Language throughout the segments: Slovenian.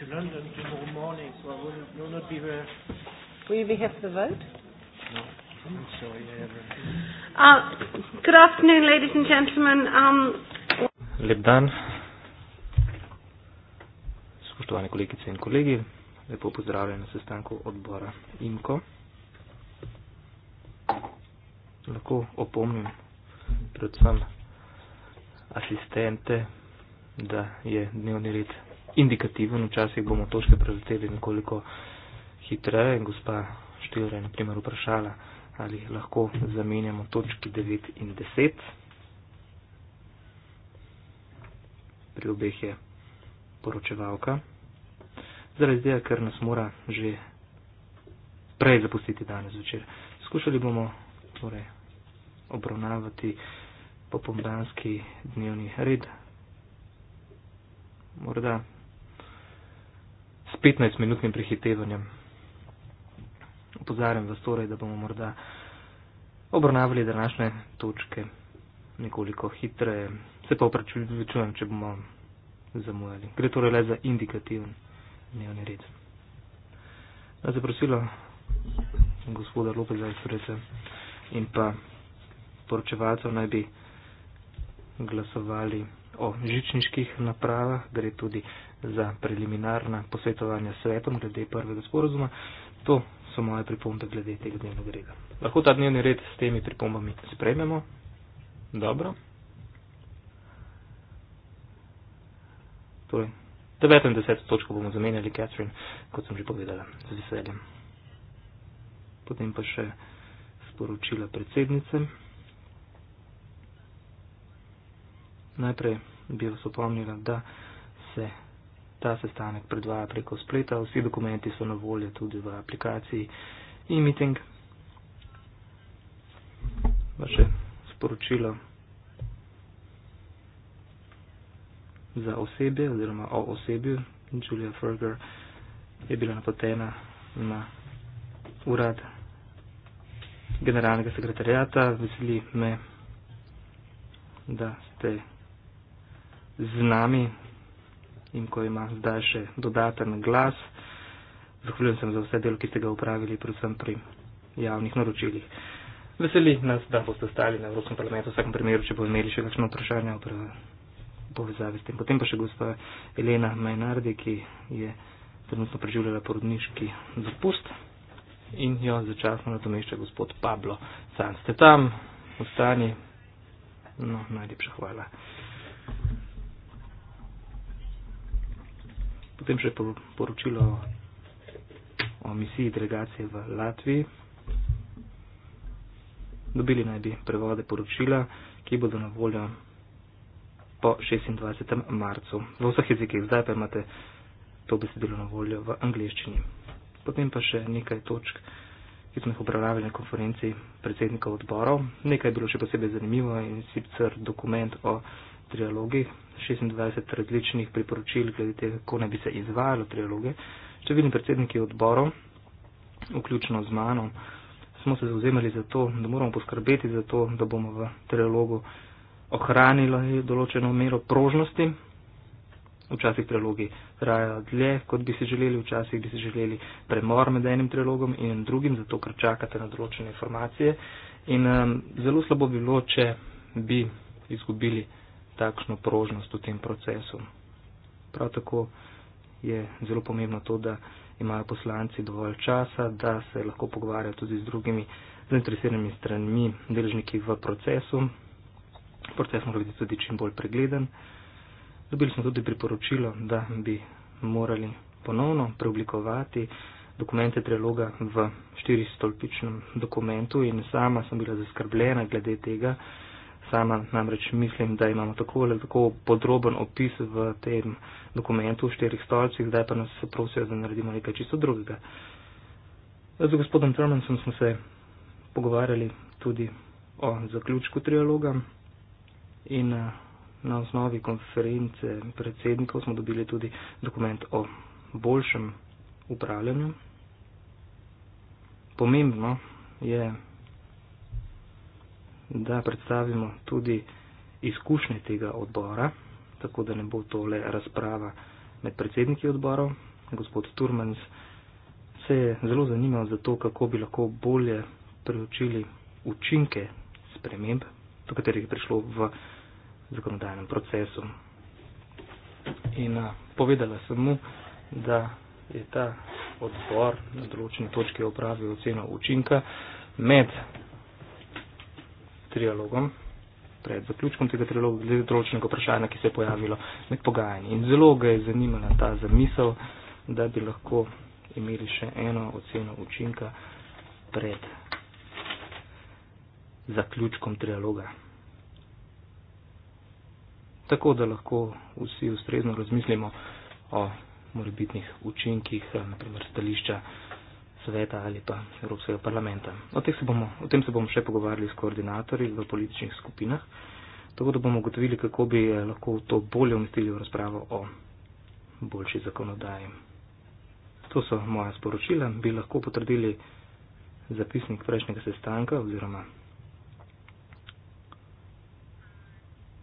to London tomorrow morning, so I will not be there. Will you be here for the vote? No. I'm sorry, I have a... uh, good afternoon, ladies and gentlemen. Um, Lep dan, spoštovane kolegice in kolegi, lepo pozdravljen na sestanku odbora IMKO. Lahko opomnim predvsem asistente, da je dnevni red indikativen, včasih bomo točke prezeteli nekoliko hitreje in gospa Štilre je naprimer vprašala, ali lahko zamenjamo točki 9 in 10. Pri obeh je poročevalka. Zaradi tega, ker nas mora že prej zapustiti danes večer. Skušali bomo torej, obravnavati popombranski dnevni red. Morda s 15-minutnim prehitevanjem. Upozarjam vas torej, da bomo morda obravnavali današnje točke nekoliko hitreje. Se pa upravičujem, če bomo zamujali. Gre torej le za indikativen dnevni red. Na zaprosilo gospoda Lopeza iz Sureca in pa poročevalcev naj bi glasovali o žičniških napravah, gre tudi za preliminarna posvetovanja s svetom glede prvega sporozuma. To so moje pripombe glede tega dnevnega reda. Lahko ta dnevni red s temi pripombami sprememo? Dobro. Torej, 90. točko bomo zamenjali, Catherine, kot sem že povedala, z veseljem. Potem pa še sporočila predsednice. Najprej bi vas opomnila, da se Ta sestanek predvaja preko spleta, vsi dokumenti so na voljo tudi v aplikaciji e-meeting. Vaše sporočilo za osebje oziroma o osebju Julia Ferger je bila napotena na urad generalnega sekretarjata. Veseli me, da ste z nami in ko ima zdaj še dodaten glas. Zahvaljujem se za vse delo, ki ste ga upravili, predvsem pri javnih naročilih. Veseli nas, da boste stali na Evropskem parlamentu, v vsakem primeru, če bo imeli še kakšno vprašanje v povezavi s tem. Potem pa še gospa Elena Majnardi, ki je trenutno preživljala porodniški dopust in jo začasno nadomešča gospod Pablo. Sam ste tam, ostani. No, najlepša hvala. Potem še poročilo o misiji delegacije v Latviji. Dobili naj bi prevode poročila, ki bodo na voljo po 26. marcu. V vseh jezikih zdaj pa imate to besedilo na voljo v angliščini. Potem pa še nekaj točk, ki smo jih obravnavali na konferenci predsednika odborov. Nekaj je bilo še posebej zanimivo in sicer dokument o trialogih, 26 različnih priporočil glede tega, kako naj bi se izvajalo trialoge. Številni predsedniki odborov, vključno z mano, smo se zauzemali za to, da moramo poskrbeti za to, da bomo v trialogu ohranili določeno mero prožnosti. Včasih trilogi trajajo dlje, kot bi si želeli, včasih bi si želeli premor med enim trilogom in drugim, zato ker čakate na določene informacije. In um, zelo slabo bi bilo, če bi izgubili takšno prožnost v tem procesu. Prav tako je zelo pomembno to, da imajo poslanci dovolj časa, da se lahko pogovarjajo tudi z drugimi zainteresiranimi stranmi, deležniki v procesu. Proces mora biti tudi čim bolj pregleden. Dobili smo tudi priporočilo, da bi morali ponovno preoblikovati dokumente triloga v štiristolpičnem dokumentu in sama sem bila zaskrbljena glede tega, Sama namreč mislim, da imamo tako ali tako podroben opis v tem dokumentu v štirih stolcih, zdaj pa nas prosijo, da naredimo nekaj čisto drugega. Z gospodom Trumansom smo se pogovarjali tudi o zaključku trialoga in eh, na osnovi konference predsednikov smo dobili tudi dokument o boljšem upravljanju. Pomembno je, da predstavimo tudi izkušnje tega odbora, tako da ne bo to le razprava med predsedniki odborov. Gospod Turmans se je zelo zanimal za to, kako bi lahko bolje preučili učinke sprememb, do katerih je prišlo v zakonodajnem procesu. In a, povedala sem mu, da je ta odbor na določeni točki opravil oceno učinka med trialogom, pred zaključkom tega trialoga, glede določenega vprašanja, ki se je pojavilo med pogajanji. In zelo ga je zanimala ta zamisel, da bi lahko imeli še eno oceno učinka pred zaključkom trialoga. Tako da lahko vsi ustrezno razmislimo o morebitnih učinkih, naprimer stališča sveta ali pa Evropskega parlamenta. O, se bomo, o tem se bomo še pogovarjali s koordinatorji v političnih skupinah, tako da bomo ugotovili, kako bi eh, lahko to bolje umestili v razpravo o boljši zakonodaji. To so moja sporočila. Bi lahko potrdili zapisnik prejšnjega sestanka oziroma.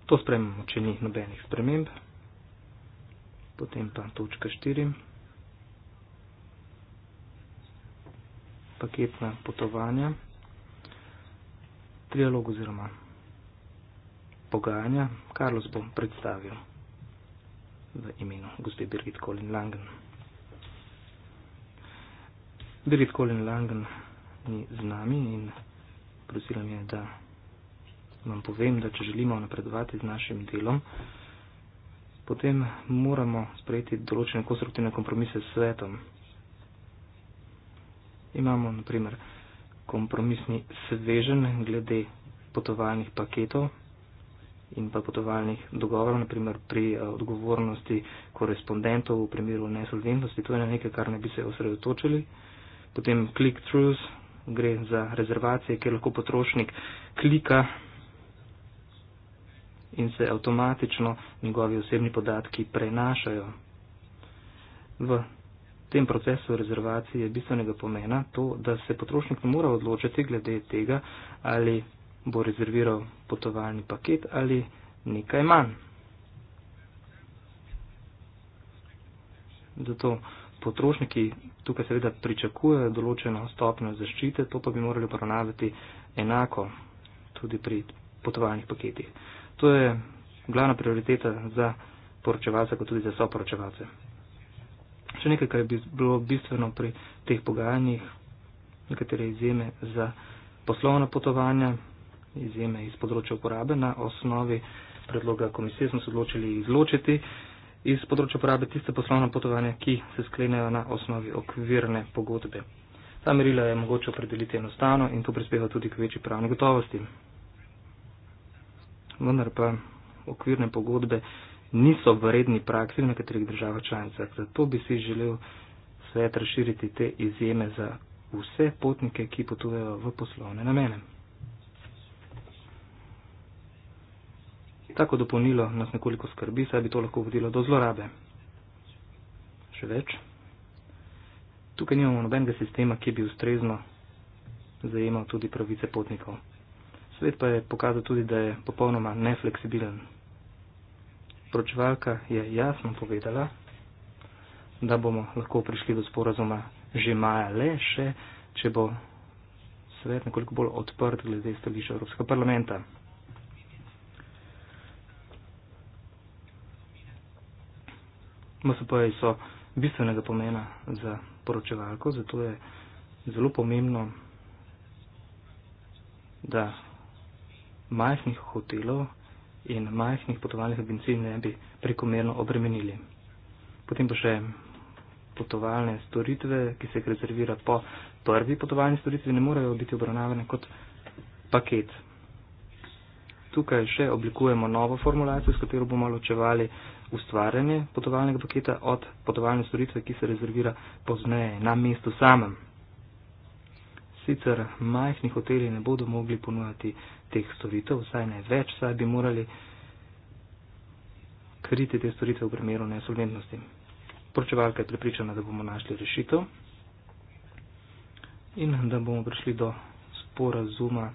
To spremljamo, če ni nobenih sprememb. Potem pa točka 4. paketna potovanja, trialog oziroma pogajanja. Carlos bo predstavil v imenu gospe Birgit Colin Langen. Birgit Colin Langen ni z nami in prosila mi je, da vam povem, da če želimo napredovati z našim delom, potem moramo sprejeti določene konstruktivne kompromise s svetom imamo naprimer kompromisni svežen glede potovalnih paketov in pa potovalnih dogovorov, naprimer pri eh, odgovornosti korespondentov v primeru nesolventnosti. To je nekaj, kar ne bi se osredotočili. Potem click-throughs, gre za rezervacije, kjer lahko potrošnik klika in se avtomatično njegovi osebni podatki prenašajo v tem procesu rezervacije je bistvenega pomena to, da se potrošnik ne mora odločiti glede tega, ali bo rezerviral potovalni paket ali nekaj manj. Zato potrošniki tukaj seveda pričakujejo določeno stopnjo zaščite, to pa bi morali obravnavati enako tudi pri potovalnih paketih. To je glavna prioriteta za poročevalce, kot tudi za soporočevalce še nekaj, kar bi bilo bistveno pri teh pogajanjih, nekatere izjeme za poslovna potovanja, izjeme iz področja uporabe na osnovi predloga komisije smo se odločili izločiti iz področja uporabe tiste poslovna potovanja, ki se sklenejo na osnovi okvirne pogodbe. Ta merila je mogoče opredeliti enostavno in to prispeva tudi k večji pravni gotovosti. Vendar pa okvirne pogodbe niso v redni praksi v nekaterih državah članicah. Zato bi si želel svet razširiti te izjeme za vse potnike, ki potujejo v poslovne namene. Tako dopolnilo nas nekoliko skrbi, saj bi to lahko vodilo do zlorabe. Še več. Tukaj nimamo nobenega sistema, ki bi ustrezno zajemal tudi pravice potnikov. Svet pa je pokazal tudi, da je popolnoma nefleksibilen poročevalka je jasno povedala, da bomo lahko prišli do sporazuma že maja le še, če bo svet nekoliko bolj odprt glede stališča Evropskega parlamenta. MSP-ji so bistvenega pomena za poročevalko, zato je zelo pomembno, da majhnih hotelov in majhnih potovalnih agencij ne bi prekomerno obremenili. Potem pa še potovalne storitve, ki se jih rezervira po prvi potovalni storitvi, ne morejo biti obravnavane kot paket. Tukaj še oblikujemo novo formulacijo, s katero bomo ločevali ustvarjanje potovalnega paketa od potovalne storitve, ki se rezervira pozneje na mestu samem. Sicer majhni hoteli ne bodo mogli ponujati teh storitev, vsaj ne več, saj bi morali kriti te storitev v primeru nesolventnosti. Poročevalka je pripričana, da bomo našli rešitev in da bomo prišli do sporazuma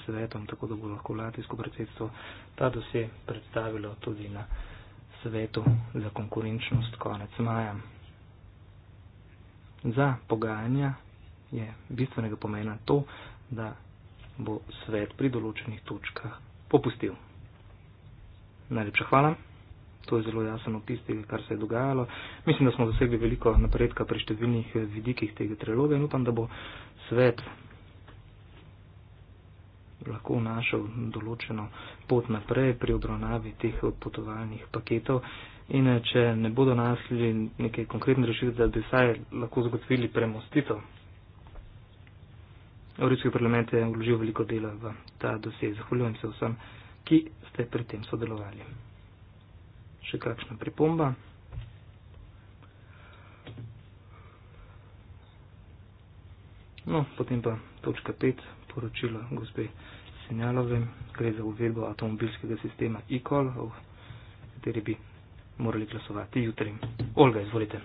s svetom, tako da bo lahko latinsko predsedstvo ta dosje predstavilo tudi na svetu za konkurenčnost konec maja. Za pogajanja je bistvenega pomena to, da bo svet pri določenih točkah popustil. Najlepša hvala. To je zelo jasen opis tega, kar se je dogajalo. Mislim, da smo dosegli veliko napredka pri številnih eh, vidikih tega triloga in upam, da bo svet lahko našel določeno pot naprej pri obravnavi teh eh, potovalnih paketov. In eh, če ne bodo našli neke konkretne rešitve, da bi vsaj lahko zagotovili premostitev Evropski parlament je vložil veliko dela v ta dosež. Zahvaljujem se vsem, ki ste pri tem sodelovali. Še kakšna pripomba? No, potem pa točka 5, poročilo gospe Senjalove, gre za uvedbo avtomobilskega sistema e-call, v kateri bi morali glasovati jutri. Olga, izvolite.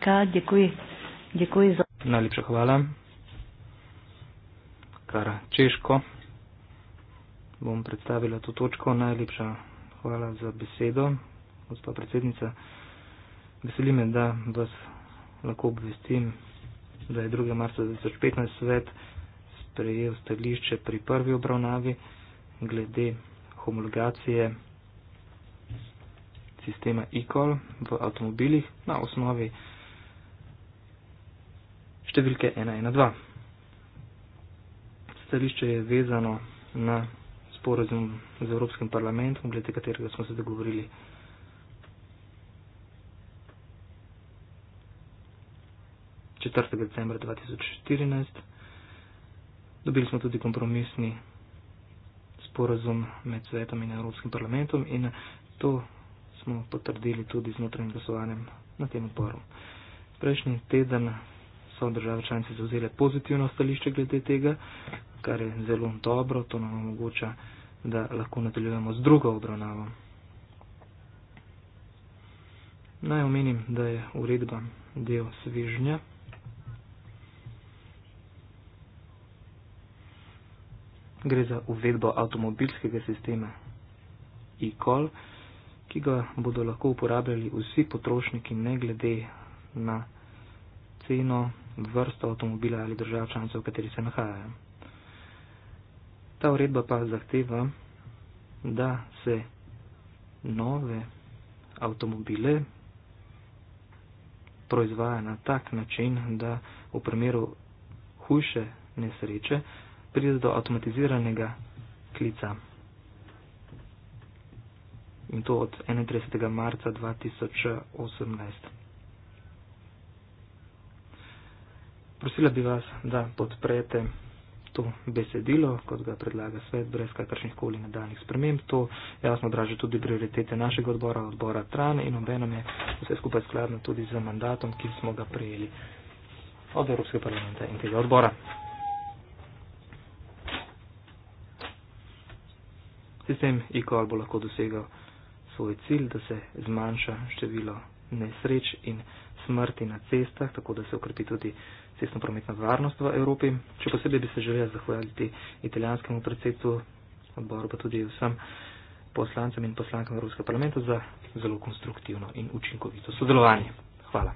Tako, děkuji. děkuji za... Najlepša hvala. Kar češko bom predstavila to točko. Najlepša hvala za besedo, gospod predsednica. Veseli me, da vas lahko obvestim, da je 2. marca 2015 svet sprejel stališče pri prvi obravnavi glede homologacije sistema e-call v avtomobilih na osnovi številke 112. Stališče je vezano na sporozum z Evropskim parlamentom, glede katerega smo se dogovorili. decembra 2014. Dobili smo tudi kompromisni sporazum med svetom in Evropskim parlamentom in to smo potrdili tudi z notranjim glasovanjem na tem odboru. Prejšnji teden so države članice zauzele pozitivno stališče glede tega, kar je zelo dobro, to nam omogoča, da lahko nadaljujemo z drugo obravnavo. Naj omenim, da je uredba del svežnja. Gre za uvedbo avtomobilskega sistema e-call, ki ga bodo lahko uporabljali vsi potrošniki, ne glede na ceno vrsto avtomobila ali držav članice, v kateri se nahajajo. Ta uredba pa zahteva, da se nove avtomobile proizvaja na tak način, da v primeru hujše nesreče pride do avtomatiziranega klica. In to od 31. marca 2018. Prosila bi vas, da podprete to besedilo, kot ga predlaga svet, brez kakršnih koli nadaljnih sprememb. To jasno draže tudi prioritete našega odbora, odbora Tran in obenem je vse skupaj skladno tudi z mandatom, ki smo ga prejeli od Evropske parlamente in tega odbora. Sistem ICOL bo lahko dosegal svoj cilj, da se zmanjša število nesreč in smrti na cestah, tako da se ukrepi tudi cestno-prometna varnost v Evropi. Še posebej bi se želela zahvaliti italijanskemu predsedstvu, odboru pa tudi vsem poslancem in poslankam Evropskega parlamenta za zelo konstruktivno in učinkovito sodelovanje. Hvala.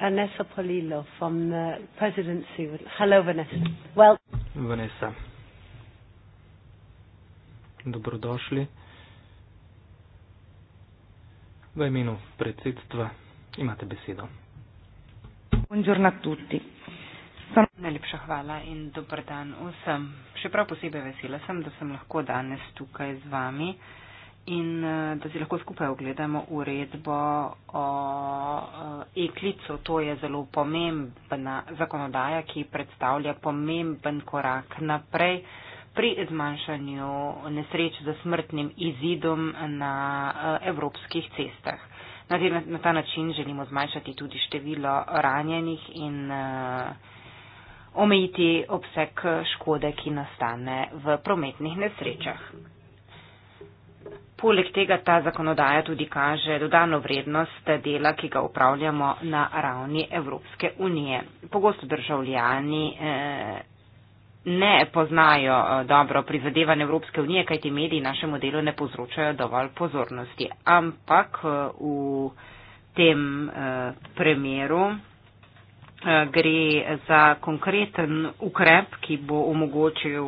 Vanessa Polillo from the presidency. Hello, Vanessa. Well, Vanessa. Dobrodošli. V imenu predsedstva imate besedo. Buongiorno a tutti. Sam... Najlepša hvala in dober dan vsem. Še prav posebej vesela sem, da sem lahko danes tukaj z vami in eh, da si lahko skupaj ogledamo uredbo o eh, e-klicu. To je zelo pomembna zakonodaja, ki predstavlja pomemben korak naprej pri zmanjšanju nesreč za smrtnim izidom na eh, evropskih cestah. Na ta način želimo zmanjšati tudi število ranjenih in eh, omejiti obseg škode, ki nastane v prometnih nesrečah. Poleg tega ta zakonodaja tudi kaže dodano vrednost dela, ki ga upravljamo na ravni Evropske unije. Pogosto državljani. Eh, ne poznajo eh, dobro prizadevanje Evropske unije, kajti mediji našemu delu ne povzročajo dovolj pozornosti. Ampak eh, v tem eh, primeru gre za konkreten ukrep, ki bo omogočil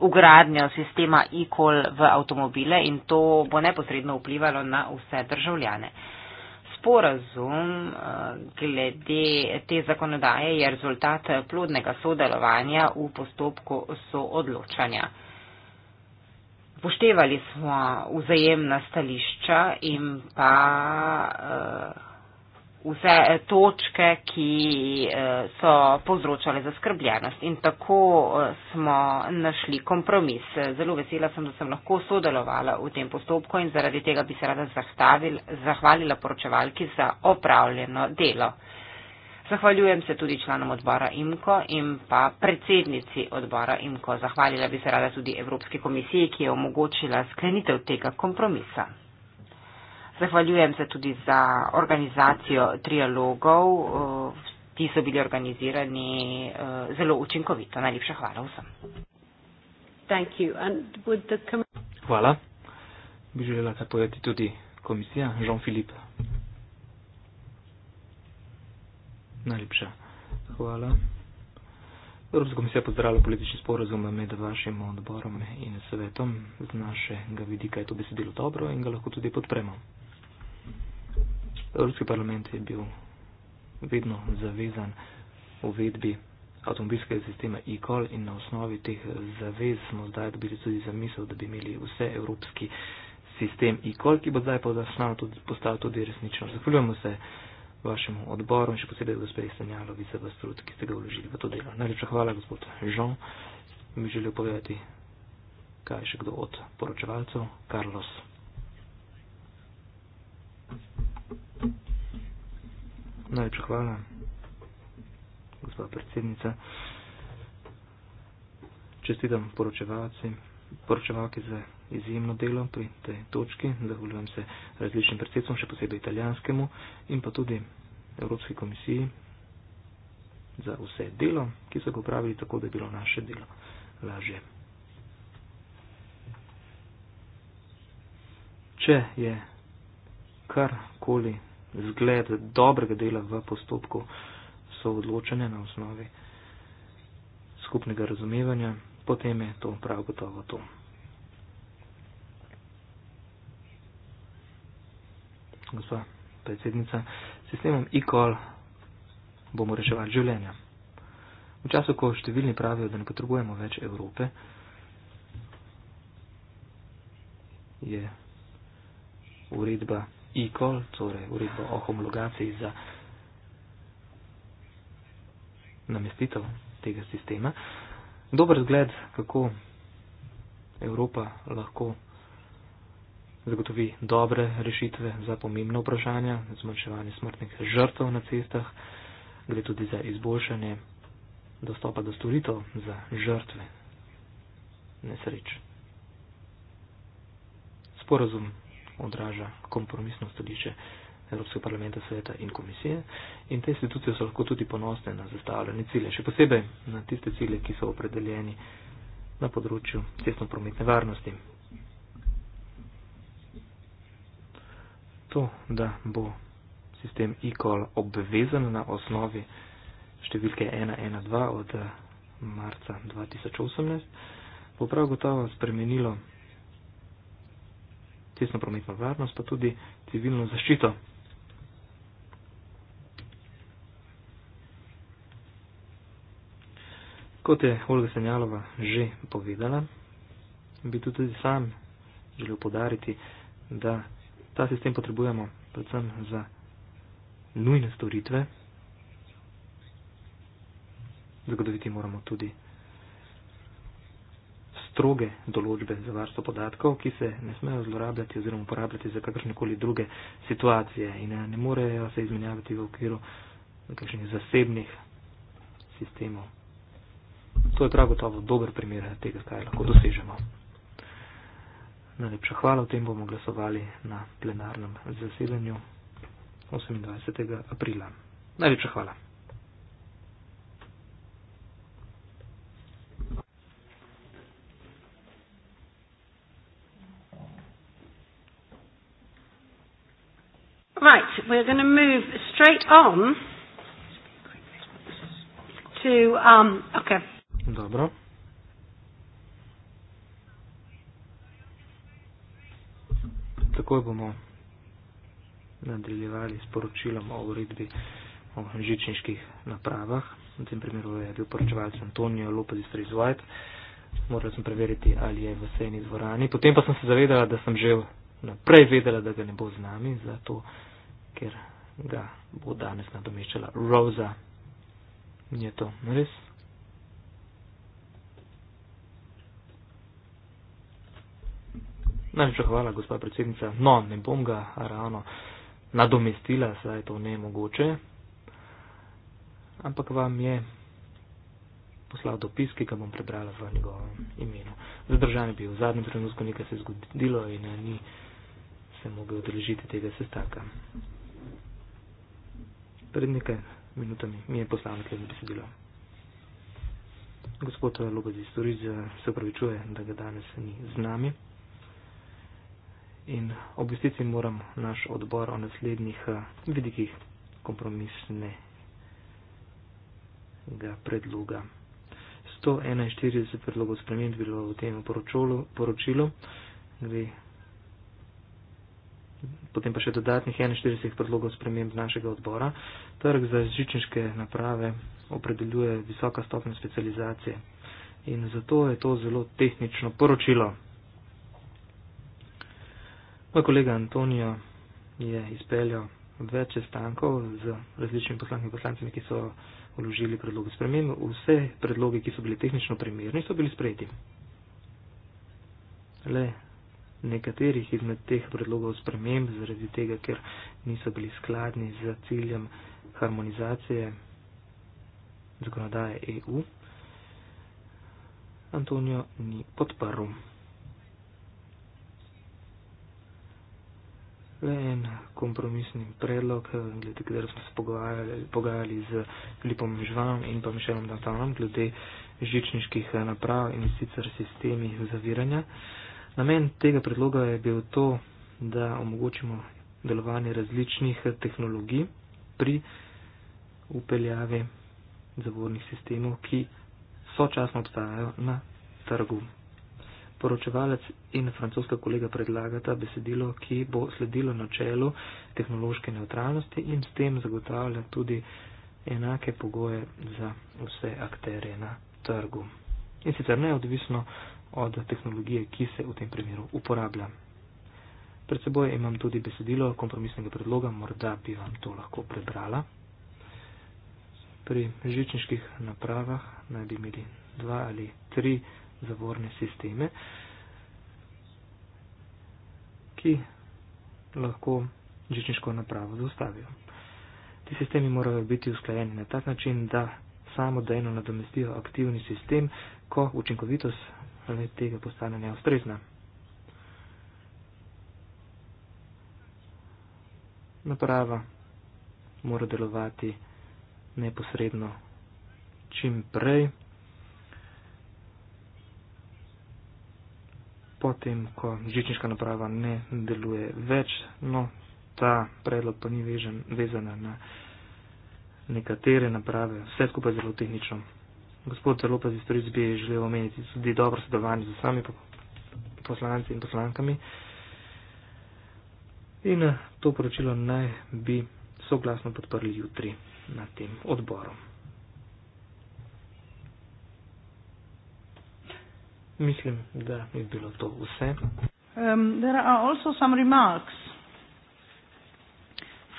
ugradnjo sistema e-call v avtomobile in to bo neposredno vplivalo na vse državljane sporazum eh, glede te zakonodaje je rezultat plodnega sodelovanja v postopku soodločanja. Poštevali smo vzajemna stališča in pa uh, vse eh, točke, ki eh, so povzročale zaskrbljenost. In tako eh, smo našli kompromis. Zelo vesela sem, da sem lahko sodelovala v tem postopku in zaradi tega bi se rada zahvalila poročevalki za opravljeno delo. Zahvaljujem se tudi članom odbora IMKO in pa predsednici odbora IMKO. Zahvalila bi se rada tudi Evropski komisiji, ki je omogočila sklenitev tega kompromisa. Zahvaljujem se tudi za organizacijo trialogov, eh, ti so bili organizirani eh, zelo učinkovito. Najlepša hvala vsem. Hvala. Bi želela kaj povedati tudi komisija, Jean-Philippe. Najlepša hvala. Evropska komisija pozdravlja politični sporozum med vašim odborom in svetom. Z našega vidika je to besedilo dobro in ga lahko tudi podpremo. Evropski parlament je bil vedno zavezan uvedbi avtomobilskega sistema e-call in na osnovi teh zavez smo zdaj dobili tudi zamisel, da bi imeli vse evropski sistem e-call, ki bo zdaj tudi, postal tudi resnično. Zahvaljujemo se vašemu odboru in še posebej gospodi Stanjalovi za vas trud, ki ste ga vložili v to delo. Najlepša hvala, gospod Jean. Mi želijo povedati, kaj še kdo od poročevalcev. Carlos. Najlepša hvala, gospod predsednica. Čestitam poročevalki za izjemno delo pri tej točki. Zahvaljujem se različnim predsednikom, še posebej italijanskemu in pa tudi Evropski komisiji za vse delo, ki so ga upravili tako, da je bilo naše delo lažje. Če je karkoli zgled dobrega dela v postopku so odločene na osnovi skupnega razumevanja, potem je to prav gotovo to. Gospa predsednica, sistemom e-call bomo reševali življenja. V času, ko številni pravijo, da ne potrebujemo več Evrope, je uredba ikol, torej uredbo o homologaciji za namestitev tega sistema. Dober zgled, kako Evropa lahko zagotovi dobre rešitve za pomembne vprašanja, zmanjševanje smrtnih žrtev na cestah, gre tudi za izboljšanje dostopa do storitev za žrtve nesreč. Sporazum odraža kompromisno stališče Evropskega parlamenta, sveta in komisije. In te institucije so lahko tudi ponosne na zastavljene cilje, še posebej na tiste cilje, ki so opredeljeni na področju cestno-prometne varnosti. To, da bo sistem e-call obvezan na osnovi številke 112 od marca 2018, bo prav gotovo spremenilo cestno prometno varnost, pa tudi civilno zaščito. Kot je Olga Senjalova že povedala, bi tudi sam želel podariti, da ta sistem potrebujemo predvsem za nujne storitve. Zagotoviti moramo tudi stroge določbe za varstvo podatkov, ki se ne smejo zlorabljati oziroma uporabljati za kakršnekoli druge situacije in eh, ne morejo se izmenjavati v okviru nekakšnih zasebnih sistemov. To je prav gotovo dober primer tega, kaj lahko dosežemo. Najlepša hvala, o tem bomo glasovali na plenarnem zasedanju 28. aprila. Najlepša hvala. we're going to move straight on to. Um, okay. Dobro. Takoj bomo nadaljevali s poročilom o uredbi o žičniških napravah. V tem primeru je bil poročevalec Antonijo Lopez iz Rizuajt. Moral sem preveriti, ali je v sejni dvorani. Potem pa sem se zavedala, da sem že naprej vedela, da ga ne bo z nami, zato ker ga bo danes nadomeščala Rosa. Ni to res? Najlepša hvala, gospa predsednica. No, ne bom ga ravno nadomestila, saj je to ne mogoče. Ampak vam je poslal dopis, ki ga bom prebrala v njegovem imenu. Zadržan je bil v zadnjem trenutku, nekaj se je zgodilo in ni se mogel odrežiti tega sestanka pred nekaj minutami mi je poslala tega besedila. Gospod Lobazi Storiz eh, se upravičuje, da ga danes ni z nami. In obvestiti moram naš odbor o naslednjih eh, vidikih kompromisnega predloga. 141 predlogov sprememb bilo v tem poročolu, poročilu, gre potem pa še dodatnih 41 predlogov sprememb našega odbora. Trg za žičniške naprave opredeljuje visoka stopnja specializacije in zato je to zelo tehnično poročilo. Moj kolega Antonijo je izpeljal več sestankov z različnimi poslankami in poslancami, ki so vložili predloge sprememb. Vse predloge, ki so bili tehnično primerni, so bili sprejeti. Le nekaterih izmed teh predlogov sprememb, zaradi tega, ker niso bili skladni z ciljem harmonizacije zakonodaje EU, Antonijo ni podprl. Le en kompromisni predlog, glede katerega smo se pogajali, pogajali z Filipom Žvanom in pa Mišelom Dantanom, glede žičniških naprav in sicer sistemi zaviranja. Namen tega predloga je bil to, da omogočimo delovanje različnih tehnologij pri upeljavi zavornih sistemov, ki sočasno obstajajo na trgu. Poročevalec in francoska kolega predlagata besedilo, ki bo sledilo načelu tehnološke neutralnosti in s tem zagotavlja tudi enake pogoje za vse akterje na trgu. In sicer neodvisno od tehnologije, ki se v tem primeru uporablja. Pred seboj imam tudi besedilo kompromisnega predloga, morda bi vam to lahko prebrala. Pri žičniških napravah naj bi imeli dva ali tri zavorne sisteme, ki lahko žičniško napravo zaustavijo. Ti sistemi morajo biti usklajeni na tak način, da samodejno nadomestijo aktivni sistem, ko učinkovitost ali tega postane neustrezna. Naprava mora delovati neposredno čim prej, potem, ko žičniška naprava ne deluje več, no ta predlog pa ni vežen, vezana na nekatere naprave, vse skupaj zelo tehnično gospod Lopez iz Toric bi želel omeniti tudi dobro sodelovanje z vsemi poslanci in poslankami. In eh, to poročilo naj bi soglasno podprli jutri na tem odboru. Mislim, da je bilo to vse. Um, there are also some remarks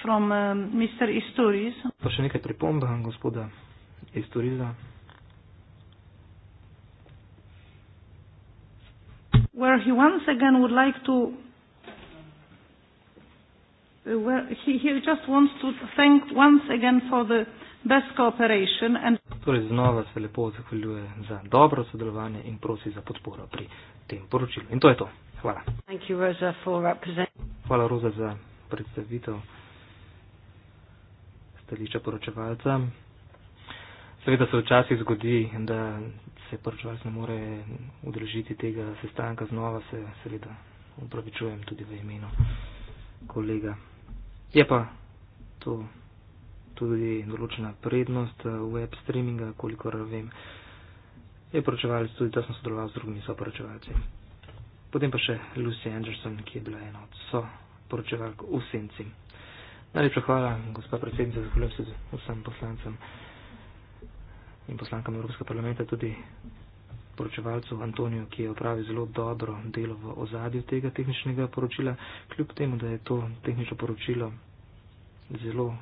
from um, Mr. Isturiz. Pa še nekaj pripomb gospoda Isturiza. where he once again would like to where he, he just wants to thank once again for the best cooperation and torej znova se lepo zahvaljuje za dobro sodelovanje in prosi za podporo pri tem poročilu. In to je to. Hvala. Thank you, Rosa, for representing. Hvala, Rosa, za predstavitev stališča poročevalca. Seveda se včasih zgodi, da se prvič vas ne more udeležiti tega sestanka znova, se seveda upravičujem tudi v imenu kolega. Je pa to tudi določena prednost eh, web streaminga, kolikor vem, je poročevalec tudi, da sem sodeloval z drugimi soporočevalci. Potem pa še Lucy Anderson, ki je bila ena od soporočevalk v Senci. Najlepša hvala, gospod predsednica, zahvaljujem se vsem poslancem in poslankam Evropskega parlamenta, tudi poročevalcu Antoniju, ki je opravil zelo dobro delo v ozadju tega tehničnega poročila, kljub temu, da je to tehnično poročilo zelo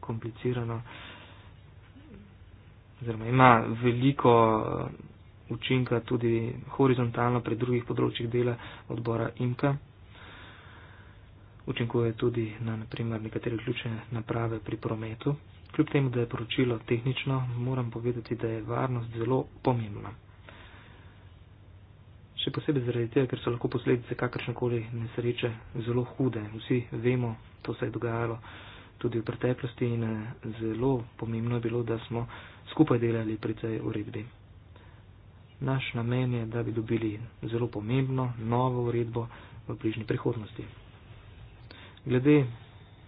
komplicirano, oziroma ima veliko eh, učinka tudi horizontalno pri drugih področjih dela odbora IMKA. Učinkuje tudi na naprimer nekatere ključne naprave pri prometu. Kljub temu, da je poročilo tehnično, moram povedati, da je varnost zelo pomembna. Še posebej zaradi tega, ker so lahko posledice kakršnekoli nesreče zelo hude. Vsi vemo, to se je dogajalo tudi v preteklosti in eh, zelo pomembno je bilo, da smo skupaj delali pri tej uredbi. Naš namen je, da bi dobili zelo pomembno novo uredbo v bližnji prihodnosti. Glede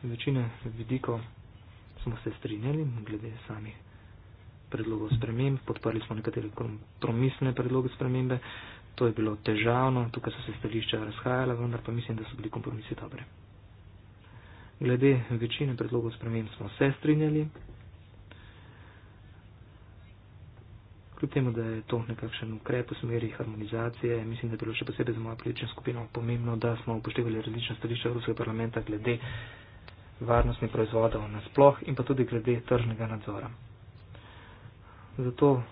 večine vidikov smo se strinjali glede samih predlogov sprememb, podprli smo nekatere kompromisne predloge spremembe, to je bilo težavno, tukaj so se stališča razhajala, vendar pa mislim, da so bili kompromisi dobre. Glede večine predlogov sprememb smo se strinjali, kljub temu, da je to nekakšen ukrep v smeri harmonizacije, mislim, da je bilo še posebej za mojo politično skupino pomembno, da smo upoštevali različna stališča Evropskega parlamenta glede varnostnih proizvodov nasploh in pa tudi glede tržnega nadzora. Zato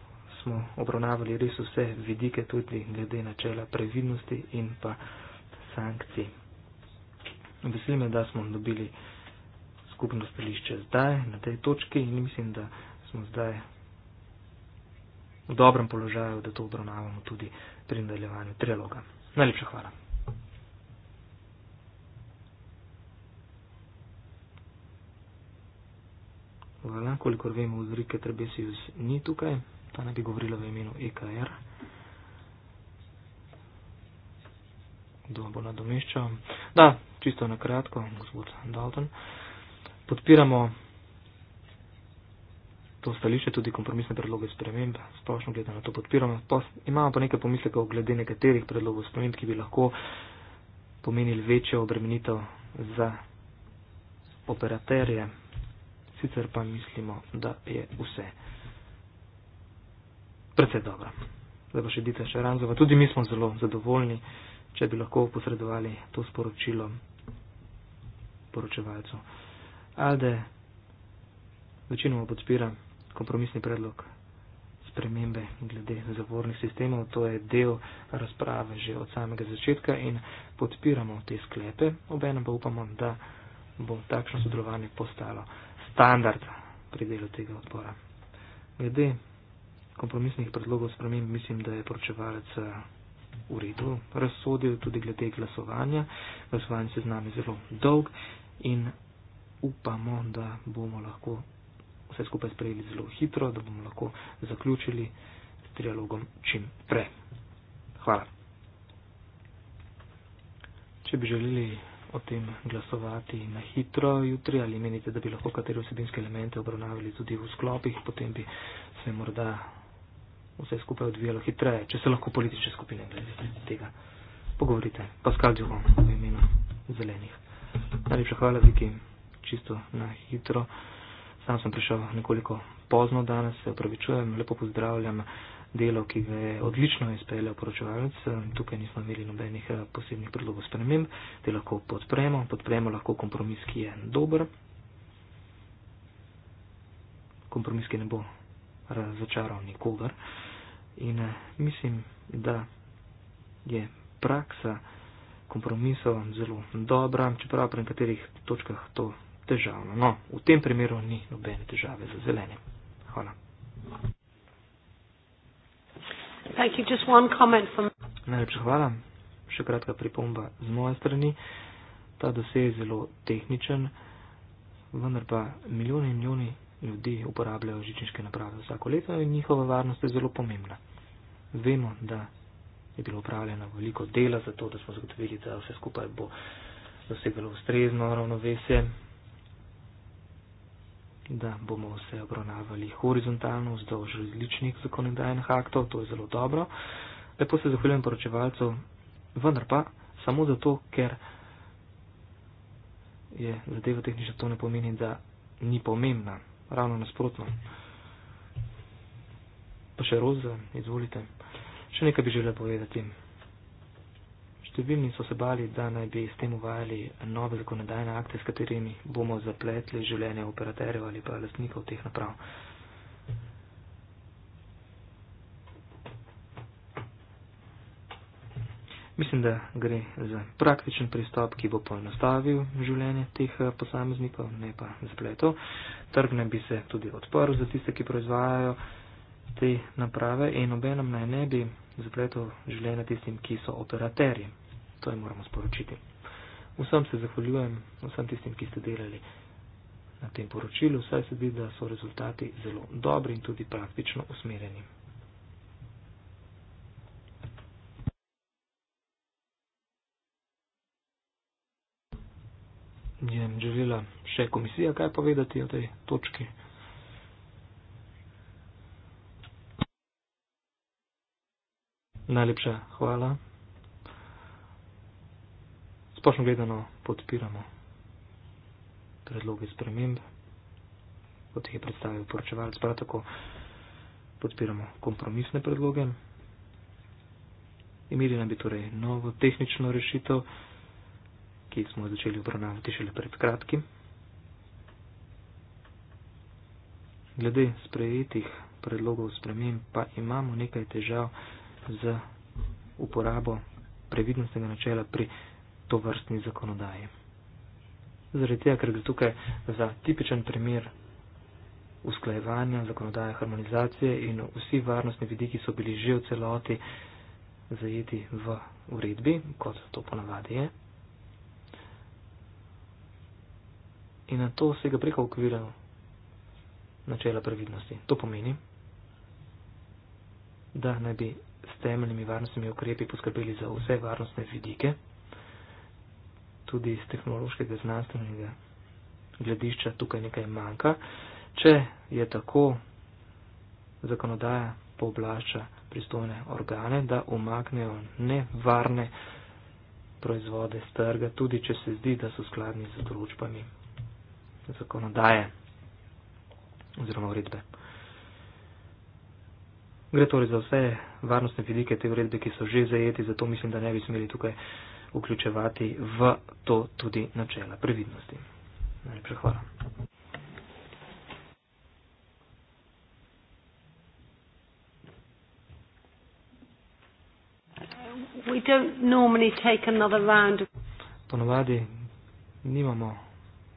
smo obravnavali res vse vidike tudi glede načela previdnosti in pa sankcij. Veseli me, da smo dobili skupno stališče zdaj na tej točki in mislim, da smo zdaj v dobrem položaju, da to obravnavamo tudi pri nadaljevanju triloga. Najlepša hvala. Hvala, kolikor vemo, Ulrike Trebesius ni tukaj, ta naj bi govorila v imenu EKR. Kdo bo nadomeščal? Da, čisto na kratko, gospod Dalton. Podpiramo to stališče, tudi kompromisne predloge sprememb, splošno gledano to podpiramo. Pa, imamo pa nekaj pomislekov glede nekaterih predlogov sprememb, ki bi lahko pomenili večjo obremenitev za operaterje sicer pa mislimo, da je vse precej dobro. Zdaj pa še Dita Šaranzova. Tudi mi smo zelo zadovoljni, če bi lahko posredovali to sporočilo poročevalcu. Alde večinoma podpira kompromisni predlog spremembe glede zavornih sistemov. To je del razprave že od samega začetka in podpiramo te sklepe. Obenem pa upamo, da bo takšno sodelovanje postalo standard pri delu tega odbora. Glede kompromisnih predlogov sprememb mislim, da je poročevalec eh, v redu razsodil tudi glede glasovanja. Glasovanje se z nami zelo dolg in upamo, da bomo lahko vse skupaj sprejeli zelo hitro, da bomo lahko zaključili s trialogom čim prej. Hvala. Če bi želeli o tem glasovati na hitro jutri ali menite, da bi lahko katere vsebinske elemente obravnavali tudi v sklopih, potem bi se morda vse skupaj odvijalo hitreje, če se lahko politične skupine glede tega pogovorite. Paskal Djuvon v imenu zelenih. Najlepša hvala, Viki, čisto na hitro. Sam sem prišel nekoliko pozno danes, se opravičujem, lepo pozdravljam delo, ki ga je odlično izpeljal poročevalec. Tukaj nismo imeli nobenih eh, posebnih predlogov sprememb, te lahko podpremo, podpremo lahko kompromis, ki je dober. Kompromis, ki ne bo razočaral nikogar. In eh, mislim, da je praksa kompromisov zelo dobra, čeprav pri nekaterih točkah to težavno. No, v tem primeru ni nobene težave za zelenje. Hvala. Thank you. Just one comment from... Najlepša hvala. Še kratka pripomba z moje strani. Ta dosej je zelo tehničen, vendar pa milijoni in milijoni ljudi uporabljajo žičniške naprave vsako leto in njihova varnost je zelo pomembna. Vemo, da je bilo upravljeno veliko dela za to, da smo zagotovili, da vse skupaj bo doseglo ustrezno ravnovesje, da bomo vse obravnavali horizontalno, vzdolž različnih zakonodajnih aktov, to je zelo dobro. Lepo se zahvaljujem poročevalcu, vendar pa samo zato, ker je zadeva tehnična, to ne pomeni, da ni pomembna, ravno nasprotno. Pa še roze, izvolite. Še nekaj bi želel povedati. Številni so se bali, da naj bi s tem uvajali nove zakonodajne akte, s katerimi bomo zapletli življenje operaterjev ali pa lastnikov teh naprav. Mislim, da gre za praktičen pristop, ki bo poenostavil življenje teh eh, posameznikov, ne pa zapletov. Trg ne bi se tudi odprl za tiste, ki proizvajajo te naprave in obenem naj ne bi zapletov življenja tistim, ki so operaterji to jim moramo sporočiti. Vsem se zahvaljujem, vsem tistim, ki ste delali na tem poročilu, saj se zdi, da so rezultati zelo dobri in tudi praktično usmerjeni. Je želela še komisija kaj povedati o tej točki? Najlepša hvala splošno gledano podpiramo predloge sprememb, kot jih je predstavil poročevalec, prav tako podpiramo kompromisne predloge. Imeli nam bi torej novo tehnično rešitev, ki smo začeli obravnavati šele pred kratkim. Glede sprejetih predlogov sprememb pa imamo nekaj težav z uporabo previdnostnega načela pri to vrstni zakonodaji. Zaradi tega, ker gre tukaj za tipičen primer usklajevanja, zakonodaje, harmonizacije in vsi varnostni vidiki so bili že v celoti zajeti v uredbi, kot to ponavadi je. In na to se ga preko okvira načela previdnosti. To pomeni, da naj bi s temeljnimi varnostnimi ukrepi poskrbeli za vse varnostne vidike tudi iz tehnološkega znanstvenega gledišča tukaj nekaj manjka. Če je tako, zakonodaja pooblašča pristojne organe, da umaknejo nevarne proizvode z trga, tudi če se zdi, da so skladni z določbami zakonodaje oziroma uredbe. Gre torej za vse varnostne vidike te uredbe, ki so že zajeti, zato mislim, da ne bi smeli tukaj vključevati v to tudi načela previdnosti. Najlepša hvala. We don't normally take another round. Ponovadi nimamo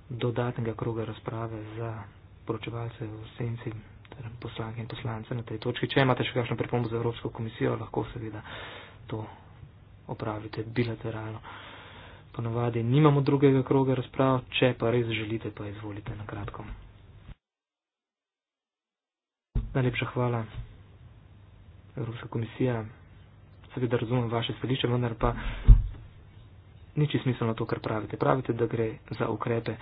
dodatnega kroga razprave za poročevalce v senci torej poslanke in poslance na tej točki. Če imate še kakšno pripombo za Evropsko komisijo, lahko seveda to opravite bilateralno. Ponavadi nimamo drugega kroga razprav, če pa res želite, pa izvolite na kratko. Najlepša hvala, Evropska komisija. Seveda razumem vaše stališče, vendar pa niči smiselno to, kar pravite. Pravite, da gre za ukrepe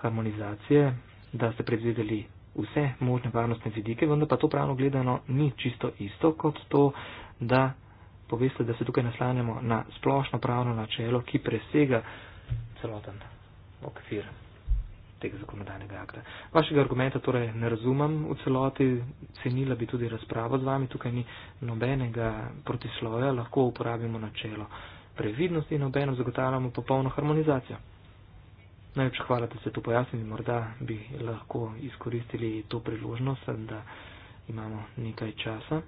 harmonizacije, da ste predvideli vse možne varnostne vidike, vendar pa to pravno gledano ni čisto isto kot to, da poveste, da se tukaj naslanjamo na splošno pravno načelo, ki presega celoten okvir tega zakonodajnega akta. Vašega argumenta torej ne razumem v celoti, cenila bi tudi razpravo z vami, tukaj ni nobenega protisloja, lahko uporabimo načelo previdnosti in obenem zagotavljamo popolno harmonizacijo. Najlepša hvala, da ste to pojasnili, morda bi lahko izkoristili to priložnost, da imamo nekaj časa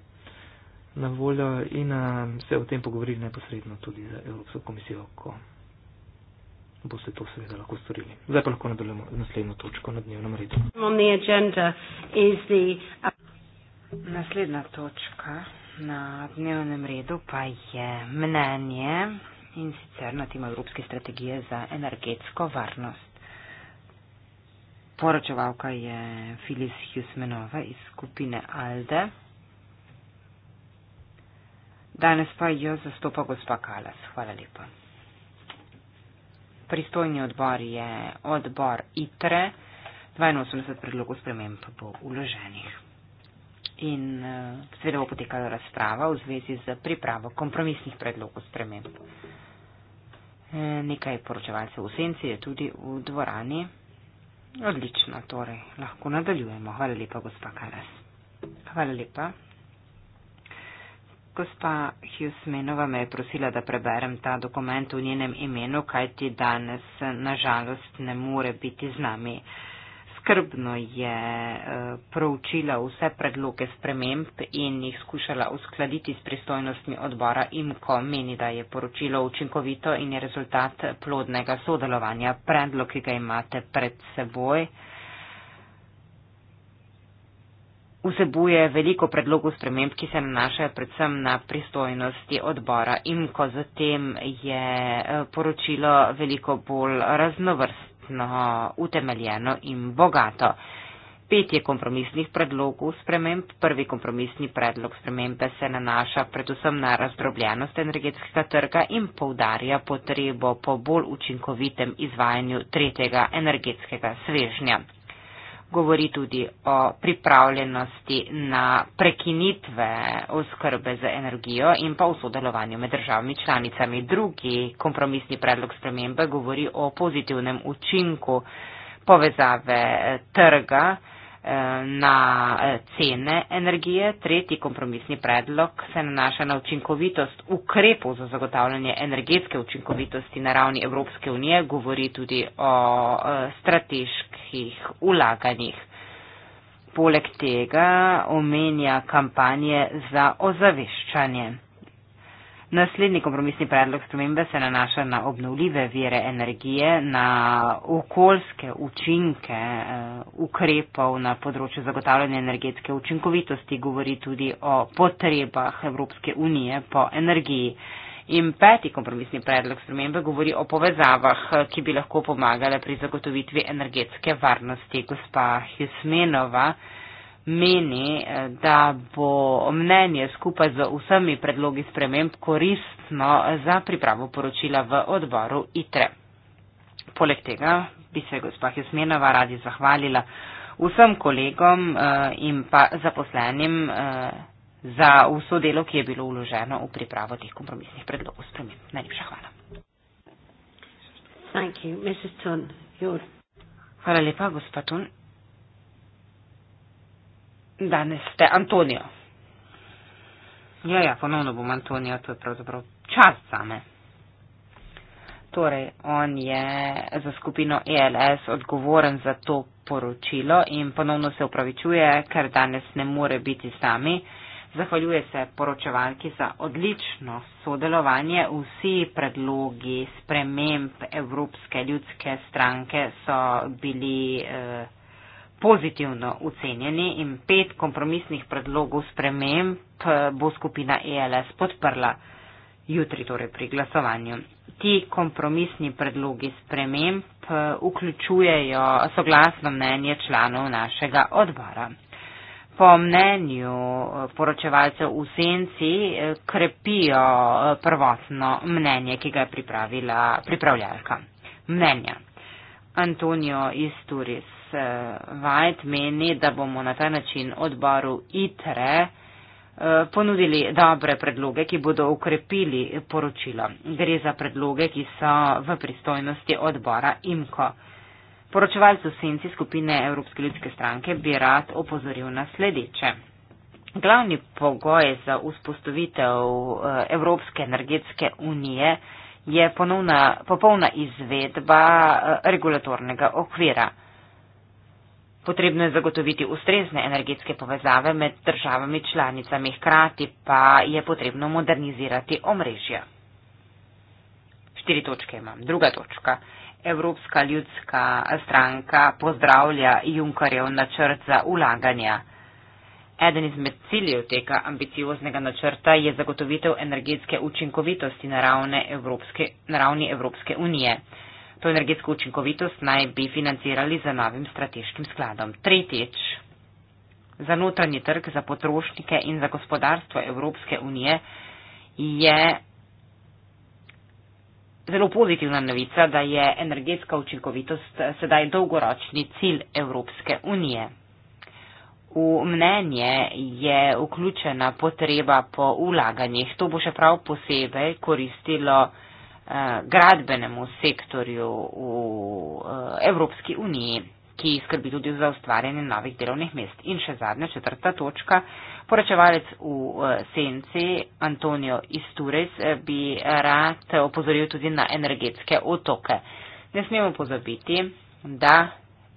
na voljo in a, eh, se o tem pogovorili neposredno tudi z Evropsko komisijo, ko boste to seveda lahko storili. Zdaj pa lahko nadaljujemo z naslednjo točko na dnevnem redu. The... Naslednja točka na dnevnem redu pa je mnenje in sicer na temo Evropske strategije za energetsko varnost. Poročevalka je Filis Husmanova iz skupine ALDE. Danes pa jo zastopa gospa Kalas. Hvala lepa. Pristojni odbor je odbor ITRE. 82 predlogov sprememb bo uloženih. In eh, seveda bo potekala razprava v zvezi z pripravo kompromisnih predlogov sprememb. Eh, nekaj poročevalcev v senci je tudi v dvorani. Odlično, torej lahko nadaljujemo. Hvala lepa, gospa Karas. Hvala lepa gospa Hjusmenova me je prosila, da preberem ta dokument v njenem imenu, kajti danes nažalost ne more biti z nami. Skrbno je eh, proučila vse predloge sprememb in jih skušala uskladiti s pristojnostmi odbora IMKO. Meni, da je poročilo učinkovito in je rezultat plodnega sodelovanja. Predlog, ki ga imate pred seboj vsebuje veliko predlogov sprememb, ki se nanašajo predvsem na pristojnosti odbora. In ko zatem je e, poročilo veliko bolj raznovrstno, utemeljeno in bogato. Pet je kompromisnih predlogov sprememb. Prvi kompromisni predlog spremembe se nanaša predvsem na razdrobljenost energetskega trga in poudarja potrebo po bolj učinkovitem izvajanju tretjega energetskega svežnja govori tudi o pripravljenosti na prekinitve oskrbe z energijo in pa v sodelovanju med državami članicami. Drugi kompromisni predlog spremembe govori o pozitivnem učinku povezave eh, trga eh, na eh, cene energije. Tretji kompromisni predlog se nanaša na učinkovitost ukrepov za zagotavljanje energetske učinkovitosti na ravni Evropske unije, govori tudi o strateških visokih ulaganjih. Poleg tega omenja kampanje za ozaveščanje. Naslednji kompromisni predlog spremembe se nanaša na obnovljive vire energije, na okoljske učinke eh, ukrepov na področju zagotavljanja energetske učinkovitosti, govori tudi o potrebah Evropske unije po energiji. In peti kompromisni predlog spremembe govori o povezavah, ki bi lahko pomagale pri zagotovitvi energetske varnosti. Gospa Hjusmenova meni, da bo mnenje skupaj z vsemi predlogi sprememb koristno za pripravo poročila v odboru ITRE. Poleg tega bi se gospa Hjusmenova radi zahvalila vsem kolegom eh, in pa zaposlenim eh, za vso delo, ki je bilo uloženo v pripravo teh kompromisnih predlogov sprememb. Najlepša hvala. Hvala lepa, gospod Tun. Danes ste Antonijo. Ja, ja, ponovno bom Antonijo, to je pravzaprav čas same. Torej, on je za skupino ELS odgovoren za to poročilo in ponovno se upravičuje, ker danes ne more biti sami. Zahvaljuje se poročevalki za odlično sodelovanje. Vsi predlogi sprememb Evropske ljudske stranke so bili eh, pozitivno ocenjeni in pet kompromisnih predlogov sprememb eh, bo skupina ELS podprla jutri, torej pri glasovanju. Ti kompromisni predlogi sprememb eh, vključujejo soglasno mnenje članov našega odbora po mnenju eh, poročevalcev v senci eh, krepijo eh, prvotno mnenje, ki ga je pripravila pripravljalka. Mnenja. Antonio Isturis Vajt meni, da bomo na ta način odboru ITRE ponudili dobre predloge, ki bodo ukrepili poročilo. Gre za predloge, ki so v pristojnosti odbora IMKO. Poročevalc v senci skupine Evropske ljudske stranke bi rad opozoril na sledeče. Glavni pogoj za vzpostavitev eh, Evropske energetske unije je ponovna, popolna izvedba eh, regulatornega okvira. Potrebno je zagotoviti ustrezne energetske povezave med državami članicami, hkrati pa je potrebno modernizirati omrežja. Štiri točke imam. Druga točka. Evropska ljudska stranka pozdravlja Junkarjev načrt za ulaganja. Eden izmed ciljev tega ambicioznega načrta je zagotovitev energetske učinkovitosti na, Evropske, na ravni Evropske unije. To energetsko učinkovitost naj bi financirali za novim strateškim skladom. Tretjič. Za notranji trg, za potrošnike in za gospodarstvo Evropske unije je zelo pozitivna novica, da je energetska učinkovitost eh, sedaj dolgoročni cilj Evropske unije. V mnenje je vključena potreba po ulaganjih. To bo še prav posebej koristilo eh, gradbenemu sektorju v eh, Evropski uniji, ki skrbi tudi za ustvarjanje novih delovnih mest. In še zadnja, četrta točka. Poročevalec v eh, senci Antonijo Isturis eh, bi rad opozoril tudi na energetske otoke. Ne smemo pozabiti, da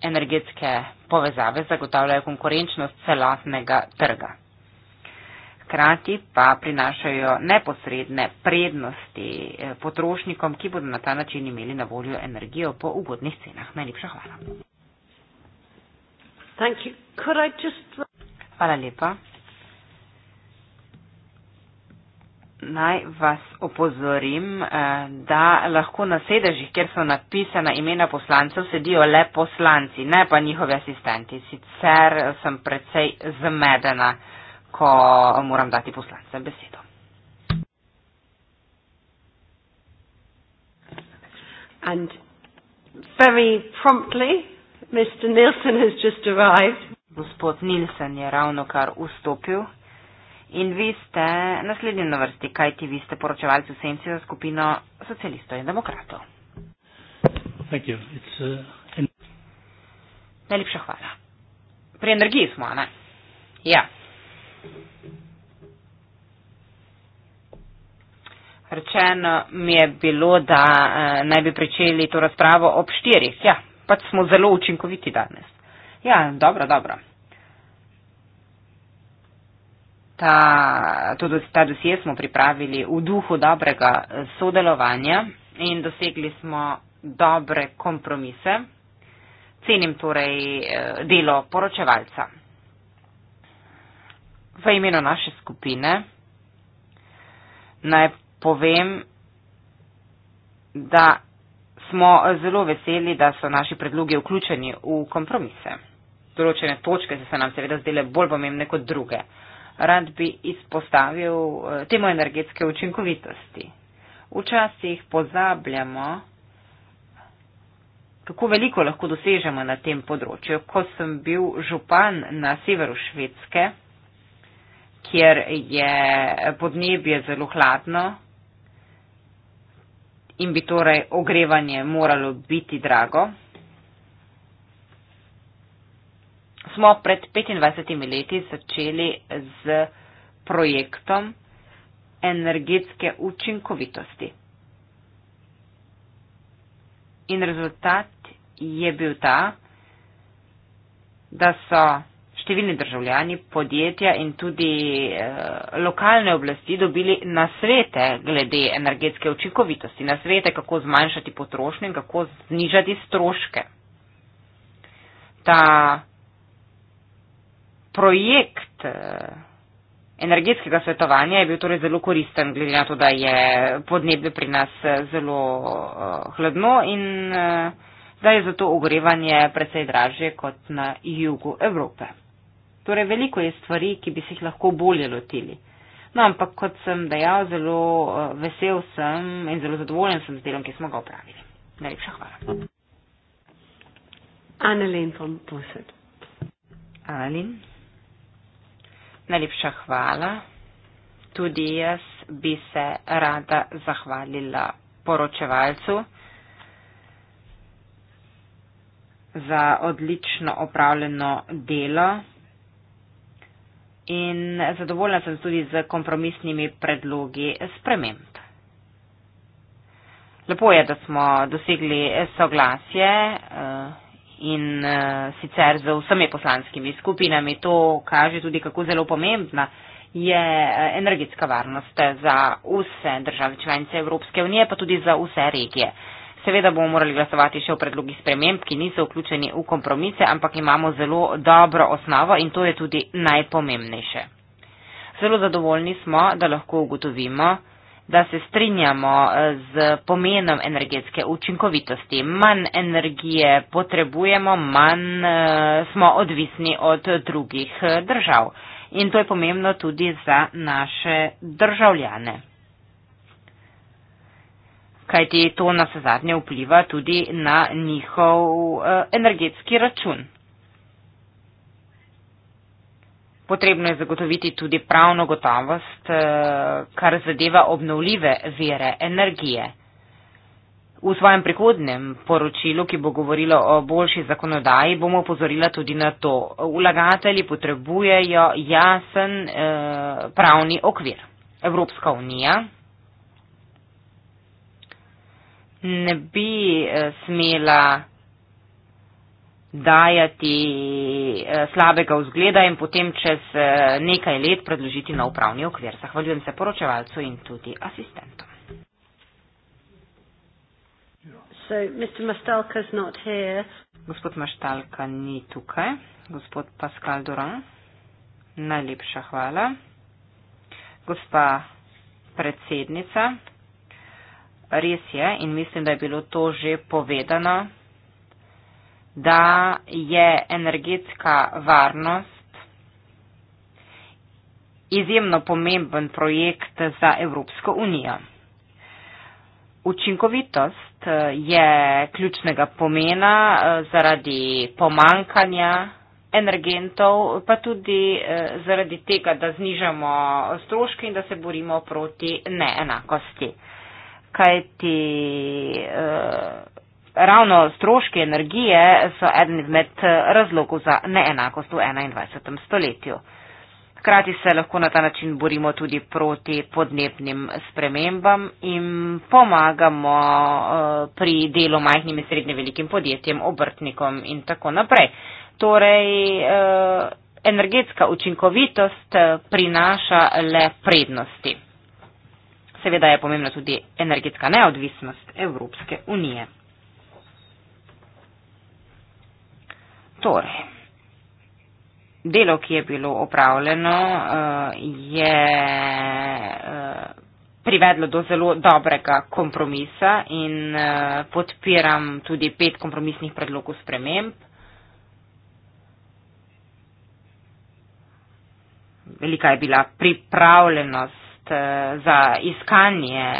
energetske povezave zagotavljajo konkurenčnost celotnega trga. Hkrati pa prinašajo neposredne prednosti eh, potrošnikom, ki bodo na ta način imeli na voljo energijo po ugodnih cenah. Najlepša hvala. Hvala lepa. naj vas opozorim, eh, da lahko na sedežih, kjer so napisana imena poslancev, sedijo le poslanci, ne pa njihovi asistenti. Sicer sem precej zmedena, ko moram dati poslancem besedo. And very promptly, Mr. Nielsen has just arrived. Gospod Nielsen je ravno kar vstopil. In vi ste naslednji na vrsti, kajti vi ste poročevalci v senci za skupino socialistov in demokratov. Uh, in... Najlepša hvala. Pri energiji smo, ne? Ja. Rečeno mi je bilo, da eh, naj bi pričeli to razpravo ob štirih. Ja, pač smo zelo učinkoviti danes. Ja, dobro, dobro. ta, to, ta dosje smo pripravili v duhu dobrega sodelovanja in dosegli smo dobre kompromise. Cenim torej eh, delo poročevalca. V imenu naše skupine naj povem, da smo zelo veseli, da so naši predlogi vključeni v kompromise. Določene točke so se nam seveda zdele bolj pomembne kot druge rad bi izpostavil eh, temu energetske učinkovitosti. Včasih pozabljamo, kako veliko lahko dosežemo na tem področju. Ko sem bil župan na severu Švedske, kjer je podnebje zelo hladno in bi torej ogrevanje moralo biti drago, smo pred 25 leti začeli z projektom energetske učinkovitosti. In rezultat je bil ta, da so številni državljani, podjetja in tudi e, lokalne oblasti dobili nasvete glede energetske učinkovitosti, nasvete, kako zmanjšati potrošnje in kako znižati stroške. Ta projekt eh, energetskega svetovanja je bil torej zelo koristen, glede na to, da je podnebje pri nas eh, zelo eh, hladno in da je zato ogrevanje precej dražje kot na jugu Evrope. Torej veliko je stvari, ki bi se jih lahko bolje lotili. No, ampak kot sem dejal, zelo vesel sem in zelo zadovoljen sem z delom, ki smo ga opravili. Najlepša hvala. Annelien von Bussert. Annelien? Najlepša hvala. Tudi jaz bi se rada zahvalila poročevalcu za odlično opravljeno delo in zadovoljna sem tudi z kompromisnimi predlogi sprememb. Lepo je, da smo dosegli soglasje. Uh, in uh, sicer z vsemi poslanskimi skupinami. To kaže tudi, kako zelo pomembna je eh, energetska varnost za vse države članice Evropske unije, pa tudi za vse regije. Seveda bomo morali glasovati še o predlogih sprememb, ki niso vključeni v kompromise, ampak imamo zelo dobro osnovo in to je tudi najpomembnejše. Zelo zadovoljni smo, da lahko ugotovimo, da se strinjamo eh, z pomenom energetske učinkovitosti. Manj energije potrebujemo, manj eh, smo odvisni od drugih eh, držav. In to je pomembno tudi za naše državljane. Kajti to na se zadnje vpliva tudi na njihov energetski račun. Potrebno je zagotoviti tudi pravno gotovost, eh, kar zadeva obnovljive vire energije. V svojem prihodnem poročilu, ki bo govorilo o boljši zakonodaji, bomo upozorila tudi na to. Ulagatelji potrebujejo jasen eh, pravni okvir. Evropska unija ne bi eh, smela dajati eh, slabega vzgleda in potem čez eh, nekaj let predložiti na upravni okvir. Zahvaljujem se poročevalcu in tudi asistentom. So, Mr. Mastalka is not here. Gospod Maštalka ni tukaj. Gospod Pascal Duran, najlepša hvala. Gospa predsednica, res je in mislim, da je bilo to že povedano, da je energetska varnost izjemno pomemben projekt za Evropsko unijo. Učinkovitost eh, je ključnega pomena eh, zaradi pomankanja energentov, pa tudi eh, zaradi tega, da znižamo stroške in da se borimo proti neenakosti. Kajti, Ravno stroški energije so eden izmed eh, razlogov za neenakost v 21. stoletju. Hkrati se lahko na ta način borimo tudi proti podnebnim spremembam in pomagamo eh, pri delu majhnim in srednje velikim podjetjem, obrtnikom in tako naprej. Torej, eh, energetska učinkovitost prinaša le prednosti. Seveda je pomembna tudi energetska neodvisnost Evropske unije. Torej, delo, ki je bilo opravljeno, eh, je eh, privedlo do zelo dobrega kompromisa in eh, podpiram tudi pet kompromisnih predlogov sprememb. Velika je bila pripravljenost za iskanje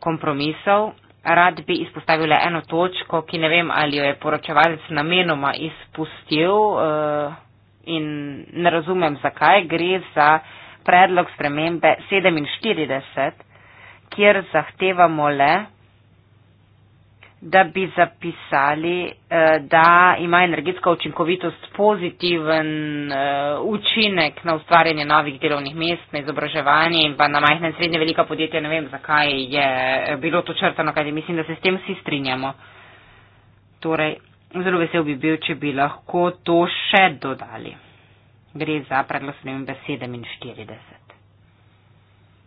kompromisov rad bi izpostavil le eno točko, ki ne vem, ali jo je poročevalec namenoma izpustil uh, in ne razumem, zakaj gre za predlog spremembe 47, kjer zahtevamo le, da bi zapisali, eh, da ima energetska učinkovitost pozitiven eh, učinek na ustvarjanje novih delovnih mest, na izobraževanje in pa na majhne in srednje velika podjetja. Ne vem, zakaj je bilo to črtano, kajti mislim, da se s tem vsi strinjamo. Torej, zelo vesel bi bil, če bi lahko to še dodali. Gre za predlog 47.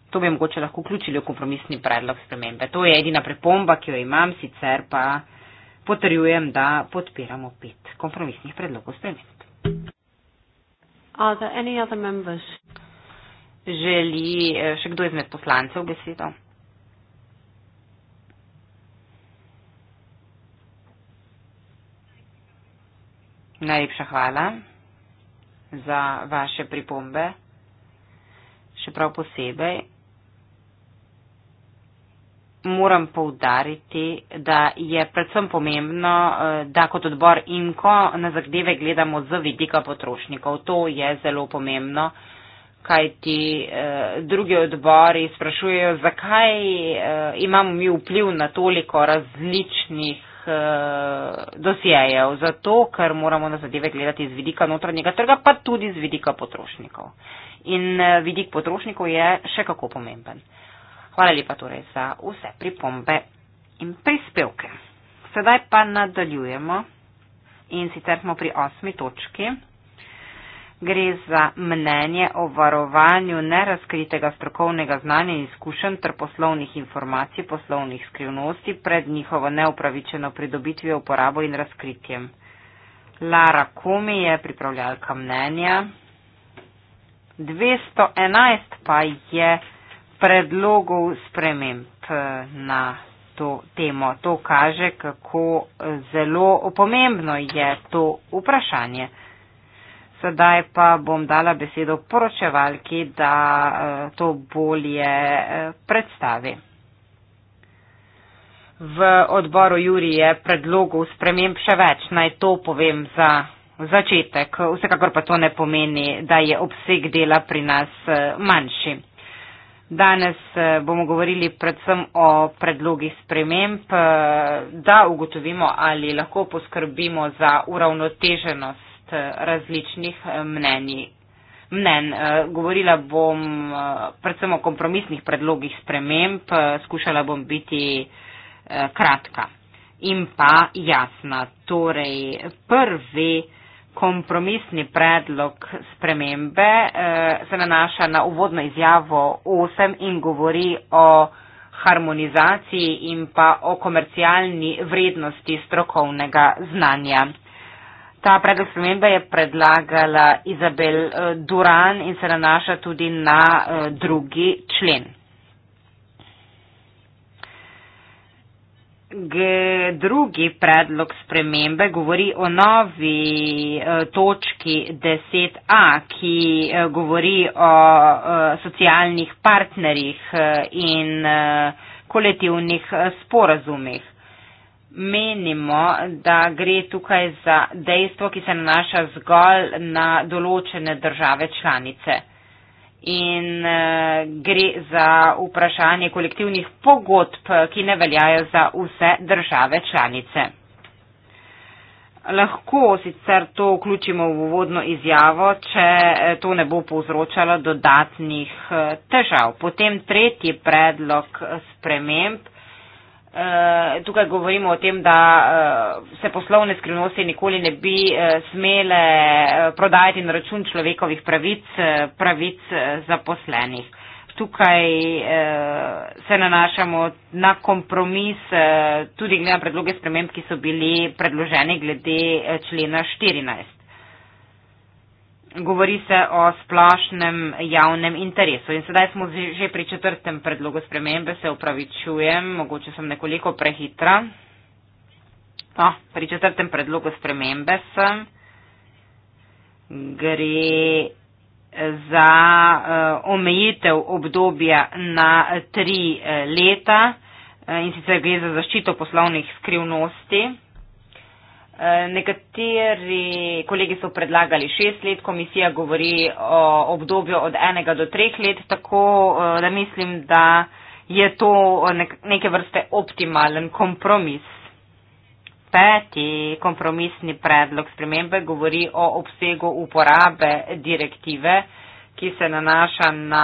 To bi mogoče lahko vključili v kompromisni predlog spremembe. To je edina prepomba, ki jo imam, sicer pa potrjujem, da podpiramo pet kompromisnih predlogov sprememb. Želi eh, še kdo izmed poslancev besedo? Najlepša hvala za vaše pripombe. Še prav posebej moram povdariti, da je predvsem pomembno, eh, da kot odbor INKO na zahteve gledamo z vidika potrošnikov. To je zelo pomembno, kaj ti eh, drugi odbori sprašujejo, zakaj eh, imamo mi vpliv na toliko različnih eh, dosjejev. Zato, ker moramo na zahteve gledati z vidika notranjega trga, pa tudi z vidika potrošnikov. In eh, vidik potrošnikov je še kako pomemben. Eh, Hvala lepa torej za vse pripombe in prispevke. Sedaj pa nadaljujemo in sicer smo pri osmi točki. Gre za mnenje o varovanju nerazkritega strokovnega znanja in izkušenj ter poslovnih informacij, poslovnih skrivnosti pred njihovo neupravičeno pridobitvijo, uporabo in razkritjem. Lara Kumi je pripravljalka mnenja. 211 pa je predlogov sprememb eh, na to temo. To kaže, kako eh, zelo pomembno je to vprašanje. Sedaj pa bom dala besedo poročevalki, da eh, to bolje predstavi. V odboru Juri je predlogov sprememb še več, naj to povem za začetek. Vsekakor pa to ne pomeni, da je obseg dela pri nas manjši. Danes eh, bomo govorili predvsem o predlogih sprememb, eh, da ugotovimo, ali lahko poskrbimo za uravnoteženost eh, različnih mnenj. Mnen. Govorila bom predvsem o kompromisnih predlogih sprememb, skušala bom biti kratka in pa jasna. Torej, prvi kompromisni predlog spremembe eh, se nanaša na uvodno izjavo 8 in govori o harmonizaciji in pa o komercialni vrednosti strokovnega znanja. Ta predlog spremembe je predlagala Izabel eh, Duran in se nanaša tudi na eh, drugi člen. drugi predlog spremembe govori o novi e, točki 10a, ki e, govori o e, socialnih partnerjih in kolektivnih sporazumih. Menimo, da gre tukaj za dejstvo, ki se nanaša zgolj na določene države članice in eh, gre za vprašanje kolektivnih pogodb, ki ne veljajo za vse države članice. Lahko sicer to vključimo v uvodno izjavo, če eh, to ne bo povzročalo dodatnih eh, težav. Potem tretji predlog sprememb Eh, tukaj govorimo o tem, da eh, se poslovne skrivnosti nikoli ne bi eh, smele prodajati na račun človekovih pravic, pravic zaposlenih. Tukaj se nanašamo na kompromis tudi glede na predloge sprememb, ki so bili predloženi glede člena 14 govori se o splošnem javnem interesu. In sedaj smo že pri četrtem predlogu spremembe, se upravičujem, mogoče sem nekoliko prehitra. No, pri četrtem predlogu spremembe sem. Gre za uh, omejitev obdobja na tri uh, leta uh, in sicer gre za zaščito poslovnih skrivnosti. Nekateri kolegi so predlagali šest let, komisija govori o obdobju od enega do treh let, tako eh, da mislim, da je to eh, neke vrste optimalen kompromis. Peti kompromisni predlog spremembe govori o obsegu uporabe direktive ki se nanaša na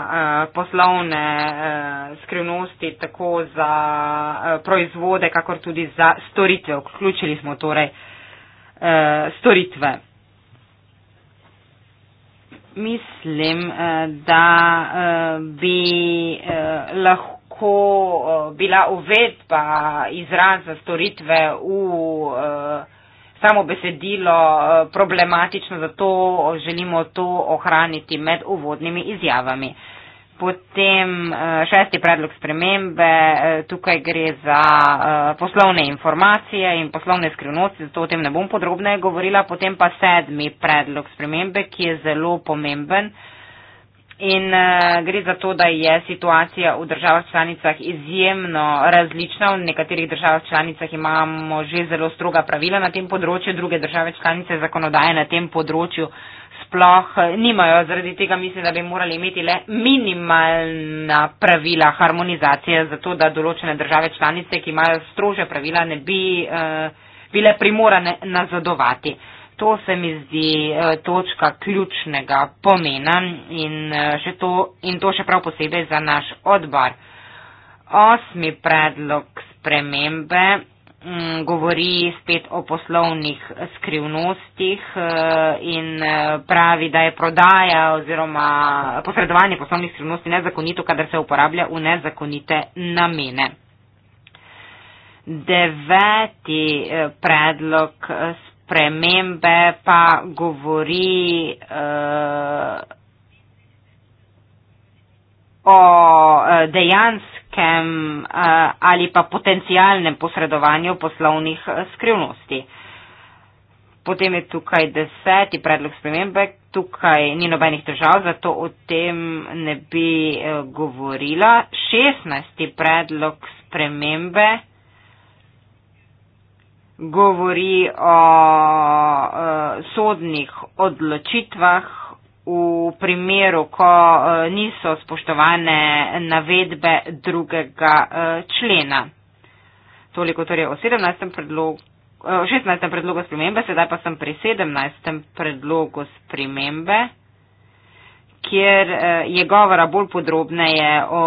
uh, poslovne uh, skrivnosti tako za uh, proizvode, kakor tudi za storitve. Vključili smo torej uh, storitve. Mislim, uh, da uh, bi uh, lahko ko bila uvedba izraza storitve v uh, samo besedilo eh, problematično, zato želimo to ohraniti med uvodnimi izjavami. Potem eh, šesti predlog spremembe, eh, tukaj gre za poslovne informacije in poslovne skrivnosti, zato o tem ne bom podrobneje govorila. Potem pa sedmi predlog spremembe, ki je zelo pomemben. In uh, gre za to, da je situacija v državah članicah izjemno različna. V nekaterih državah članicah imamo že zelo stroga pravila na tem področju, druge države članice zakonodaje na tem področju sploh eh, nimajo. Zaradi tega mislim, da bi morali imeti le minimalna pravila harmonizacije, zato da določene države članice, ki imajo strože pravila, ne bi uh, bile primorane nazadovati. Uh, to se mi zdi eh, točka ključnega pomena in, eh, še to, in to še prav posebej za naš odbor. Osmi predlog spremembe mm, govori spet o poslovnih skrivnostih eh, in pravi, da je prodaja oziroma posredovanje poslovnih skrivnosti nezakonito, kadar se uporablja v nezakonite namene. Deveti predlog spremembe premembe, pa govori uh, o eh, dejanskem uh, ali pa potencijalnem posredovanju poslovnih skrivnosti. Potem je tukaj deseti predlog spremembe, tukaj ni nobenih težav, zato o tem ne bi govorila. Šestnesti predlog spremembe govori o uh, sodnih odločitvah v primeru, ko uh, niso spoštovane navedbe drugega uh, člena. Toliko torej o 17. predlogu. O 16. predlogu spremembe, sedaj pa sem pri 17. predlogu spremembe, kjer je govora bolj podrobneje o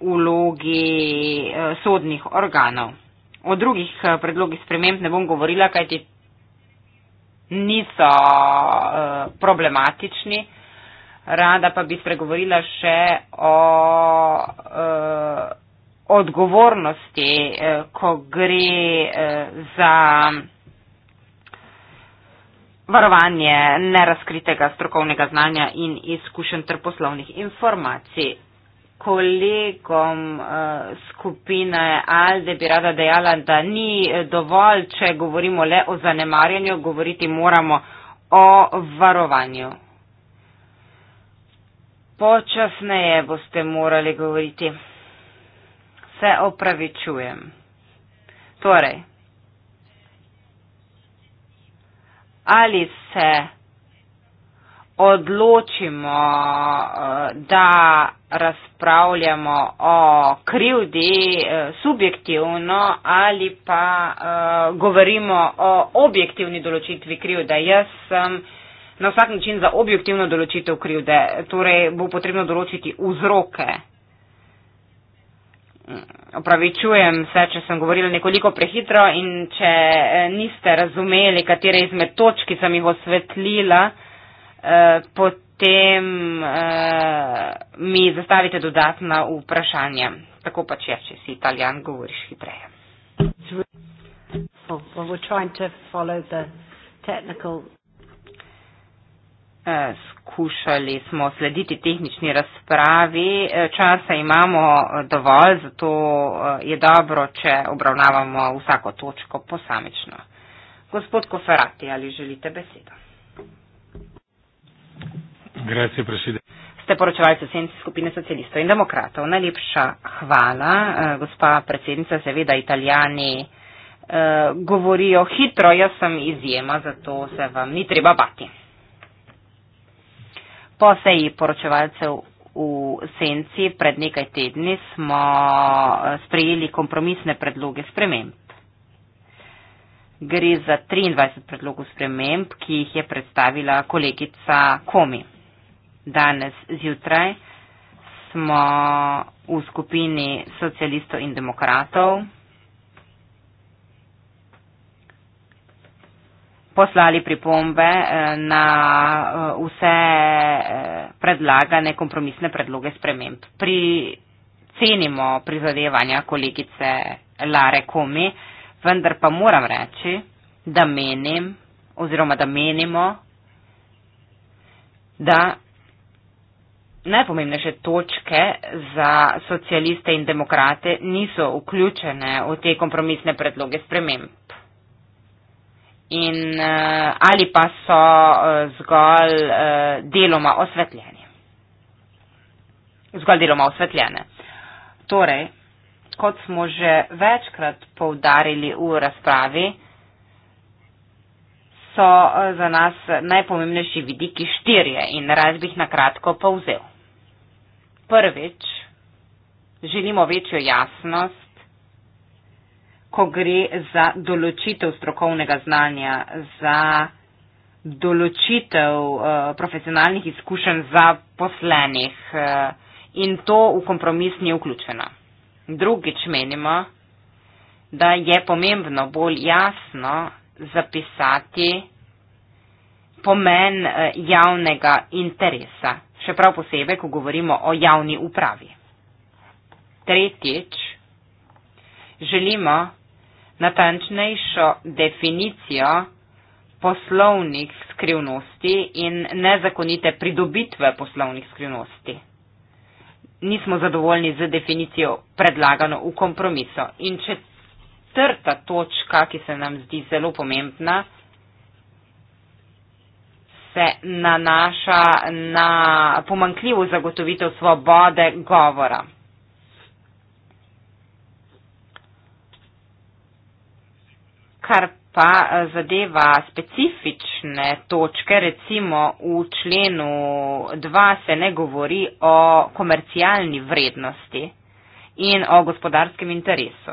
ulogi sodnih organov. O drugih eh, predlogih sprememb ne bom govorila, kajti niso eh, problematični. Rada pa bi spregovorila še o eh, odgovornosti, ko gre za varovanje neraskritega strokovnega znanja in izkušenj ter poslovnih informacij kolegom uh, skupine Alde bi rada dejala, da ni dovolj, če govorimo le o zanemarjanju, govoriti moramo o varovanju. Počasneje boste morali govoriti. Se opravičujem. Torej, ali se odločimo, eh, da razpravljamo o krivdi eh, subjektivno ali pa eh, govorimo o objektivni določitvi krivde. Jaz sem na vsak način za objektivno določitev krivde, torej bo potrebno določiti vzroke. Opravičujem se, če sem govorila nekoliko prehitro in če niste razumeli, katere izmed točk sem jih osvetlila, Eh, potem uh, mi zastavite dodatna vprašanja. Tako pač je, če si italijan, govoriš hitreje. Eh, skušali smo slediti tehnični razpravi. Časa imamo dovolj, zato je dobro, če obravnavamo vsako točko posamično. Gospod Koferati, ali želite besedo? Grazie, Presidente. Ste poročevali v senci skupine socialistov in demokratov. Najlepša hvala, uh, gospa predsednica. Seveda, italijani uh, govorijo hitro, jaz sem izjema, zato se vam ni treba bati. Po seji poročevalcev v senci pred nekaj tedni smo eh, sprejeli kompromisne predloge sprememb. Gre za 23 predlogov sprememb, ki jih je predstavila kolegica Komi danes zjutraj smo v skupini socialistov in demokratov poslali pripombe eh, na eh, vse eh, predlagane kompromisne predloge sprememb. Pri cenimo prizadevanja kolegice Lare Komi, vendar pa moram reči, da menim oziroma da menimo, da najpomembnejše točke za socialiste in demokrate niso vključene v te kompromisne predloge sprememb. In eh, ali pa so eh, zgolj eh, deloma osvetljeni. Zgolj deloma osvetljene. Torej, kot smo že večkrat povdarili v razpravi, so za nas najpomembnejši vidiki štirje in raz bi jih na kratko povzel prvič želimo večjo jasnost, ko gre za določitev strokovnega znanja, za določitev uh, profesionalnih izkušenj za poslenih uh, eh, in to v kompromis ni vključeno. Drugič menimo, da je pomembno bolj jasno zapisati pomen eh, javnega interesa še prav posebej, ko govorimo o javni upravi. Tretjič, želimo natančnejšo definicijo poslovnih skrivnosti in nezakonite pridobitve poslovnih skrivnosti. Nismo zadovoljni z definicijo predlagano v kompromiso. In četrta točka, ki se nam zdi zelo pomembna, se nanaša na pomankljivo zagotovitev svobode govora. Kar pa eh, zadeva specifične točke, recimo v členu 2 se ne govori o komercialni vrednosti in o gospodarskem interesu.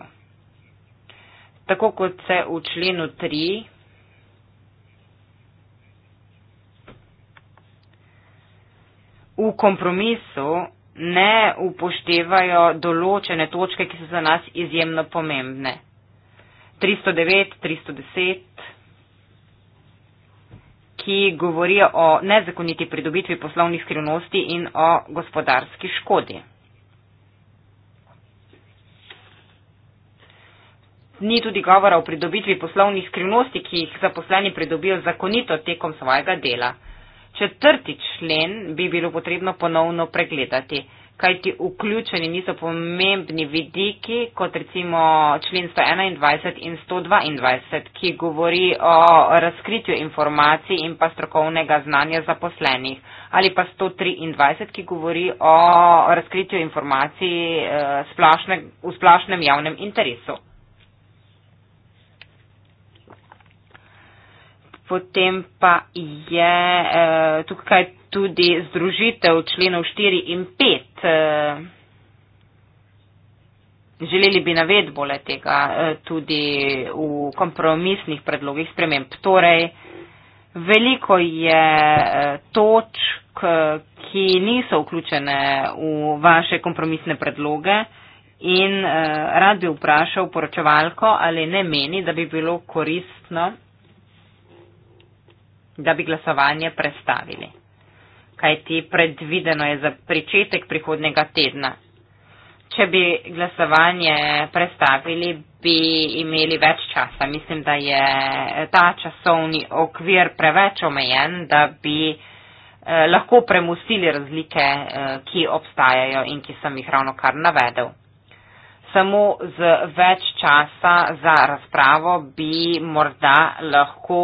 Tako kot se v členu 3 v kompromisu ne upoštevajo določene točke, ki so za nas izjemno pomembne. 309, 310, ki govorijo o nezakoniti pridobitvi poslovnih skrivnosti in o gospodarski škodi. Ni tudi govora o pridobitvi poslovnih skrivnosti, ki jih zaposleni pridobijo zakonito tekom svojega dela. Četrti člen bi bilo potrebno ponovno pregledati, kajti vključeni niso pomembni vidiki, kot recimo člen 121 in 122, ki govori o razkritju informacij in pa strokovnega znanja zaposlenih, ali pa 123, ki govori o razkritju informacij eh, v splašnem javnem interesu. potem pa je uh, tukaj tudi združitev členov 4 in 5. Uh, eh, želeli bi navedbo le tega uh, tudi v kompromisnih predlogih sprememb. Torej, veliko je uh, točk, ki niso vključene v vaše kompromisne predloge. In uh, rad bi vprašal poročevalko, ali ne meni, da bi bilo koristno da bi glasovanje prestavili. Kaj ti predvideno je za pričetek prihodnega tedna? Če bi glasovanje prestavili, bi imeli več časa. Mislim, da je ta časovni okvir preveč omejen, da bi eh, lahko premusili razlike, eh, ki obstajajo in ki sem jih ravno kar navedel samo z več časa za razpravo bi morda lahko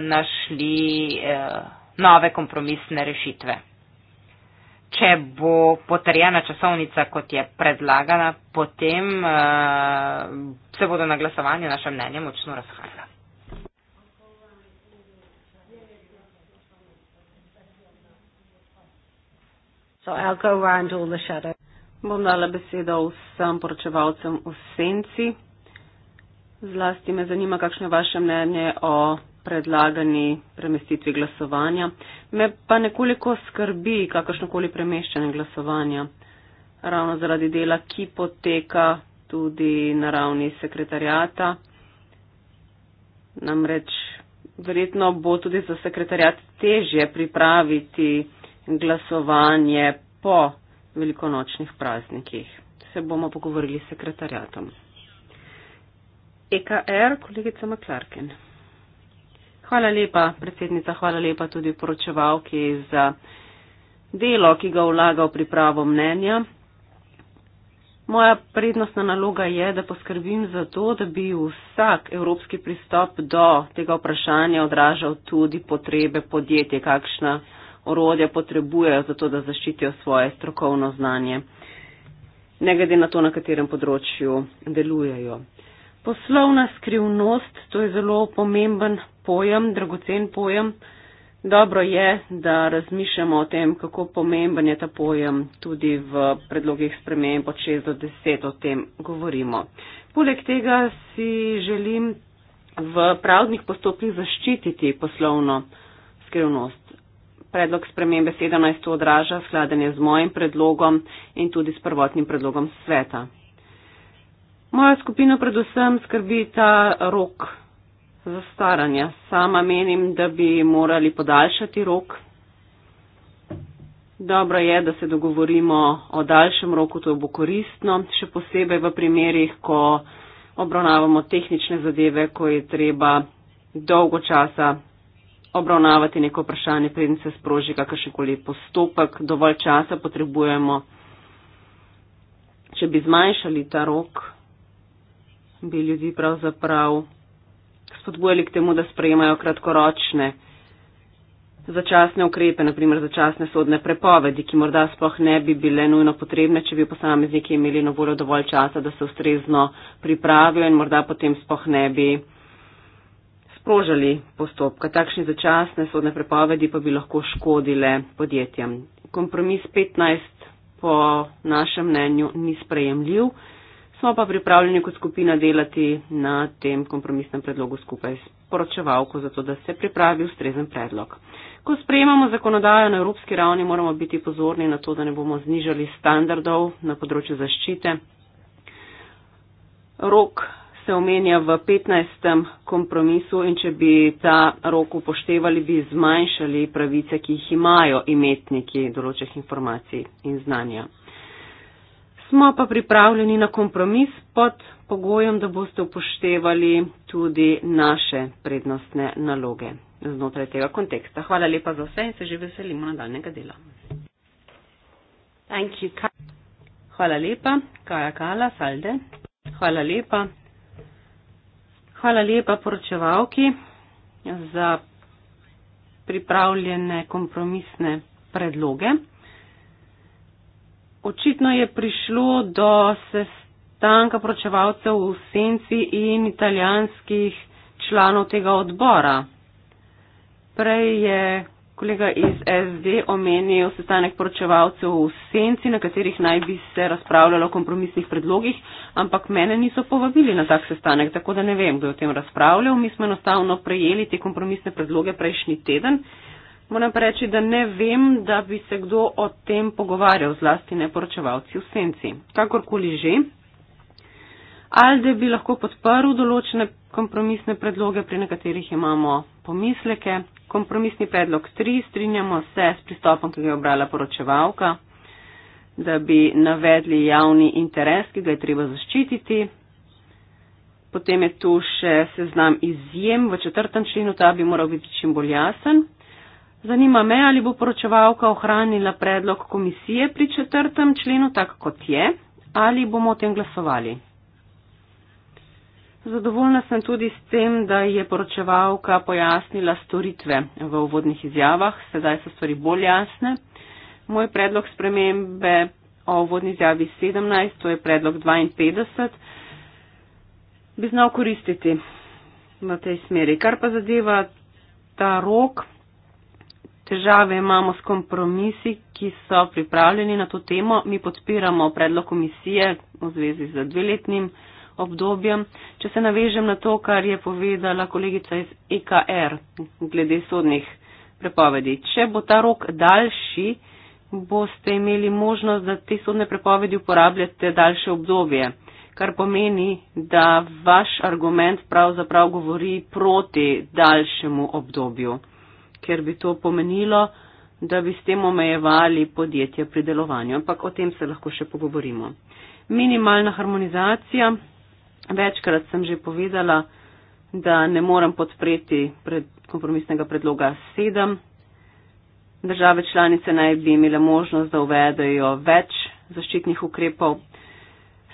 našli eh, nove kompromisne rešitve. Če bo potrjena časovnica, kot je predlagana, potem eh, se bodo na glasovanje naše mnenje močno razhajala. So I'll go around all the shadows bom dala besedo vsem poročevalcem v senci. Zlasti me zanima, kakšno je vaše mnenje o predlagani premestitvi glasovanja. Me pa nekoliko skrbi kakršnokoli premeščanje glasovanja, ravno zaradi dela, ki poteka tudi na ravni sekretarjata. Namreč verjetno bo tudi za sekretarjat težje pripraviti glasovanje po velikonočnih praznikih. Se bomo pogovorili s sekretarjatom. EKR, er, kolegica McClarkin. Hvala lepa, predsednica, hvala lepa tudi poročevalki za delo, ki ga vlaga v pripravo mnenja. Moja prednostna naloga je, da poskrbim za to, da bi vsak evropski pristop do tega vprašanja odražal tudi potrebe podjetja, kakšna orodja potrebujejo za to, da zaščitijo svoje strokovno znanje, ne glede na to, na katerem področju delujejo. Poslovna skrivnost, to je zelo pomemben pojem, dragocen pojem. Dobro je, da razmišljamo o tem, kako pomemben je ta pojem, tudi v predlogih sprememb od 6 do 10 o tem govorimo. Poleg tega si želim v pravnih postopkih zaščititi poslovno skrivnost predlog spremembe 17 odraža skladanje z mojim predlogom in tudi s prvotnim predlogom sveta. Moja skupina predvsem skrbi ta rok za staranje. Sama menim, da bi morali podaljšati rok. Dobro je, da se dogovorimo o daljšem roku, to bo koristno, še posebej v primerjih, ko obravnavamo tehnične zadeve, ko je treba dolgo časa obravnavati neko vprašanje, preden se sproži kakršen koli postopek, dovolj časa potrebujemo. Če bi zmanjšali ta rok, bi ljudi pravzaprav spodbujali k temu, da sprejemajo kratkoročne začasne ukrepe, naprimer začasne sodne prepovedi, ki morda sploh ne bi bile nujno potrebne, če bi posamezniki imeli na voljo dovolj časa, da se ustrezno pripravijo in morda potem sploh ne bi sprožali postopka. Takšne začasne sodne prepovedi pa bi lahko škodile podjetjem. Kompromis 15 po našem mnenju ni sprejemljiv, smo pa pripravljeni kot skupina delati na tem kompromisnem predlogu skupaj s poročevalko, zato da se pripravi ustrezen predlog. Ko sprejemamo zakonodajo na evropski ravni, moramo biti pozorni na to, da ne bomo znižali standardov na področju zaščite. Rok se omenja v 15. kompromisu in če bi ta rok upoštevali, bi zmanjšali pravice, ki jih imajo imetniki določenih informacij in znanja. Smo pa pripravljeni na kompromis pod pogojem, da boste upoštevali tudi naše prednostne naloge znotraj tega konteksta. Hvala lepa za vse in se že veselimo nadaljnega dela. Hvala lepa, Kaja Kala, Salde. Hvala lepa. Hvala lepa poročevalki za pripravljene kompromisne predloge. Očitno je prišlo do sestanka poročevalcev v senci in italijanskih članov tega odbora. Prej je kolega iz SD omenil sestanek poročevalcev v senci, na katerih naj bi se razpravljalo o kompromisnih predlogih, ampak mene niso povabili na tak sestanek, tako da ne vem, kdo je o tem razpravljal. Mi smo enostavno prejeli te kompromisne predloge prejšnji teden. Moram pa reči, da ne vem, da bi se kdo o tem pogovarjal, zlasti ne poročevalci v senci. Kakorkoli že, Alde bi lahko podprl določene kompromisne predloge, pri nekaterih imamo pomisleke. Kompromisni predlog 3 strinjamo se s pristopom, ki ga je obrala poročevalka, da bi navedli javni interes, ki ga je treba zaščititi. Potem je tu še seznam izjem v četrtem členu, ta bi moral biti čim bolj jasen. Zanima me, ali bo poročevalka ohranila predlog komisije pri četrtem členu, tako kot je, ali bomo o tem glasovali. Zadovoljna sem tudi s tem, da je poročevalka pojasnila storitve v uvodnih izjavah, sedaj so stvari bolj jasne. Moj predlog spremembe o uvodni izjavi 17, to je predlog 52, bi znal koristiti v tej smeri. Kar pa zadeva ta rok, težave imamo s kompromisi, ki so pripravljeni na to temo. Mi podpiramo predlog komisije v zvezi z dveletnim obdobjem. Če se navežem na to, kar je povedala kolegica iz EKR glede sodnih prepovedi. Če bo ta rok daljši, boste imeli možnost, da te sodne prepovedi uporabljate daljše obdobje, kar pomeni, da vaš argument pravzaprav govori proti daljšemu obdobju, ker bi to pomenilo, da bi s tem omejevali podjetje pri delovanju. Ampak o tem se lahko še pogovorimo. Minimalna harmonizacija Večkrat sem že povedala, da ne morem podpreti pred kompromisnega predloga 7. Države članice naj bi imele možnost, da uvedejo več zaščitnih ukrepov.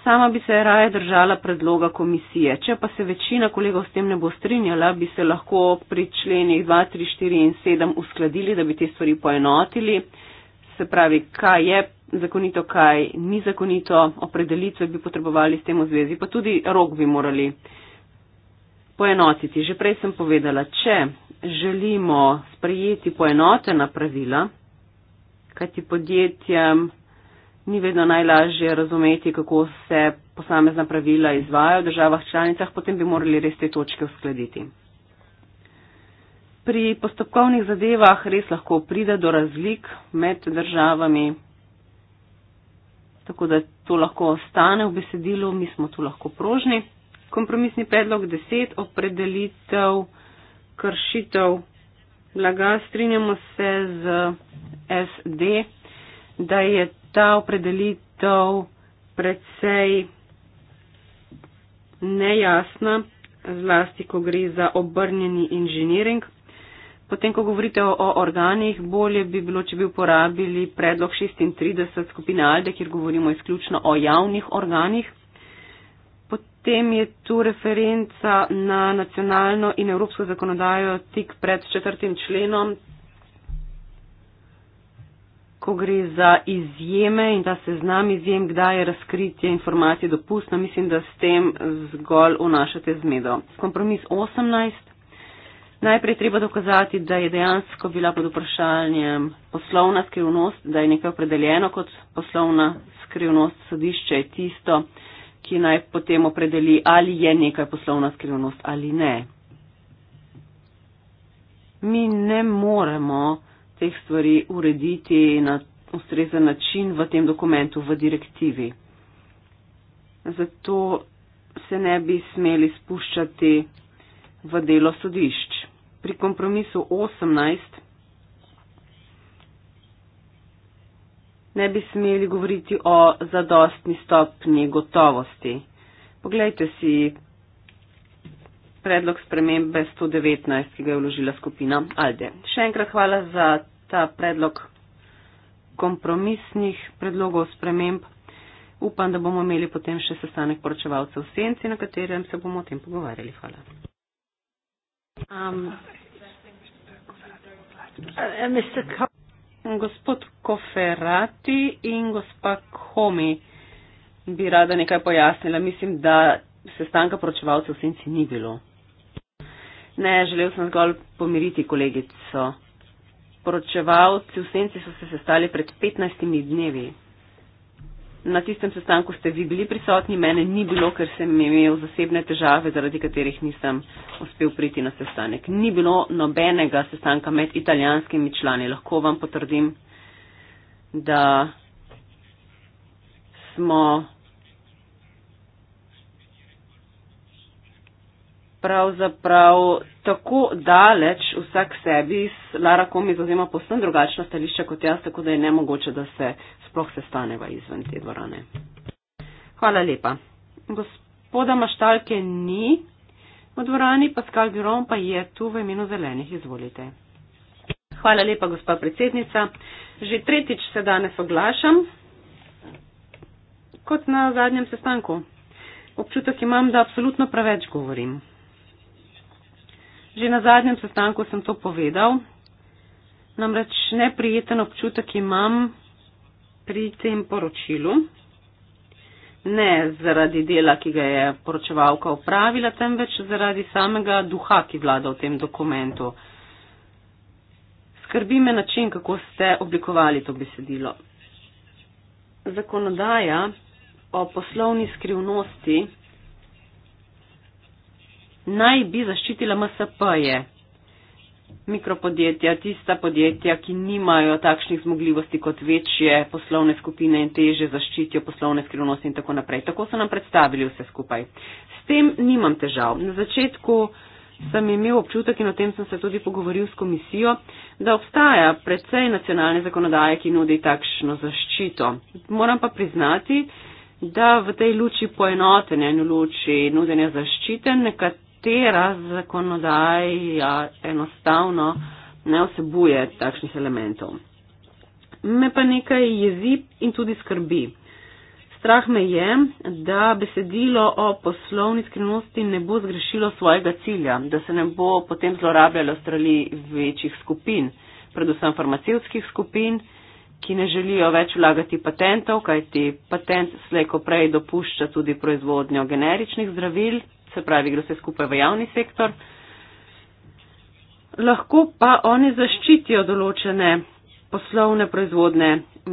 Sama bi se raje držala predloga komisije. Če pa se večina kolegov s tem ne bo strinjala, bi se lahko pri členih 2, 3, 4 in 7 uskladili, da bi te stvari poenotili. Se pravi, kaj je zakonito, kaj ni zakonito, opredelitve bi potrebovali s tem v zvezi, pa tudi rok bi morali poenotiti. Že prej sem povedala, če želimo sprejeti poenotena pravila, kajti podjetjem ni vedno najlažje razumeti, kako se posamezna pravila izvajajo v državah članicah, potem bi morali res te točke uskladiti. Pri postopkovnih zadevah res lahko pride do razlik med državami tako da to lahko ostane v besedilu, mi smo tu lahko prožni. Kompromisni predlog 10, opredelitev kršitev blaga, strinjamo se z SD, da je ta opredelitev predvsej nejasna, zlasti, ko gre za obrnjeni inženiring. Potem, ko govorite o, o organih, bolje bi bilo, če bi uporabili predlog 36 skupine Alde, kjer govorimo izključno o javnih organih. Potem je tu referenca na nacionalno in evropsko zakonodajo tik pred četrtim členom, ko gre za izjeme in da se znam izjem, kdaj je razkritje informacij dopustno. Mislim, da s tem zgolj vnašate zmedo. Kompromis 18. Najprej treba dokazati, da je dejansko bila pod vprašanjem poslovna skrivnost, da je nekaj opredeljeno kot poslovna skrivnost. Sodišče je tisto, ki naj potem opredeli, ali je nekaj poslovna skrivnost ali ne. Mi ne moremo teh stvari urediti na ustrezen način v tem dokumentu, v direktivi. Zato se ne bi smeli spuščati v delo sodišč pri kompromisu 18 ne bi smeli govoriti o zadostni stopnji gotovosti. Poglejte si predlog spremembe 119, ki ga je vložila skupina Alde. Še enkrat hvala za ta predlog kompromisnih predlogov sprememb. Upam, da bomo imeli potem še sestanek poročevalcev v senci, na katerem se bomo o tem pogovarjali. Hvala. Um, uh, Mr. Ko gospod Koferati in gospa Komi bi rada nekaj pojasnila. Mislim, da sestanka poročevalcev v senci ni bilo. Ne, želel sem zgolj pomiriti kolegico. Poročevalci v senci so se sestali pred 15 dnevi. Na tistem sestanku ste vi bili prisotni, mene ni bilo, ker sem imel zasebne težave, zaradi katerih nisem uspel priti na sestanek. Ni bilo nobenega sestanka med italijanskimi člani. Lahko vam potrdim, da smo pravzaprav tako daleč vsak sebi, Lara Komi zauzema posem drugačna stališča kot jaz, tako da je nemogoče, da se sploh sestaneva izven te dvorane. Hvala lepa. Gospoda Maštalke ni v dvorani, Pascal Giron pa je tu v imenu zelenih, izvolite. Hvala lepa, gospa predsednica. Že tretjič se danes oglašam, kot na zadnjem sestanku. Občutek imam, da absolutno preveč govorim. Že na zadnjem sestanku sem to povedal. Namreč neprijeten občutek imam pri tem poročilu. Ne zaradi dela, ki ga je poročevalka upravila, temveč zaradi samega duha, ki vlada v tem dokumentu. Skrbi me način, kako ste oblikovali to besedilo. Zakonodaja o poslovni skrivnosti naj bi zaščitila MSP-je, mikropodjetja, tista podjetja, ki nimajo takšnih zmogljivosti kot večje poslovne skupine in teže zaščitijo poslovne skrivnosti in tako naprej. Tako so nam predstavili vse skupaj. S tem nimam težav. Na začetku sem imel občutek in o tem sem se tudi pogovoril s komisijo, da obstaja predvsej nacionalne zakonodaje, ki nudi takšno zaščito. Moram pa priznati, da v tej luči poenotenja in v luči nudenja zaščite nekatere nekatera zakonodaja enostavno ne osebuje takšnih elementov. Me pa nekaj jezi in tudi skrbi. Strah me je, da besedilo o poslovni skrivnosti ne bo zgrešilo svojega cilja, da se ne bo potem zlorabljalo strali večjih skupin, predvsem farmacijskih skupin, ki ne želijo več vlagati patentov, kajti patent slejko prej dopušča tudi proizvodnjo generičnih zdravil, se pravi, gre vse skupaj v javni sektor. Lahko pa oni zaščitijo določene poslovne proizvodne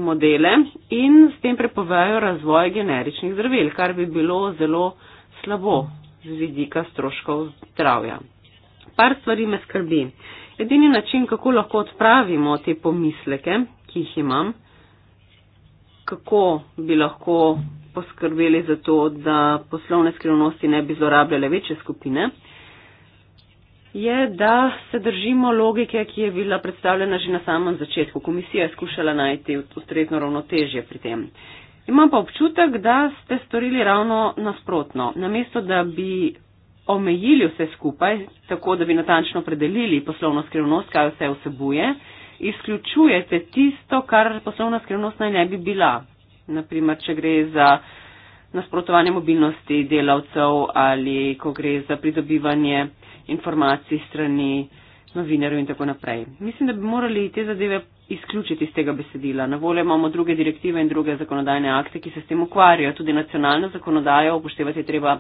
modele in s tem prepovejo razvoj generičnih zdravil, kar bi bilo zelo slabo z vidika stroškov zdravja. Par stvari me skrbi. Edini način, kako lahko odpravimo te pomisleke, ki jih imam, kako bi lahko poskrbeli za to, da poslovne skrivnosti ne bi zlorabljale večje skupine, je, da se držimo logike, ki je bila predstavljena že na samem začetku. Komisija je skušala najti ustrezno ravnotežje pri tem. Imam pa občutek, da ste storili ravno nasprotno. Namesto, da bi omejili vse skupaj, tako da bi natančno predelili poslovno skrivnost, kaj vse vsebuje, vse izključujete tisto, kar poslovna skrivnost naj ne bi bila. Naprimer, če gre za nasprotovanje mobilnosti delavcev ali ko gre za pridobivanje informacij strani novinarjev in tako naprej. Mislim, da bi morali te zadeve izključiti iz tega besedila. Na voljo imamo druge direktive in druge zakonodajne akte, ki se s tem ukvarjajo. Tudi nacionalno zakonodajo upoštevati treba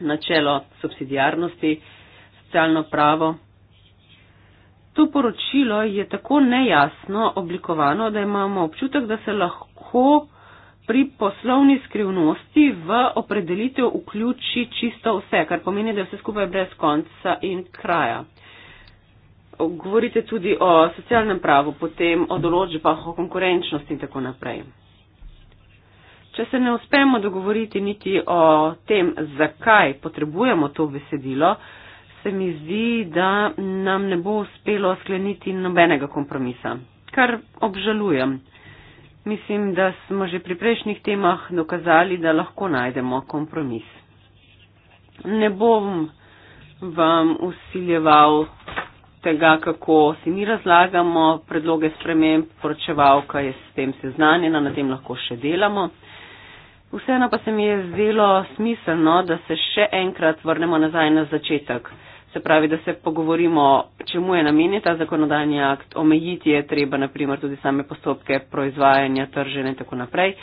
načelo subsidijarnosti, socialno pravo To poročilo je tako nejasno oblikovano, da imamo občutek, da se lahko pri poslovni skrivnosti v opredelitev vključi čisto vse, kar pomeni, da je vse skupaj brez konca in kraja. Govorite tudi o socialnem pravu, potem o določbah, o konkurenčnosti in tako naprej. Če se ne uspemo dogovoriti niti o tem, zakaj potrebujemo to besedilo, se mi zdi, da nam ne bo uspelo skleniti nobenega kompromisa, kar obžalujem. Mislim, da smo že pri prejšnjih temah dokazali, da lahko najdemo kompromis. Ne bom vam usiljeval tega, kako si mi razlagamo predloge sprememb, poročevalka je s tem seznanjena, na tem lahko še delamo. Vseeno pa se mi je zdelo smiselno, da se še enkrat vrnemo nazaj na začetek. Se pravi, da se pogovorimo, čemu je namenjen ta zakonodajni akt, omejiti je treba naprimer tudi same postopke proizvajanja, tržene in tako naprej.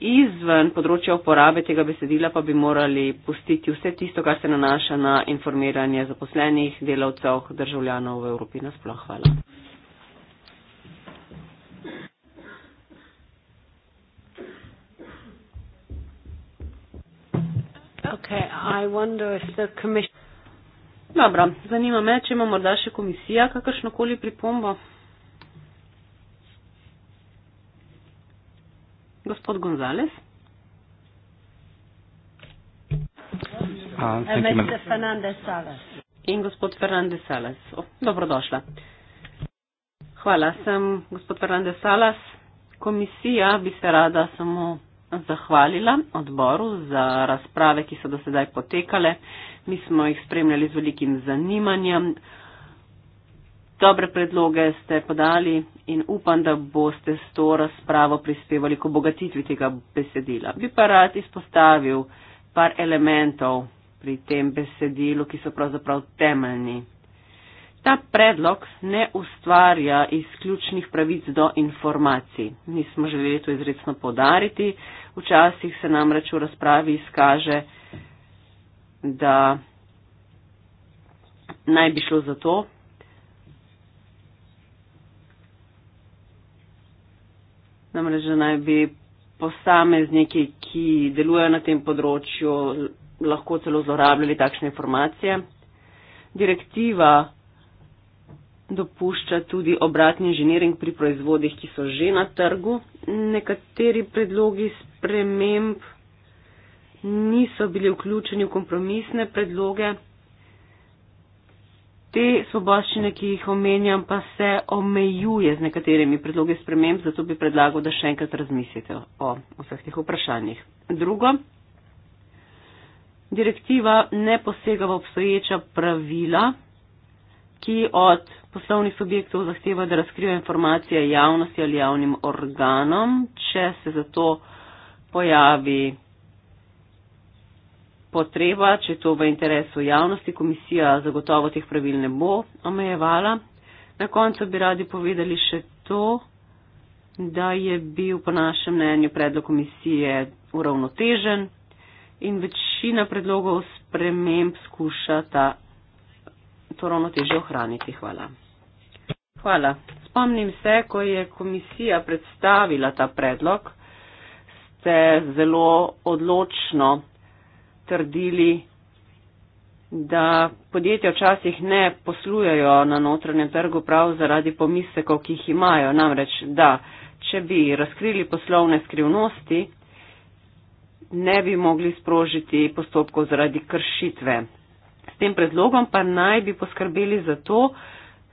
Izven področja uporabe tega besedila pa bi morali pustiti vse tisto, kar se nanaša na informiranje zaposlenih, delavcev, državljanov v Evropi nasploh. Hvala. Okay, I wonder if the commission Dobro, zanima me, če ima morda še komisija kakršnokoli pripombo. Gospod Gonzales. Eh, In gospod Fernandez Salas. Dobrodošla. Hvala, sem gospod Fernandez Salas. Komisija bi se rada samo zahvalila odboru za razprave, ki so do sedaj potekale. Mi smo jih spremljali z velikim zanimanjem. Dobre predloge ste podali in upam, da boste s to razpravo prispevali k obogatitvi tega besedila. Bi pa rad izpostavil par elementov pri tem besedilu, ki so pravzaprav temeljni Ta predlog ne ustvarja izključnih pravic do informacij. Mi smo želeli to izredno podariti. Včasih se namreč v razpravi izkaže, da naj bi šlo za to, namreč, da naj bi posamezniki, ki delujejo na tem področju, lahko celo zlorabljali takšne informacije. Direktiva dopušča tudi obratni inženiring pri proizvodih, ki so že na trgu. Nekateri predlogi sprememb niso bili vključeni v kompromisne predloge. Te svoboščine, ki jih omenjam, pa se omejuje z nekaterimi predlogi sprememb, zato bi predlagal, da še enkrat razmislite o vseh teh vprašanjih. Drugo, direktiva ne posega v obstoječa pravila, ki od poslovnih subjektov zahteva, da razkrijo informacije javnosti ali javnim organom, če se za to pojavi potreba, če je to v interesu javnosti, komisija zagotovo teh pravil ne bo omejevala. Na koncu bi radi povedali še to, da je bil po našem mnenju predlog komisije uravnotežen in večina predlogov sprememb skušata to ravnotežje ohraniti. Hvala hvala. Spomnim se, ko je komisija predstavila ta predlog, ste zelo odločno trdili, da podjetja včasih ne poslujejo na notranjem trgu prav zaradi pomislekov, ki jih imajo. Namreč, da če bi razkrili poslovne skrivnosti, ne bi mogli sprožiti postopkov zaradi kršitve. S tem predlogom pa naj bi poskrbeli za to,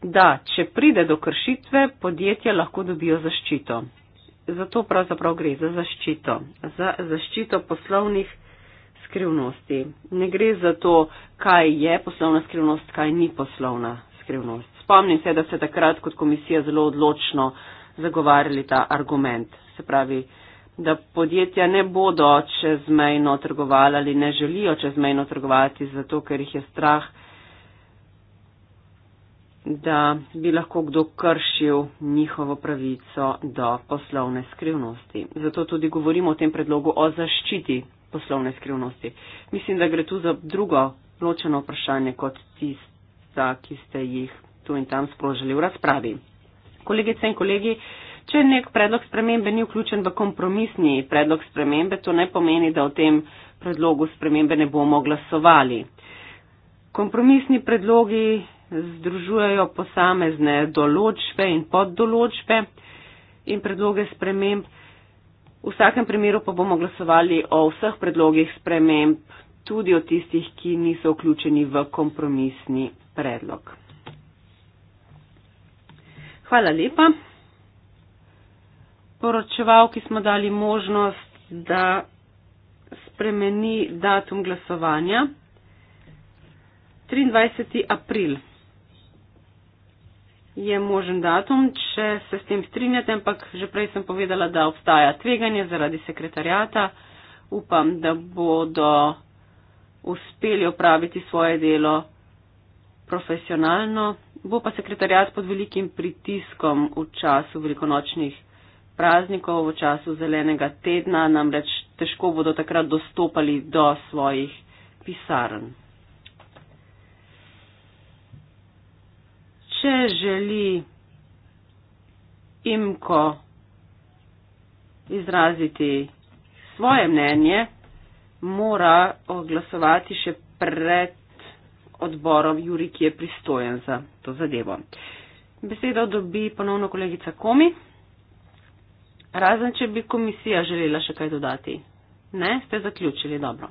da če pride do kršitve, podjetje lahko dobijo zaščito. Zato pravzaprav gre za zaščito, za zaščito poslovnih skrivnosti. Ne gre za to, kaj je poslovna skrivnost, kaj ni poslovna skrivnost. Spomnim se, da ste takrat kot komisija zelo odločno zagovarjali ta argument. Se pravi, da podjetja ne bodo čezmejno trgovali ali ne želijo čezmejno trgovati, zato ker jih je strah, da bi lahko kdo kršil njihovo pravico do poslovne skrivnosti. Zato tudi govorimo o tem predlogu o zaščiti poslovne skrivnosti. Mislim, da gre tu za drugo ločeno vprašanje kot tista, ki ste jih tu in tam sprožili v razpravi. Kolegice in kolegi, če nek predlog spremembe ni vključen v kompromisni predlog spremembe, to ne pomeni, da o tem predlogu spremembe ne bomo glasovali. Kompromisni predlogi združujejo posamezne določbe in poddoločbe in predloge sprememb. V vsakem primeru pa bomo glasovali o vseh predlogih sprememb, tudi o tistih, ki niso vključeni v kompromisni predlog. Hvala lepa. Poročevalki smo dali možnost, da spremeni datum glasovanja. 23. april je možen datum, če se s tem strinjate, ampak že prej sem povedala, da obstaja tveganje zaradi sekretarjata. Upam, da bodo uspeli opraviti svoje delo profesionalno. Bo pa sekretarjat pod velikim pritiskom v času velikonočnih praznikov, v času zelenega tedna, namreč težko bodo takrat dostopali do svojih pisarn. vse želi imko izraziti svoje mnenje, mora oglasovati še pred odborom Juri, ki je pristojen za to zadevo. Besedo dobi ponovno kolegica Komi. Razen, če bi komisija želela še kaj dodati. Ne, ste zaključili dobro.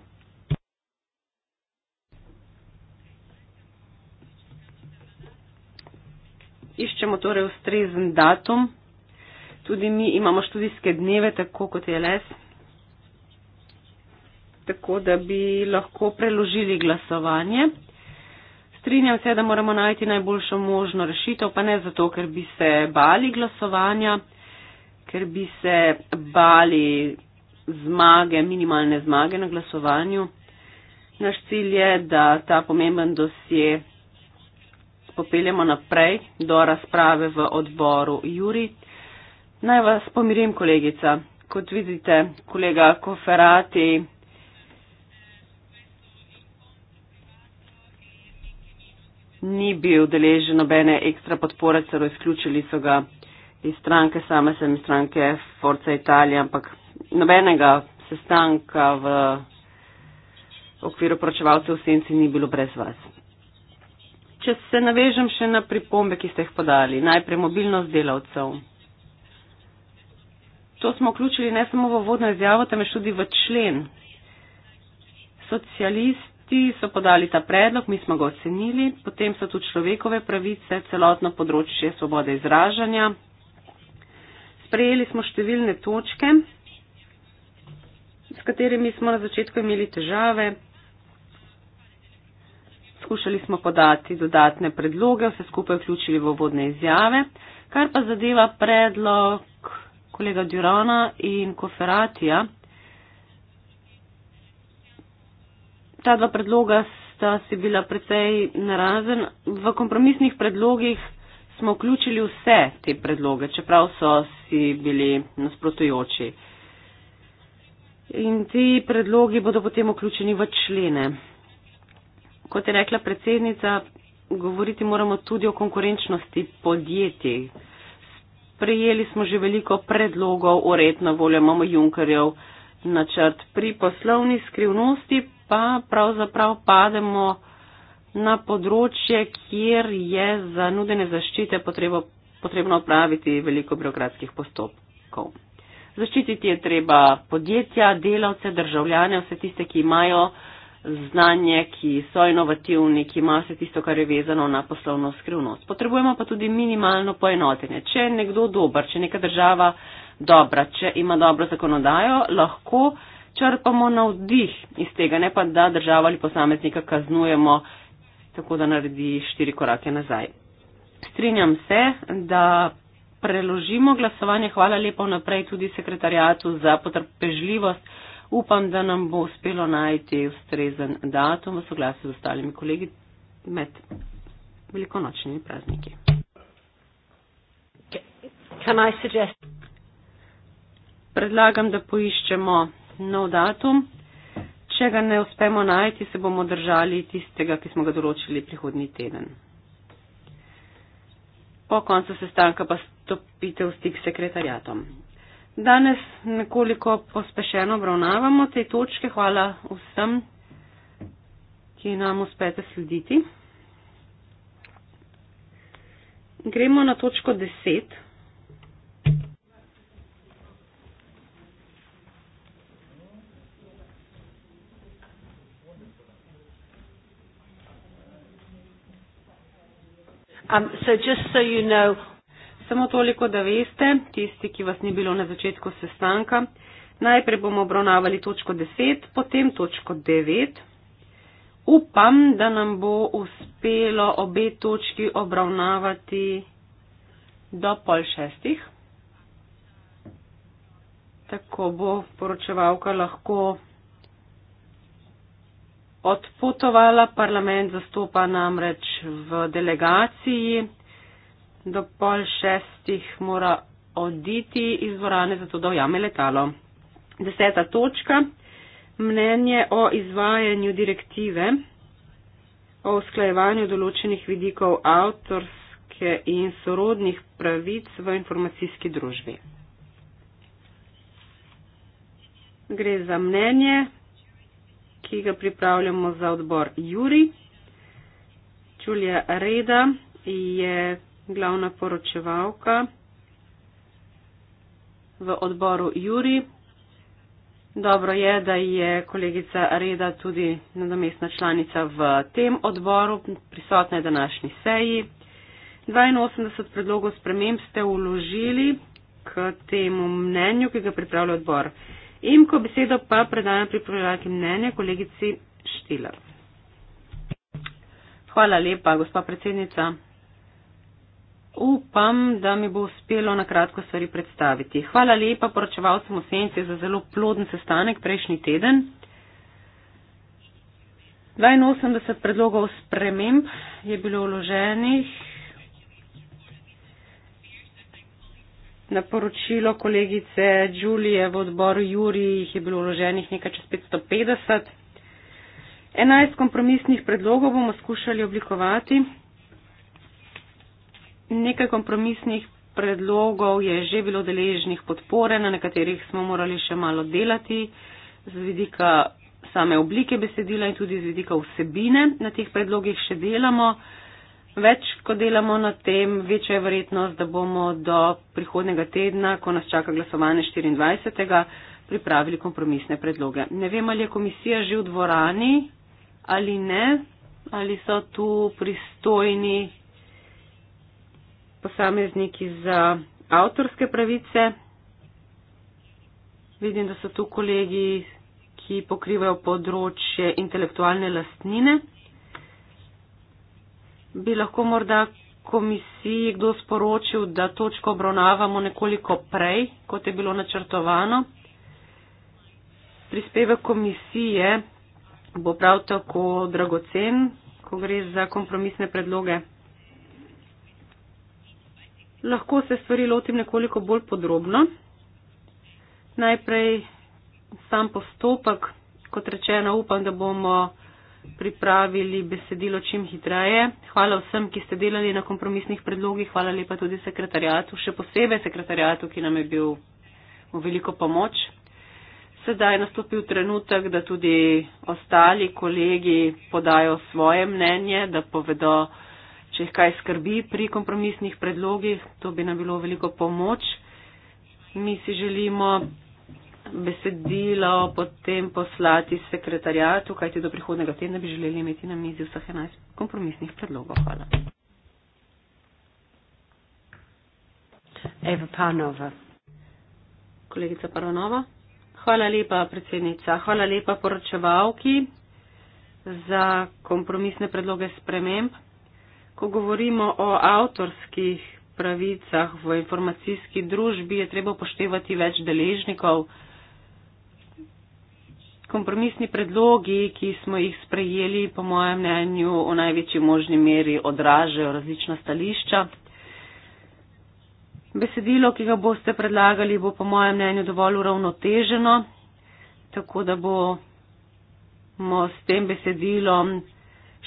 iščemo torej ustrezen datum. Tudi mi imamo študijske dneve, tako kot je les. Tako da bi lahko preložili glasovanje. Strinjam se, da moramo najti najboljšo možno rešitev, pa ne zato, ker bi se bali glasovanja, ker bi se bali zmage, minimalne zmage na glasovanju. Naš cilj je, da ta pomemben dosje popeljemo naprej do razprave v odboru Juri. Naj vas pomirim, kolegica. Kot vidite, kolega Koferati. Ni bil deležen nobene ekstra podpore, celo izključili so ga iz stranke, same sem iz stranke Forza Italija, ampak nobenega sestanka v okviru pročevalcev v senci ni bilo brez vas če se navežem še na pripombe, ki ste jih podali, najprej mobilnost delavcev. To smo vključili ne samo v vodno izjavo, temveč tudi v člen. Socialisti so podali ta predlog, mi smo ga ocenili, potem so tu človekove pravice, celotno področje svobode izražanja. Sprejeli smo številne točke, s katerimi smo na začetku imeli težave poskušali smo podati dodatne predloge, vse skupaj vključili v obodne izjave. Kar pa zadeva predlog kolega Durana in Koferatija, ta dva predloga sta si bila precej narazen. V kompromisnih predlogih smo vključili vse te predloge, čeprav so si bili nasprotujoči. In ti predlogi bodo potem vključeni v člene kot je rekla predsednica, govoriti moramo tudi o konkurenčnosti podjetij. Prijeli smo že veliko predlogov, uredno voljo imamo Junkerjev načrt. Pri poslovni skrivnosti pa pravzaprav pademo na področje, kjer je za nudene zaščite potrebo, potrebno opraviti veliko birokratskih postopkov. Zaščititi je treba podjetja, delavce, državljane, vse tiste, ki imajo uh, znanje, ki so inovativni, ki imajo vse tisto, kar je vezano na poslovno skrivnost. Potrebujemo pa tudi minimalno poenotenje. Če je nekdo dober, če je neka država dobra, če ima dobro zakonodajo, lahko črpamo na vdih iz tega, ne pa da država ali posameznika kaznujemo, tako da naredi štiri korake nazaj. Strinjam se, da preložimo glasovanje hvala lepo naprej tudi sekretarjatu za potrpežljivost upam, da nam bo uspelo najti ustrezen datum v soglasju z ostalimi kolegi med velikonočnimi prazniki. Predlagam, da poiščemo nov datum. Če ga ne uspemo najti, se bomo držali tistega, ki smo ga določili prihodni teden. Po koncu sestanka pa stopite v stik s sekretarjatom danes nekoliko pospešeno obravnavamo te točke. Hvala vsem, ki nam uspete slediti. Gremo na točko 10. Um, so just so you know, samo toliko, da veste, tisti, ki vas ni bilo na začetku sestanka, najprej bomo obravnavali točko 10, potem točko 9. Upam, da nam bo uspelo obe točki obravnavati do pol šestih. Tako bo poročevalka lahko odpotovala, parlament zastopa namreč v delegaciji do pol šestih mora oditi iz dvorane, zato da ojame letalo. Deseta točka. Mnenje o izvajanju direktive o usklajevanju določenih vidikov avtorske in sorodnih pravic v informacijski družbi. Gre za mnenje, ki ga pripravljamo za odbor Juri. Čulja Reda je glavna poročevalka v odboru Juri. Dobro je, da je kolegica Reda tudi nadomestna članica v tem odboru, prisotna je današnji seji. 82 predlogov sprememb ste uložili k temu mnenju, ki ga pripravlja odbor. In ko besedo pa predajam pripravljati mnenje kolegici Štila. Hvala lepa, gospa predsednica upam, da mi bo uspelo na kratko stvari predstaviti. Hvala lepa poročevalcem Osence za zelo ploden sestanek prejšnji teden. 82 predlogov sprememb je bilo vloženih na poročilo kolegice Đulije v odboru Juri, jih je bilo vloženih nekaj čez 550. 11 kompromisnih predlogov bomo skušali oblikovati nekaj kompromisnih predlogov je že bilo deležnih podpore, na nekaterih smo morali še malo delati z vidika same oblike besedila in tudi z vidika vsebine. Na teh predlogih še delamo. Več, ko delamo na tem, večja je verjetnost, da bomo do prihodnega tedna, ko nas čaka glasovanje 24., pripravili kompromisne predloge. Ne vem, ali je komisija že v dvorani ali ne, ali so tu pristojni posamezniki za avtorske pravice. Vidim, da so tu kolegi, ki pokrivajo področje intelektualne lastnine. Bi lahko morda komisiji kdo sporočil, da točko obravnavamo nekoliko prej, kot je bilo načrtovano. Prispevek komisije bo prav tako dragocen, ko gre za kompromisne predloge lahko se stvari lotim nekoliko bolj podrobno. Najprej sam postopek, kot rečeno, upam, da bomo pripravili besedilo čim hitreje. Hvala vsem, ki ste delali na kompromisnih predlogih, hvala lepa tudi sekretarjatu, še posebej sekretarjatu, ki nam je bil v veliko pomoč. Sedaj je nastopil trenutek, da tudi ostali kolegi podajo svoje mnenje, da povedo, jih kaj skrbi pri kompromisnih predlogih, to bi nam bilo veliko pomoč. Mi si želimo besedilo potem poslati sekretarjatu, kajti do prihodnega tedna bi želeli imeti na mizi vseh 11 kompromisnih predlogov. Hvala. Eva Panova. Kolegica Paranova. Hvala lepa, predsednica. Hvala lepa poročevalki za kompromisne predloge sprememb ko govorimo o avtorskih pravicah v informacijski družbi, je treba poštevati več deležnikov. Kompromisni predlogi, ki smo jih sprejeli, po mojem mnenju, v največji možni meri odražajo različna stališča. Besedilo, ki ga boste predlagali, bo po mojem mnenju dovolj uravnoteženo, tako da bomo s tem besedilom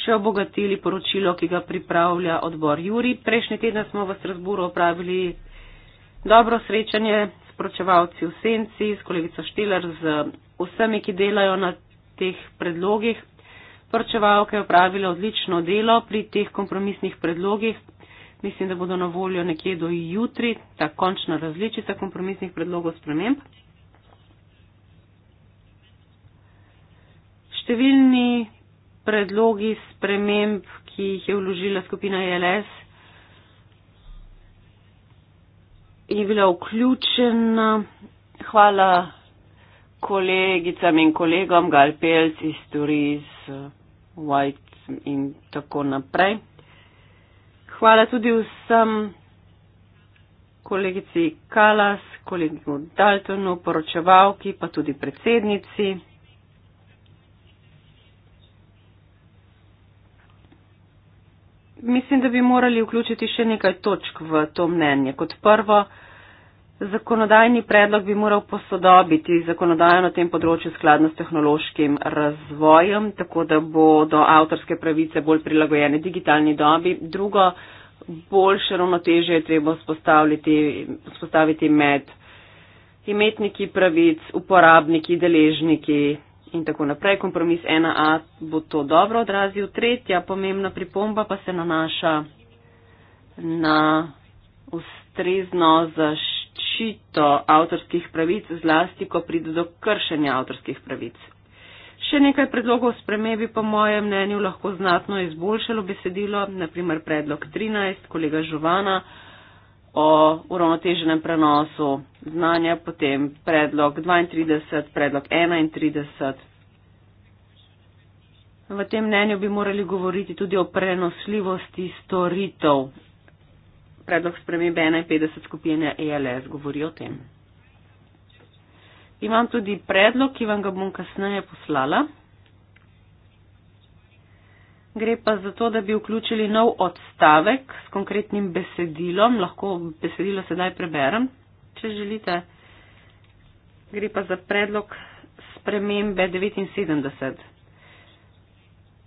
še obogatili poročilo, ki ga pripravlja odbor Juri. Prejšnji teden smo v Strasburu opravili dobro srečanje s pročevalci v Senci, s kolegico Štiler, z vsemi, ki delajo na teh predlogih. Pročevalka je opravila odlično delo pri teh kompromisnih predlogih. Mislim, da bodo na voljo nekje do jutri ta končna različica kompromisnih predlogov sprememb. Številni predlogi sprememb, ki jih je vložila skupina JLS, e je bila vključena. Hvala kolegicam in kolegom Galpels iz Turiz, eh, White in tako naprej. Hvala tudi vsem kolegici Kalas, kolegu Daltonu, poročevalki, pa tudi predsednici. mislim, da bi morali vključiti še nekaj točk v to mnenje. Kot prvo, zakonodajni predlog bi moral posodobiti zakonodajo na tem področju skladno s tehnološkim razvojem, tako da bo do avtorske pravice bolj prilagojene digitalni dobi. Drugo, boljše ravnoteže je treba spostaviti med imetniki pravic, uporabniki, deležniki in tako naprej. Kompromis 1a bo to dobro odrazil. Tretja pomembna pripomba pa se nanaša na ustrezno zaščito avtorskih pravic, zlasti, ko pride do kršenja avtorskih pravic. Še nekaj predlogov spremebi, po mojem mnenju, lahko znatno izboljšalo besedilo, naprimer predlog 13 kolega Žovana, o uravnoteženem prenosu znanja, potem predlog 32, predlog 31. V tem mnenju bi morali govoriti tudi o prenosljivosti storitev. Predlog spremembe 51 skupine ELS govori o tem. Imam tudi predlog, ki vam ga bom kasneje poslala gre pa za to, da bi vključili nov odstavek s konkretnim besedilom. Lahko besedilo sedaj preberem, če želite. Gre pa za predlog spremembe 79.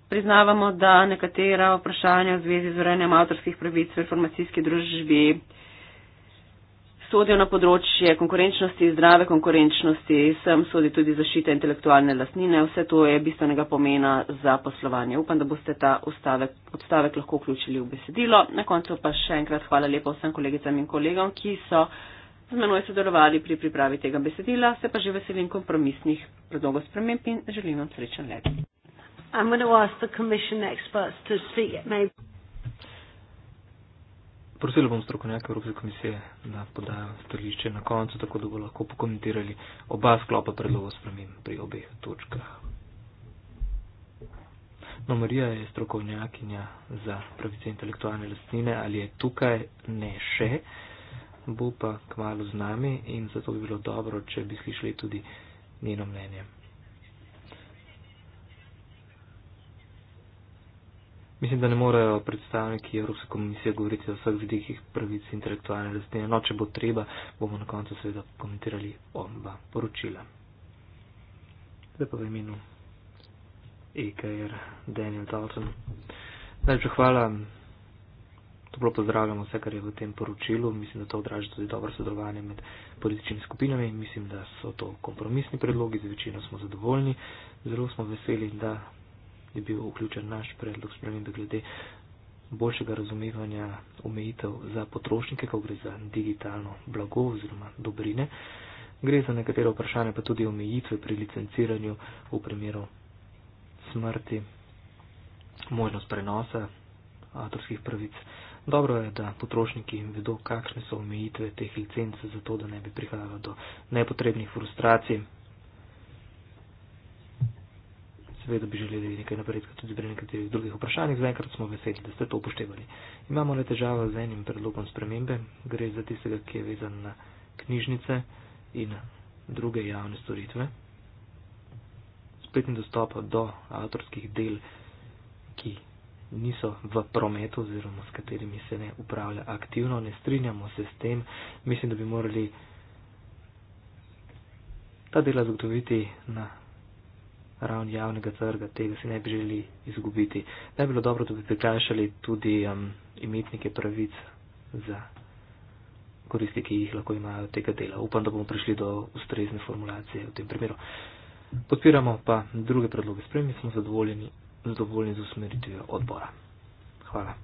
Priznavamo, da nekatera vprašanja v zvezi z urejanjem avtorskih pravic v informacijski družbi sodijo na področje konkurenčnosti, zdrave konkurenčnosti, sem sodi tudi zaščita intelektualne lasnine. Vse to je bistvenega pomena za poslovanje. Upam, da boste ta ustavek, odstavek lahko vključili v besedilo. Na koncu pa še enkrat hvala lepa vsem kolegicam in kolegom, ki so z menoj sodelovali pri pripravi tega besedila. Se pa že veselim kompromisnih predlogov sprememb in želim vam srečen let. I'm going to ask the commission experts to speak. Maybe. Prosili bom strokovnjake Evropske komisije, da podajo stališče na koncu, tako da bo lahko pokomentirali oba sklopa predlogov spremem pri obeh točkah. No, Marija je strokovnjakinja za pravice intelektualne lastnine, ali je tukaj ne še, bo pa kmalo z nami in zato bi bilo dobro, če bi slišali tudi njeno mnenje. Mislim, da ne morejo predstavniki Evropske komisije govoriti o vseh vidikih pravic intelektualne lastnine. No, če bo treba, bomo na koncu seveda komentirali oba poročila. Zdaj pa v imenu EKR Daniel Dalton. Najlepša hvala. Toplo pozdravljamo vse, kar je v tem poročilu. Mislim, da to odraža tudi dobro sodelovanje med političnimi skupinami. Mislim, da so to kompromisni predlogi, z večino smo zadovoljni. Zelo smo veseli, da je bil vključen naš predlog spremembe glede boljšega razumevanja omejitev za potrošnike, ko gre za digitalno blago oziroma dobrine. Gre za nekatere vprašanja, pa tudi omejitve pri licenciranju v primeru smrti, možnost prenosa avtorskih pravic. Dobro je, da potrošniki vedo, kakšne so omejitve teh licenc, zato da ne bi prihajalo do nepotrebnih frustracij. seveda bi želeli nekaj napredka tudi pri nekaterih drugih vprašanjih, zaenkrat smo veseli, da ste to upoštevali. Imamo le težavo z enim predlogom spremembe, gre za tistega, ki je vezan na knjižnice in druge javne storitve. Spletni dostop do avtorskih del, ki niso v prometu oziroma s katerimi se ne upravlja aktivno, ne strinjamo se s tem, mislim, da bi morali ta dela zagotoviti na ravni javnega trga, tega si ne bi želeli izgubiti. Ne bi bilo dobro, da bi priklašali tudi um, imetnike pravic za koristi, ki jih lahko imajo od tega dela. Upam, da bomo prišli do ustrezne formulacije v tem primeru. Podpiramo pa druge predloge spremi, smo zadovoljeni, zadovoljeni z usmeritvijo odbora. Hvala.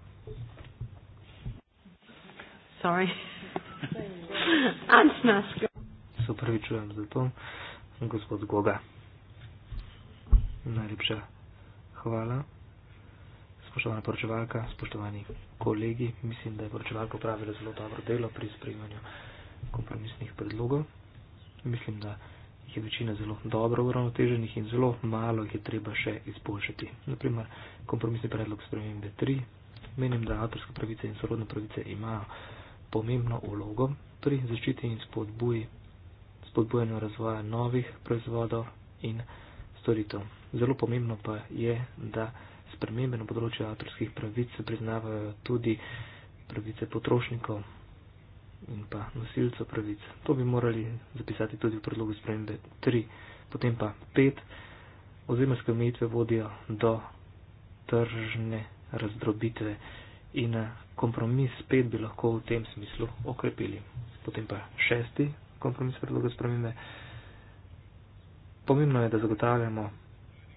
Se upravičujem za to, gospod Goga najlepša hvala. Spoštovana poročevalka, spoštovani kolegi, mislim, da je poročevalka upravila zelo dobro delo pri sprejemanju kompromisnih predlogov. Mislim, da jih je večina zelo dobro uravnoteženih in zelo malo jih je treba še izboljšati. Naprimer, kompromisni predlog spremembe 3. Menim, da avtorske pravice in sorodne pravice imajo pomembno ulogo pri zaščiti in spodbujanju razvoja novih proizvodov in storitev. Zelo pomembno pa je, da spremembe na področju avtorskih pravic priznavajo tudi pravice potrošnikov in pa nosilcev pravic. To bi morali zapisati tudi v predlogu spremembe 3, potem pa 5. Ozemljske omejitve vodijo do tržne razdrobitve in kompromis spet bi lahko v tem smislu okrepili. Potem pa šesti kompromis predloga spremembe. Pomembno je, da zagotavljamo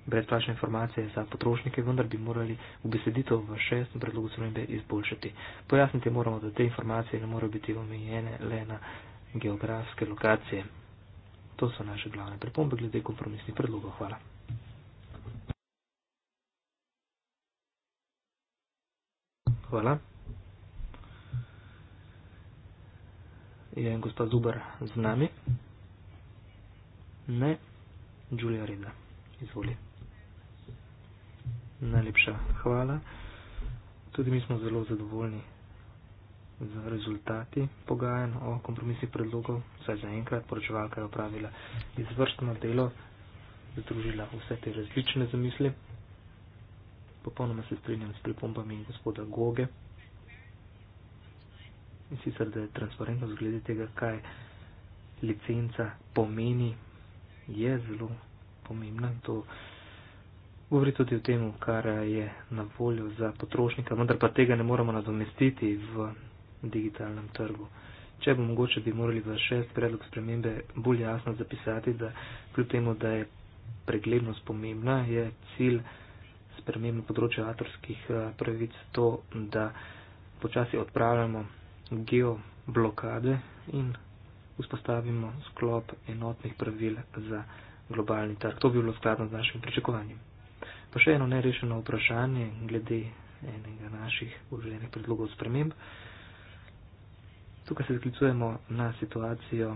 brezplačne informacije za potrošnike, vendar bi morali v besedito v šestem predlogu spremembe izboljšati. Pojasniti moramo, da te informacije ne morejo biti omejene le na geografske lokacije. To so naše glavne pripombe glede kompromisnih predlogov. Hvala. Hvala. Je gospod Zubar z nami? Ne. Julia Reda, izvolite. Najlepša hvala. Tudi mi smo zelo zadovoljni z rezultati pogajanj o kompromisnih predlogov. Saj zaenkrat poročevalka je opravila izvrstno delo, združila vse te različne zamisli. Popolnoma se strinjam s pripombami gospoda Goge. In sicer, da je transparentnost glede tega, kaj licenca pomeni, je zelo pomembna. To je Govori tudi o tem, kar je na voljo za potrošnika, vendar pa tega ne moremo nadomestiti v digitalnem trgu. Če bi mogoče, bi morali v šest predlog spremembe bolj jasno zapisati, da kljub temu, da je preglednost pomembna, je cilj spremembe področja avtorskih eh, pravic to, da počasi odpravljamo geoblokade in vzpostavimo sklop enotnih pravil za globalni trg. To bi bilo skladno z našim pričakovanjem pa še eno nerešeno vprašanje glede enega naših uloženih predlogov sprememb. Tukaj se zaključujemo na situacijo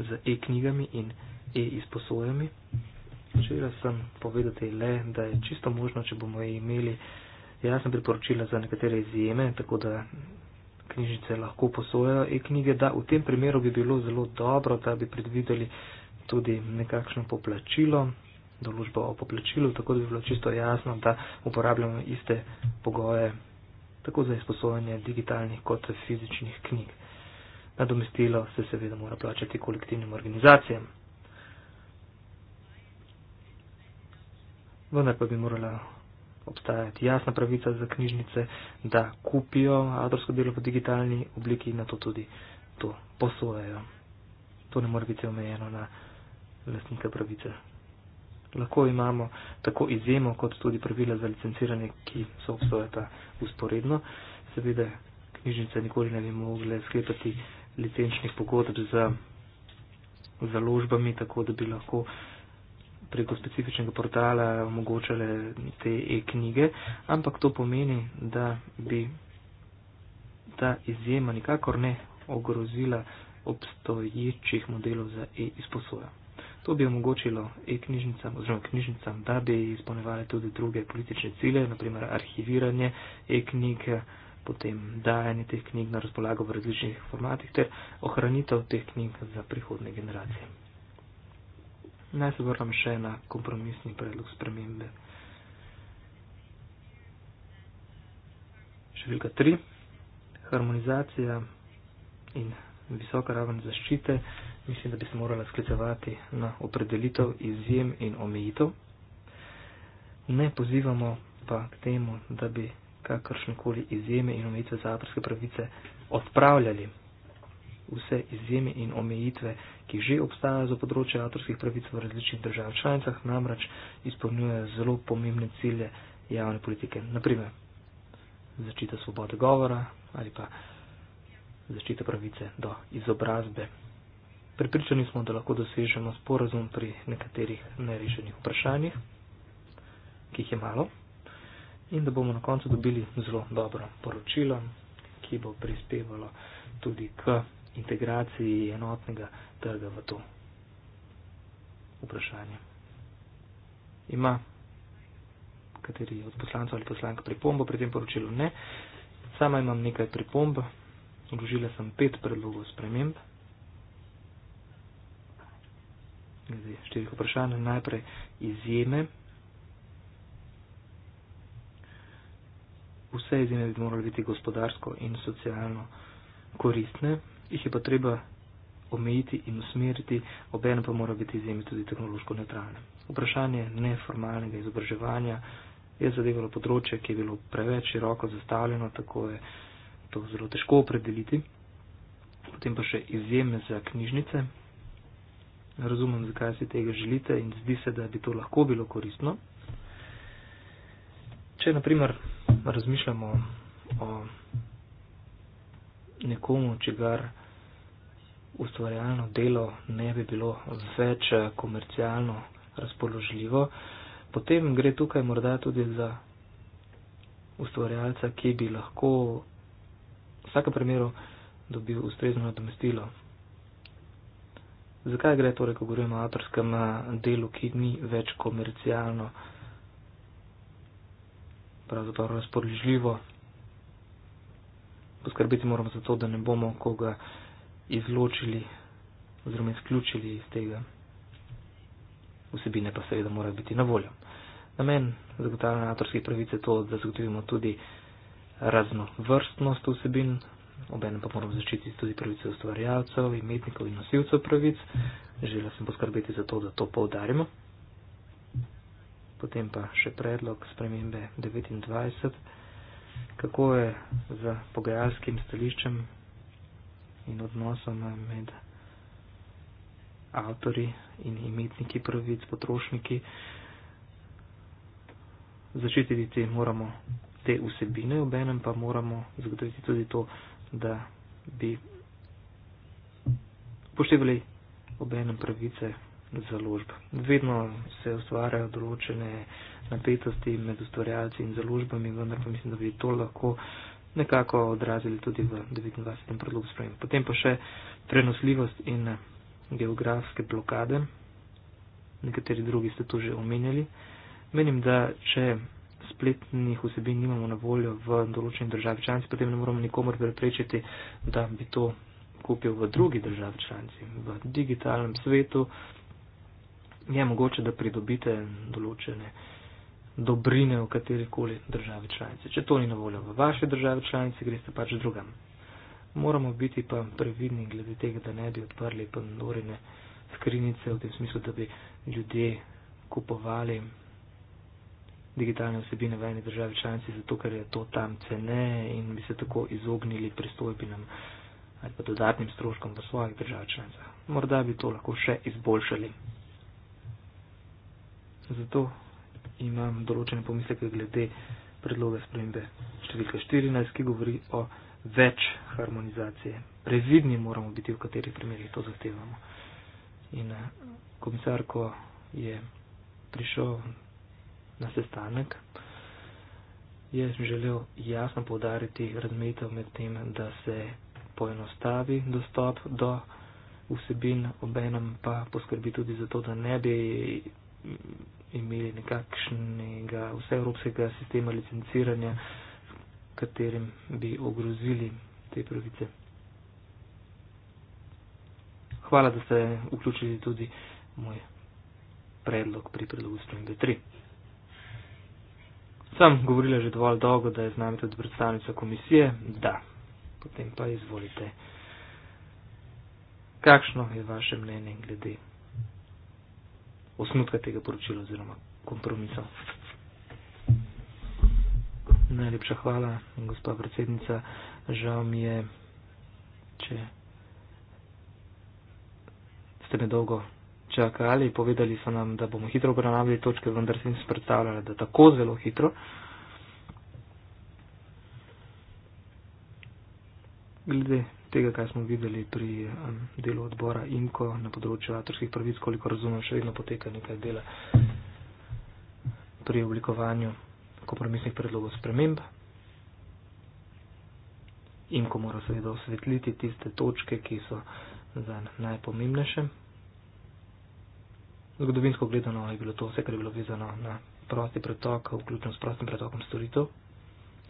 z e-knjigami in e-izposojami. Včeraj sem povedati le, da je čisto možno, če bomo imeli jasne priporočila za nekatere izjeme, tako da knjižnice lahko posojajo e-knjige, da v tem primeru bi bilo zelo dobro, da bi predvideli tudi nekakšno poplačilo določbo o poplačilu, tako da bi bilo čisto jasno, da uporabljamo iste pogoje tako za izposojanje digitalnih kot fizičnih knjig. Nadomestilo se seveda mora plačati kolektivnim organizacijam. Vendar pa bi morala obstajati jasna pravica za knjižnice, da kupijo avtorsko delo v digitalni obliki in na to tudi to posojajo. To ne more biti omejeno na lastnika pravice lahko imamo tako izjemo, kot tudi pravila za licenciranje, ki so obstojata usporedno. Seveda knjižnice nikoli ne bi mogle sklepati licenčnih pogodb z založbami, tako da bi lahko preko specifičnega portala omogočale te e-knjige, ampak to pomeni, da bi ta izjema nikakor ne ogrozila obstoječih modelov za e-izposojo. To bi omogočilo e-knjižnicam oziroma knjižnicam, da bi izpolnevali tudi druge politične cilje, naprimer arhiviranje e-knjig, potem dajanje teh knjig na razpolago v različnih formatih ter ohranitev teh knjig za prihodne generacije. Naj se vrnem še na kompromisni predlog spremembe. Številka 3. Harmonizacija in visoka raven zaščite mislim, da bi se morala sklicevati na opredelitev izjem in omejitev. Ne pozivamo pa k temu, da bi kakršnekoli izjeme in omejitve za avtorske pravice odpravljali. Vse izjeme in omejitve, ki že obstajajo za področje avtorskih pravic v različnih državah članicah, namreč izpolnjujejo zelo pomembne cilje javne politike. Naprimer, zaščita svobode govora ali pa zaščita pravice do izobrazbe Pripričani smo, da lahko dosežemo sporazum pri nekaterih nerešenih vprašanjih, ki jih je malo, in da bomo na koncu dobili zelo dobro poročilo, ki bo prispevalo tudi k integraciji enotnega trga v to vprašanje. Ima kateri od poslancov ali poslanka pripombo pri tem poročilu? Ne. Sama imam nekaj pripomb. Vložila sem pet predlogov spremembe. štirih vprašanj. Najprej izjeme. Vse izjeme bi morali biti gospodarsko in socialno koristne, jih je pa treba omejiti in usmeriti, obenem pa mora biti izjeme tudi tehnološko neutralne. Vprašanje neformalnega izobraževanja je zadevalo področje, ki je bilo preveč široko zastavljeno, tako je to zelo težko opredeliti. Potem pa še izjeme za knjižnice, razumem, zakaj si tega želite in zdi se, da bi to lahko bilo koristno. Če naprimer razmišljamo o nekomu, čigar ustvarjalno delo ne bi bilo več eh, komercialno razpoložljivo, potem gre tukaj morda tudi za ustvarjalca, ki bi lahko v vsakem primeru dobil ustrezno nadomestilo Zakaj gre torej, ko govorimo o avtorskem eh, delu, ki ni več komercialno, pravzaprav razpoložljivo? Poskrbeti moramo za to, da ne bomo koga izločili oziroma izključili iz tega. Vsebine pa seveda mora biti na voljo. Namen zagotavljanja avtorskih pravic je to, da zagotovimo tudi raznovrstnost vsebin obenem pa moramo zaščititi tudi pravice ustvarjalcev, imetnikov in nosilcev pravic. Želela sem poskrbeti za to, da to povdarimo. Potem pa še predlog spremembe 29, kako je z pogajalskim stališčem in odnosom med avtori in imetniki pravic, potrošniki. Zaščititi moramo te vsebine, obenem pa moramo zagotoviti tudi to, da bi upoštevali obenem pravice založb. Vedno se ustvarjajo določene napetosti med ustvarjalci in založbami, vendar pa mislim, da bi to lahko nekako odrazili tudi v 29. predlogu sprejem. Potem pa še prenosljivost in geografske blokade. Nekateri drugi ste to že omenjali. Menim, da če spletnih vsebin nimamo na voljo v določeni državi članici, potem ne moramo nikomor preprečiti, da bi to kupil v drugi državi članici. V digitalnem svetu je mogoče, da pridobite določene dobrine v katerikoli državi članici. Če to ni na voljo v vaši državi članici, greste pač drugam. Moramo biti pa previdni glede tega, da ne bi odprli pandorine skrinice v tem smislu, da bi ljudje kupovali digitalne vsebine v eni državi članici, zato ker je to tam cene in bi se tako izognili pristojbinam ali pa dodatnim stroškom v svojih držav članicah. Morda bi to lahko še izboljšali. Zato imam določene pomisleke glede predloga spremembe številka 14, ki govori o več harmonizacije. Previdni moramo biti, v katerih primerjih to zahtevamo. In eh, komisarko je prišel na sestanek, jaz bi želel jasno povdariti razmejitev med tem, da se poenostavi dostop do vsebin, obenem pa poskrbi tudi za to, da ne bi imeli nekakšnega vseevropskega sistema licenciranja, s katerim bi ogrozili te pravice. Hvala, da ste vključili tudi moj predlog pri predlogu spremembe 3. Sem govorila že dovolj dolgo, da je z nami tudi predstavnica komisije. Da, potem pa izvolite. Kakšno je vaše mnenje glede osnutka tega poročila oziroma kompromisa? Najlepša hvala, gospa predsednica. Žal mi je, če ste me dolgo čakali, povedali so nam, da bomo hitro obravnavali točke, vendar se jim predstavljala, da tako zelo hitro. Glede tega, kaj smo videli pri um, delu odbora IMKO na področju avtorskih pravic, koliko razumem, še vedno poteka nekaj dela pri oblikovanju kompromisnih predlogov sprememb. IMKO mora seveda osvetliti tiste točke, ki so za najpomembnejše zgodovinsko gledano je bilo to vse, kar je bilo vezano na prosti pretok, vključno s prostim pretokom storitev,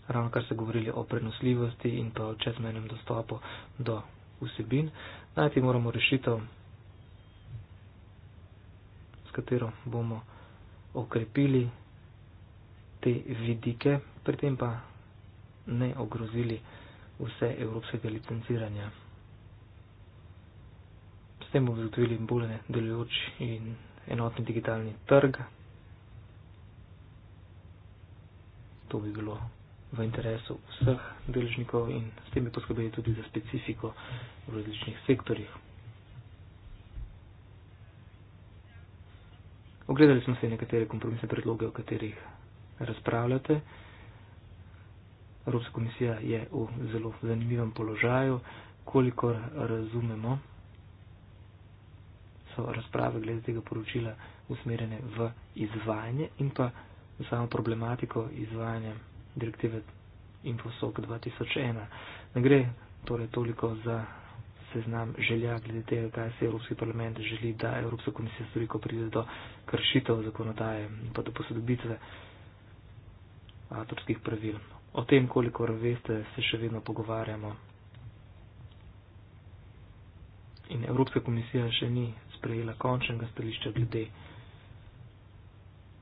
ravno kar ste govorili o prenosljivosti in pa o čezmenem dostopu do vsebin. Najti moramo rešitev, s katero bomo okrepili te vidike, pri tem pa ne ogrozili vse evropskega licenciranja. S tem bomo zagotovili bolj delujoč in enotni digitalni trg. To bi bilo v interesu vseh deležnikov in s tem bi poskrbeli tudi za specifiko v različnih sektorjih. Ogledali smo se nekatere kompromisne predloge, o katerih razpravljate. Evropska komisija je v zelo zanimivem položaju, kolikor razumemo so razprave glede tega poročila usmerjene v izvajanje in pa v samo problematiko izvajanja direktive InfoSoc 2001. Ne gre torej toliko za seznam želja glede tega, kaj se Evropski parlament želi, da Evropska komisija stori, ko pride do kršitev zakonodaje in pa do posodobitve avtorskih pravil. O tem, koliko veste, se še vedno pogovarjamo. In Evropska komisija še ni sprejela končnega stališča glede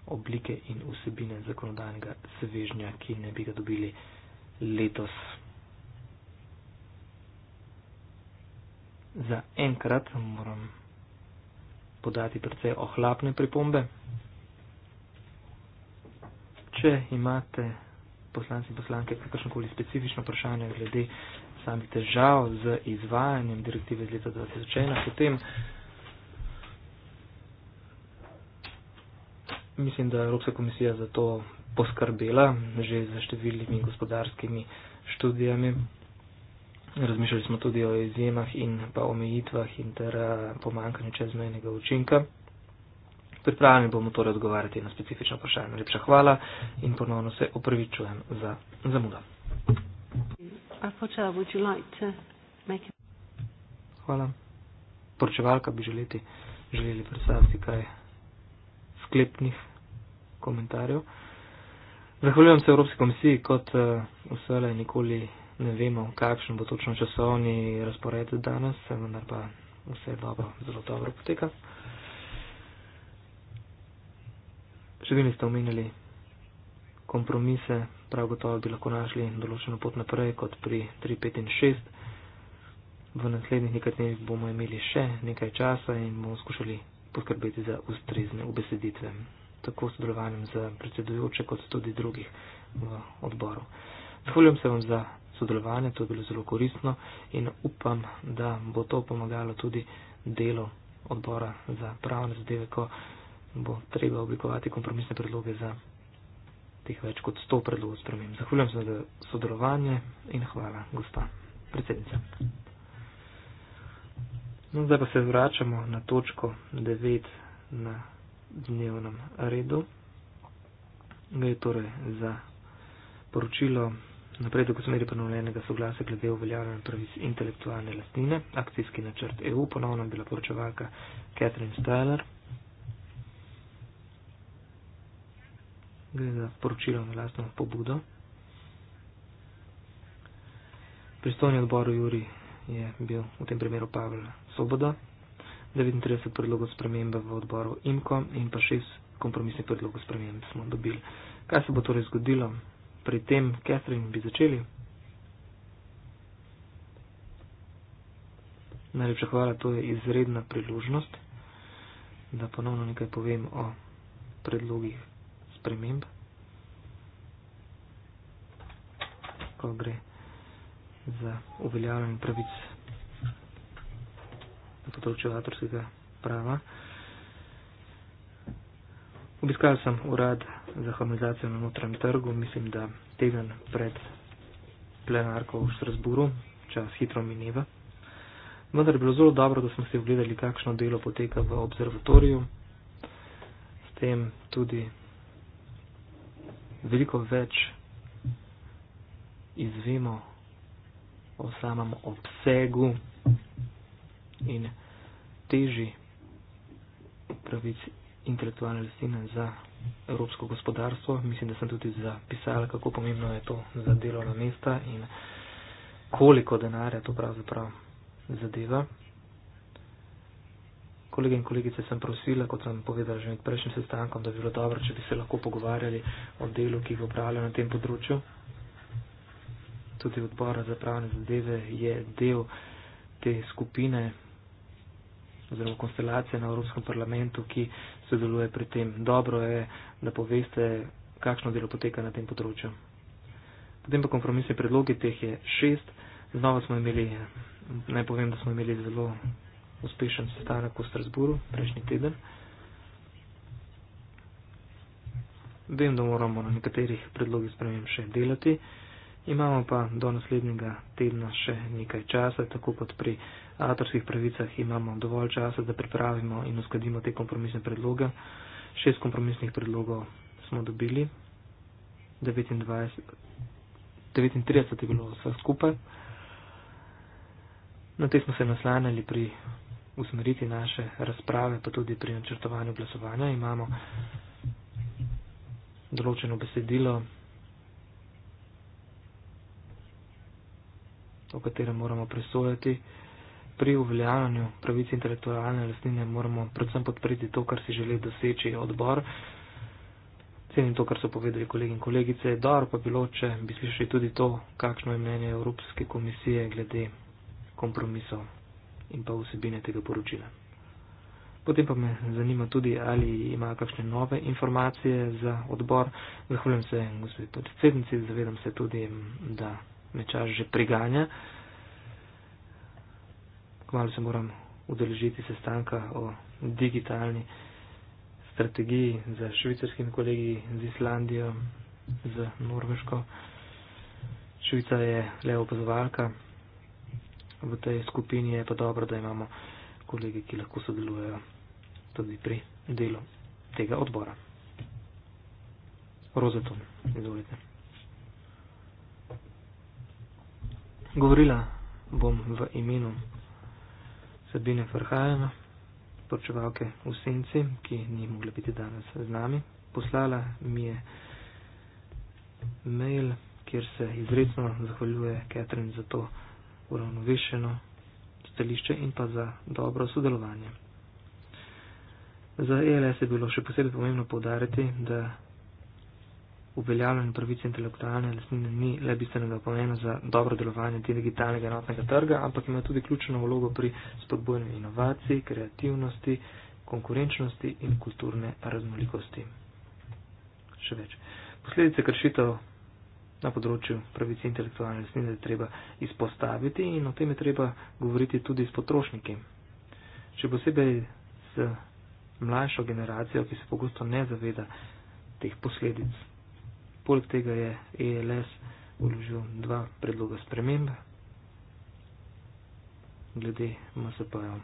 oblike in vsebine zakonodajnega svežnja, ki ne bi ga dobili letos. Za enkrat moram podati precej ohlapne pripombe. Če imate poslanci in poslanke kakršnokoli specifično vprašanje glede samih težav z izvajanjem direktive iz leta 2001, potem mislim, da je Evropska komisija za to poskrbela, že za številnimi gospodarskimi študijami. Razmišljali smo tudi o izjemah in pa omejitvah in ter eh, pomankanju čezmejnega učinka. Pripravljeni bomo torej odgovarjati na specifično vprašanje. Lepša hvala in ponovno se opravičujem za zamudo. Hvala. Porčevalka bi želeti, želeli predstaviti kaj sklepnih komentarjev. Zahvaljujem se Evropski komisiji, kot eh, vse le nikoli ne vemo, kakšen bo točno časovni razpored danes, vendar pa vse dobro, zelo dobro poteka. Še vi niste omenili kompromise, prav gotovo bi lahko našli določeno pot naprej kot pri 3.5.6. V naslednjih nekaj dnev bomo imeli še nekaj časa in bomo skušali poskrbeti za ustrezne obeseditve tako sodelovanjem z predsedujoče kot tudi drugih v odboru. Zahvaljujem se vam za sodelovanje, to je bilo zelo koristno in upam, da bo to pomagalo tudi delo odbora za pravne zadeve, ko bo treba oblikovati kompromisne predloge za teh več kot 100 predlogov spremem. Zahvaljujem se za sodelovanje in hvala, gospa predsednica. No, zdaj pa se vračamo na točko 9 na dnevnem redu. Gre torej za poročilo napredek v smeri ponovljenega soglasja glede uveljavljanja pravic intelektualne lastnine, akcijski načrt EU, ponovno bila poročevalka Catherine Steiler. Gre za poročilo na lastno pobudo. Pristojni odbor v Juri je bil v tem primeru Pavel Soboda. 39 predlogov spremembe v odboru IMKO in pa 6 kompromisnih predlogov spremembe smo dobili. Kaj se bo torej zgodilo pri tem, Catherine, bi začeli? Najlepša hvala, to je izredna priložnost, da ponovno nekaj povem o predlogih sprememb. Ko gre za uveljavljanje pravice področju avtorskega prava. Obiskal sem urad za harmonizacijo na notranjem trgu, mislim, da teden pred plenarko v Strasburu, čas hitro mineva. Vendar je bilo zelo dobro, da smo si ogledali, kakšno delo poteka v observatoriju, s tem tudi veliko več izvemo o samem obsegu in teži pravic intelektualne lastnine za evropsko gospodarstvo. Mislim, da sem tudi zapisala, kako pomembno je to za delovna mesta in koliko denarja to pravzaprav zadeva. Kolege in kolegice sem prosila, kot sem povedala že med prejšnjim sestankom, da bi bilo dobro, če bi se lahko pogovarjali o delu, ki ga upravlja na tem področju. Tudi odbora za pravne zadeve je del te skupine oziroma konstelacija na Evropskem parlamentu, ki sodeluje pri tem. Dobro je, da poveste, kakšno delo poteka na tem področju. Potem pa kompromisne predloge, teh je šest. Znova smo imeli, naj povem, da smo imeli zelo uspešen sestanek v Strasburu prejšnji teden. Vem, da moramo na nekaterih predlogih spremem še delati. Imamo pa do naslednjega tedna še nekaj časa, tako kot pri avtorskih pravicah imamo dovolj časa, da pripravimo in uskladimo te kompromisne predloge. Šest kompromisnih predlogov smo dobili, 29, 39 je bilo vse skupaj. Na te smo se naslanjali pri usmeriti naše razprave, pa tudi pri načrtovanju glasovanja. Imamo določeno besedilo, o katerem moramo presojati. Pri uveljavljanju pravic intelektualne lastnine moramo predvsem podpreti to, kar si želi doseči odbor. Cenim to, kar so povedali kolegi in kolegice. Dobro pa bilo, če bi slišali tudi to, kakšno je mnenje Evropske komisije glede kompromisov in pa vsebine tega poročila. Potem pa me zanima tudi, ali ima kakšne nove informacije za odbor. Zahvaljujem se gospodinu predsednici, zavedam se tudi, da me čas že priganja. Kmalo se moram udeležiti sestanka o digitalni strategiji za švicarskim kolegi z Islandijo, z Norveško. Švica je le opazovalka v tej skupini, je pa dobro, da imamo kolegi, ki lahko sodelujejo tudi pri delu tega odbora. Rozetom, izvolite. Govorila bom v imenu Sabine Farhajeva, počevalke v Senci, ki ni mogla biti danes z nami. Poslala mi je mail, kjer se izredno zahvaljuje Katrin za to uravnovešeno stališče in pa za dobro sodelovanje. Za ELS je bilo še posebej pomembno povdariti, da uveljavljanje pravice intelektualne lastnine ni le bistvenega pomena za dobro delovanje te digitalnega enotnega trga, ampak ima tudi ključno vlogo pri spodbojanju inovacij, kreativnosti, konkurenčnosti in kulturne raznolikosti. Še več. Posledice kršitev na področju pravice intelektualne lastnine je treba izpostaviti in o tem je treba govoriti tudi s potrošniki. Še posebej z mlajšo generacijo, ki se pogosto ne zaveda teh posledic. Poleg tega je ELS uložil dva predloga sprememb glede MSP-ja.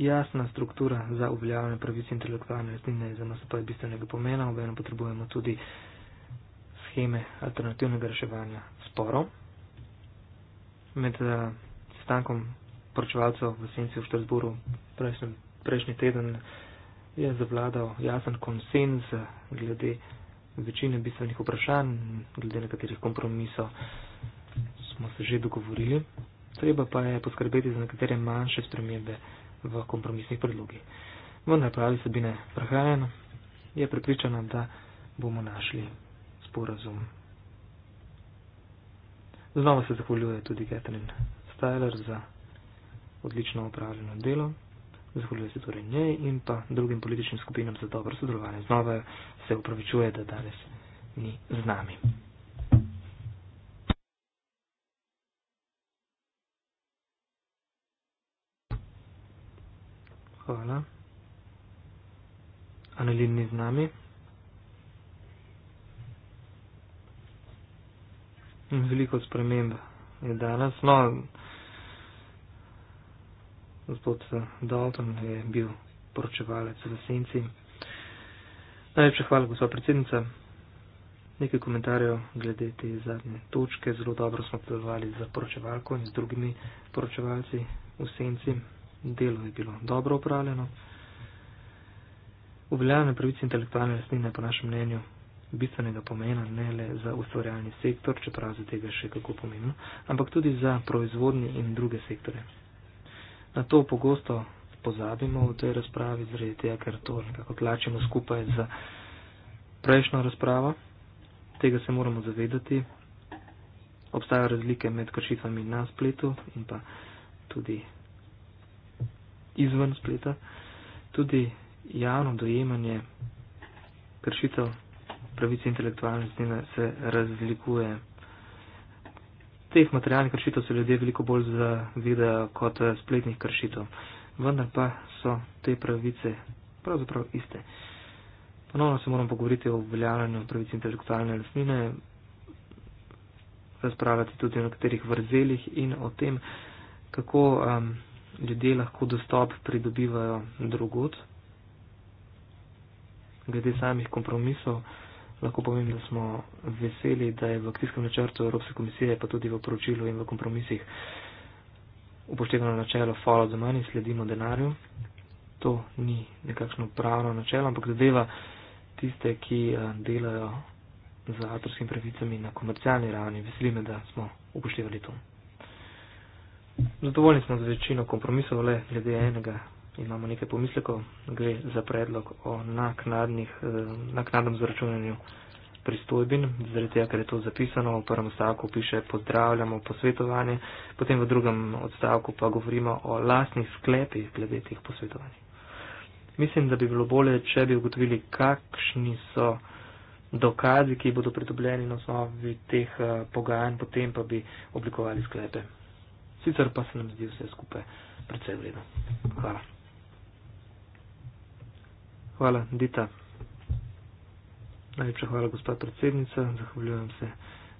Jasna struktura za uveljavljanje pravic intelektualne lastnine za nas pa je bistvenega pomena. Obenem potrebujemo tudi scheme alternativnega reševanja sporov. Med eh, sestankom poročevalcev v Senci v Štrasburu prejšnji teden je zavladal jasen konsens glede večine bistvenih vprašanj, glede na katerih kompromiso smo se že dogovorili. Treba pa je poskrbeti za nekatere manjše spremembe v kompromisnih predlogih. Vendar pravi Sabine Prahajan je prepričana, da bomo našli sporazum. Znova se zahvaljuje tudi Catherine Styler za odlično opravljeno delo. Zahvaljuje se torej njej in pa drugim političnim skupinam za dobro sodelovanje. Znova se upravičuje, da danes ni z nami. Hvala. Anelin ni z nami. Veliko sprememb je danes. No, gospod Dalton je bil poročevalec v senci. Najlepša hvala, gospod predsednica. Nekaj komentarjev glede te zadnje točke. Zelo dobro smo sodelovali z poročevalko in z drugimi poročevalci v senci. Delo je bilo dobro upravljeno. Uveljavljanje pravice intelektualne lastnine je po našem mnenju bistvenega pomena ne le za ustvarjalni sektor, čeprav za tega še kako pomembno, ampak tudi za proizvodni in druge sektore na to pogosto pozabimo v tej razpravi, zaradi tega, ker to nekako tlačimo skupaj z prejšnjo razpravo. Tega se moramo zavedati. Obstajajo razlike med kršitvami na spletu in pa tudi izven spleta. Tudi javno dojemanje kršitev pravice intelektualne lastnine se razlikuje teh materialnih kršitev se ljudje veliko bolj zavedajo kot eh, spletnih kršitev. Vendar pa so te pravice pravzaprav iste. Ponovno se moramo pogovoriti o uveljavljanju pravic intelektualne lastnine, razpravljati tudi o nekaterih vrzelih in o tem, kako um, ljudje lahko dostop pridobivajo drugot, glede samih kompromisov lahko povem, da smo veseli, da je v akcijskem načrtu Evropske komisije, pa tudi v poročilu in v kompromisih upoštevano načelo follow the money, sledimo denarju. To ni nekakšno pravno načelo, ampak zadeva tiste, ki eh, delajo z avtorskimi pravicami na komercialni ravni. Veseli me, da smo upoštevali to. Zadovoljni smo z večino kompromisov, le glede enega imamo nekaj pomisleko, gre za predlog o naknadnih, eh, naknadnem zračunanju pristojbin, zaradi tega, ker je to zapisano, v prvem stavku piše pozdravljamo posvetovanje, potem v drugem odstavku pa govorimo o lastnih sklepih glede teh posvetovanj. Mislim, da bi bilo bolje, če bi ugotovili, kakšni so dokazi, ki bodo pridobljeni na osnovi teh eh, pogajanj, potem pa bi oblikovali sklepe. Sicer pa se nam zdi vse skupaj precej vredno. Hvala. Hvala, Dita. Najlepša hvala, gospod predsednica. Zahvaljujem se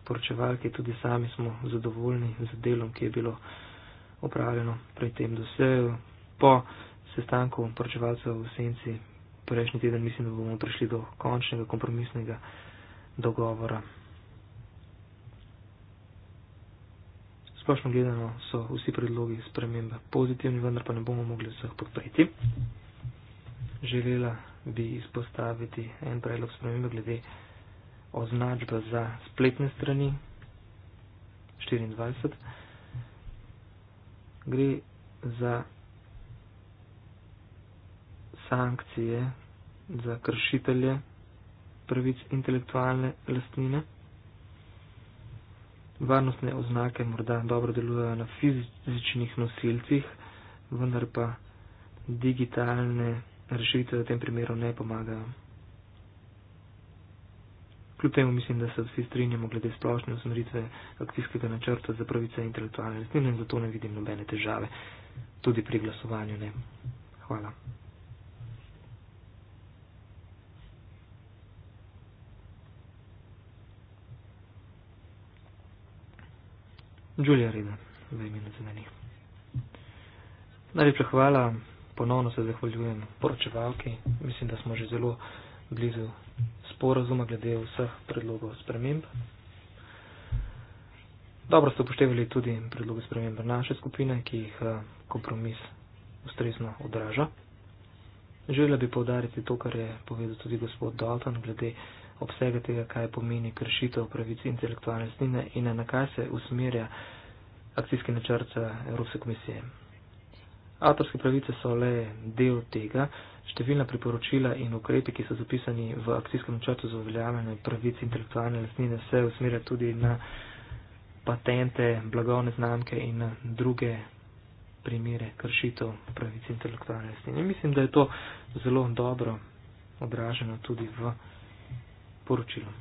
poročevalki. Tudi sami smo zadovoljni z delom, ki je bilo opravljeno pred tem dosejo. Po sestanku poročevalcev v Senci prejšnji teden mislim, da bomo prišli do končnega kompromisnega dogovora. Splošno gledano so vsi predlogi spremembe pozitivni, vendar pa ne bomo mogli vseh podpreti. Želela bi izpostaviti en predlog spremembe glede označbe za spletne strani 24. Gre za sankcije za kršitelje pravic intelektualne lastnine. Varnostne oznake morda dobro delujejo na fizičnih nosilcih, vendar pa digitalne rešitve v tem primeru ne pomagajo. Kljub temu mislim, da se vsi strinjamo glede splošne usmeritve akcijskega načrta za pravice intelektualne lastnine in zato ne vidim nobene težave. Tudi pri glasovanju ne. Hvala. Julija Rina, za imena zamenih. Najlepša hvala ponovno se zahvaljujem poročevalki. Mislim, da smo že zelo blizu sporazuma glede vseh predlogov sprememb. Dobro ste upoštevali tudi predloge sprememb naše skupine, ki jih eh, kompromis ustrezno odraža. Želela bi povdariti to, kar je povedal tudi gospod Dalton, glede obsega tega, kaj pomeni kršitev pravic intelektualne snine in na kaj se usmerja akcijski načrt eh, Evropske komisije. Avtorske pravice so le del tega. Številna priporočila in ukrepe, ki so zapisani v akcijskem načrtu za uveljavljanje pravic intelektualne lastnine, se usmerja tudi na patente, blagovne znamke in druge primere kršitev pravic intelektualne lastnine. Mislim, da je to zelo dobro odraženo tudi v poročilu.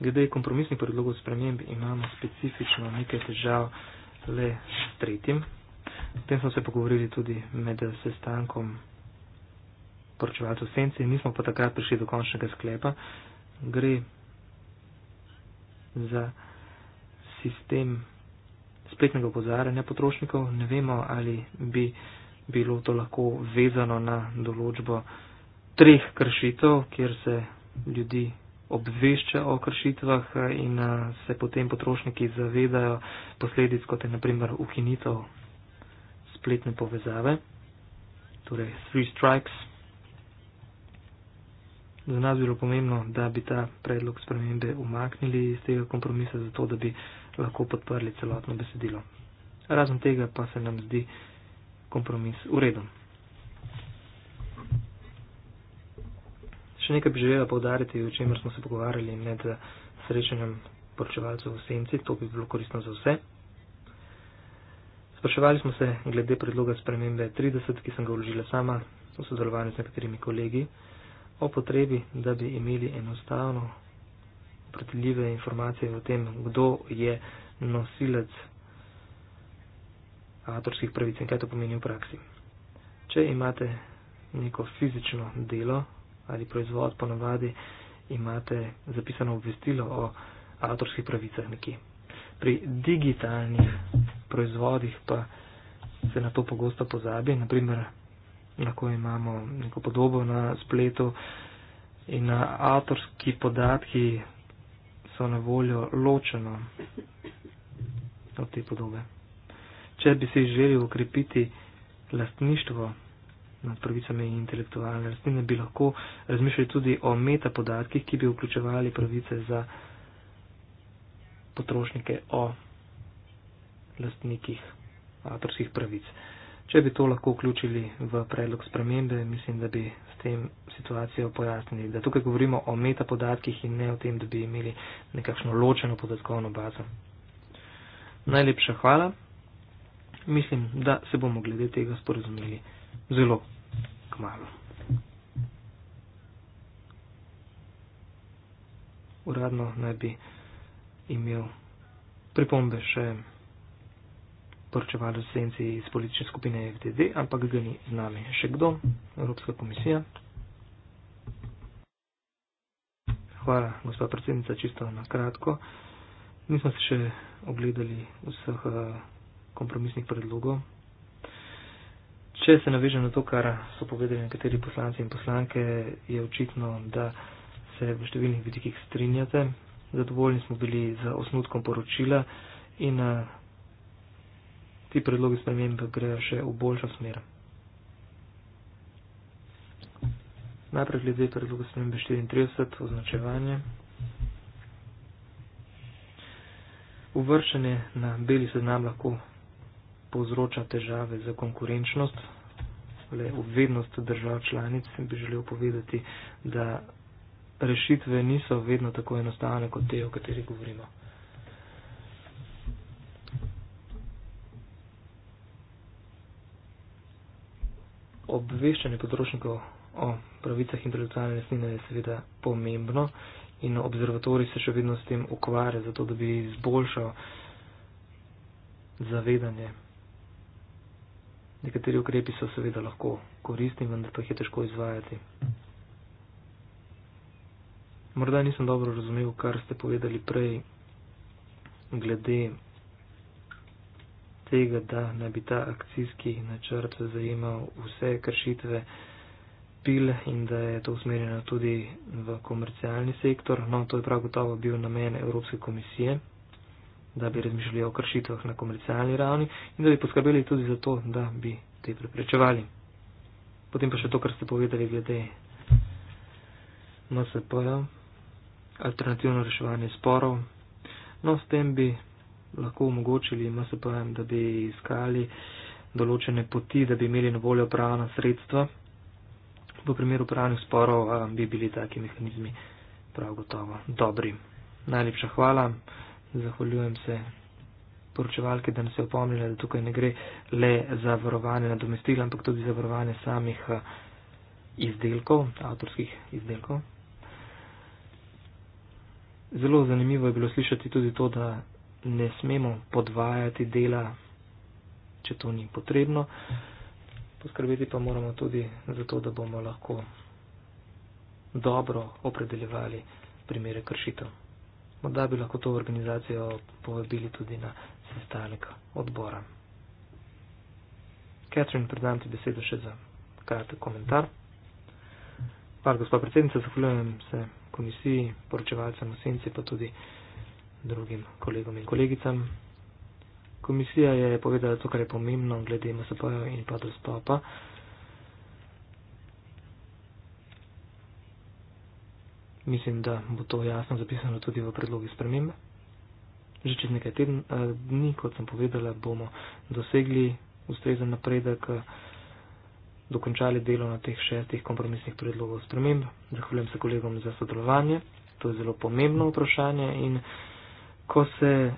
Glede kompromisnih predlogov sprememb imamo specifično nekaj težav le s tretjim O tem smo se pogovorili tudi med sestankom poročevalcev Sence in nismo pa takrat prišli do končnega sklepa. Gre za sistem spletnega opozarjanja potrošnikov. Ne vemo, ali bi bilo to lahko vezano na določbo treh kršitev, kjer se ljudi obvešča o kršitvah in eh, se potem potrošniki zavedajo posledic, kot je naprimer ukinitev spletne povezave, torej Three Strikes. Za nas bi bilo pomembno, da bi ta predlog spremembe umaknili iz tega kompromisa, zato da bi lahko podprli celotno besedilo. Razen tega pa se nam zdi kompromis ureden. Še nekaj bi želela povdariti, o čemer smo se pogovarjali med srečanjem poročevalcev v senci, to bi bilo koristno za vse. Spraševali smo se glede predloga spremembe 30, ki sem ga vložila sama v sodelovanju z nekaterimi kolegi, o potrebi, da bi imeli enostavno opredeljive informacije o tem, kdo je nosilec avtorskih pravic in kaj to pomeni v praksi. Če imate neko fizično delo ali proizvod, ponavadi imate zapisano obvestilo o avtorskih pravicah nekje. Pri digitalnih proizvodih pa se na to pogosto pozabi. Naprimer, lahko imamo neko podobo na spletu in na avtorski podatki so na voljo ločeno od te podobe. Če bi si želel ukrepiti lastništvo nad pravicami intelektualne lastnine, bi lahko razmišljali tudi o metapodatkih, ki bi vključevali pravice za potrošnike o lastnikih avtorskih pravic. Če bi to lahko vključili v predlog spremembe, mislim, da bi s tem situacijo pojasnili, da tukaj govorimo o metapodatkih in ne o tem, da bi imeli nekakšno ločeno podatkovno bazo. Najlepša hvala. Mislim, da se bomo glede tega sporozumeli zelo kmalo. Uradno naj bi imel pripombe še poročevalo senci iz politične skupine FDD, ampak ga ni z nami. Še kdo? Evropska komisija. Hvala, gospod predsednica, čisto na kratko. Nismo se še ogledali vseh eh, kompromisnih predlogov. Če se navežem na to, kar so povedali nekateri poslanci in poslanke, je očitno, da se v številnih vidikih strinjate. Zadovoljni smo bili z osnutkom poročila in eh, ti predlogi sprememb grejo še v boljšo smer. Najprej glede predloga spremembe 34, označevanje. Uvršenje na beli seznam lahko povzroča težave za konkurenčnost. Le obveznost držav članic bi želel povedati, da rešitve niso vedno tako enostavne kot te, o kateri govorimo. obveščanje potrošnikov o pravicah intelektualne lastnine je seveda pomembno in observatori se še vedno s tem ukvarja, zato da bi izboljšal zavedanje. Nekateri ukrepi so seveda lahko koristni, vendar pa jih je težko izvajati. Morda nisem dobro razumel, kar ste povedali prej glede tega, da ne bi ta akcijski načrt zajemal vse kršitve pil in da je to usmerjeno tudi v komercialni sektor. No, to je prav gotovo bil namen Evropske komisije, da bi razmišljali o kršitvah na komercialni ravni in da bi poskrbeli tudi za to, da bi te preprečevali. Potem pa še to, kar ste povedali glede MSP-ja, alternativno reševanje sporov. No, s tem bi lahko omogočili MSP-jem, da bi iskali določene poti, da bi imeli na voljo pravna sredstva. V primeru pravnih sporov eh, bi bili taki mehanizmi prav gotovo dobri. Najlepša hvala, zahvaljujem se poročevalke, da nas je opomnila, da tukaj ne gre le za varovanje nadomestila, ampak tudi za varovanje samih eh, izdelkov, avtorskih izdelkov. Zelo zanimivo je bilo slišati tudi to, da ne smemo podvajati dela, če to ni potrebno. Poskrbeti pa moramo tudi za to, da bomo lahko dobro opredeljevali primere kršitev. Morda bi lahko to organizacijo povabili tudi na sestanek odbora. Katrin, predam ti besedo še za kratek komentar. Hvala, gospod predsednica, zahvaljujem se komisiji, poročevalcem v senci, pa tudi drugim kolegom in kolegicam. Komisija je povedala to, kar je pomembno glede MSP-jev in pa dostopa. Mislim, da bo to jasno zapisano tudi v predlogi spremembe. Že čez nekaj teden, eh, dni, kot sem povedala, bomo dosegli ustrezen napredek, eh, dokončali delo na teh šestih kompromisnih predlogov sprememb. Zahvaljujem se kolegom za sodelovanje. To je zelo pomembno vprašanje in ko se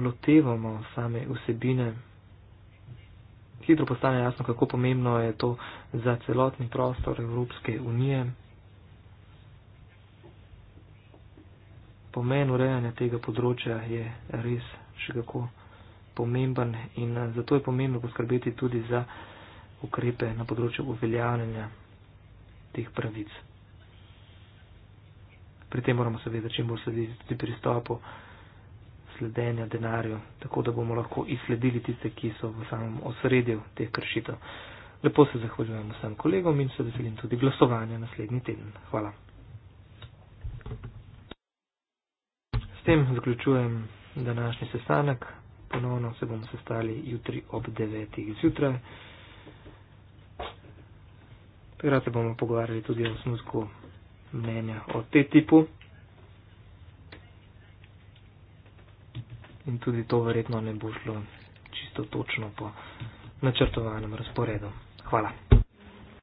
lotevamo same vsebine, hitro postane jasno, kako pomembno je to za celotni prostor Evropske unije. Pomen urejanja tega področja je res še kako pomemben in eh, zato je pomembno poskrbeti tudi za ukrepe na področju uveljavljanja teh pravic. Pri tem moramo seveda čim bolj slediti tudi pristopu sledenja denarju, tako da bomo lahko izsledili tiste, ki so v samem osredju teh kršitev. Lepo se zahvaljujem vsem kolegom in se veselim tudi glasovanja naslednji teden. Hvala. S tem zaključujem današnji sestanek. Ponovno se bomo sestali jutri ob 9. zjutraj. Takrat se bomo pogovarjali tudi o smusku mnenja o T-tipu. in tudi to verjetno ne bo šlo čisto točno po načrtovanem razporedu. Hvala.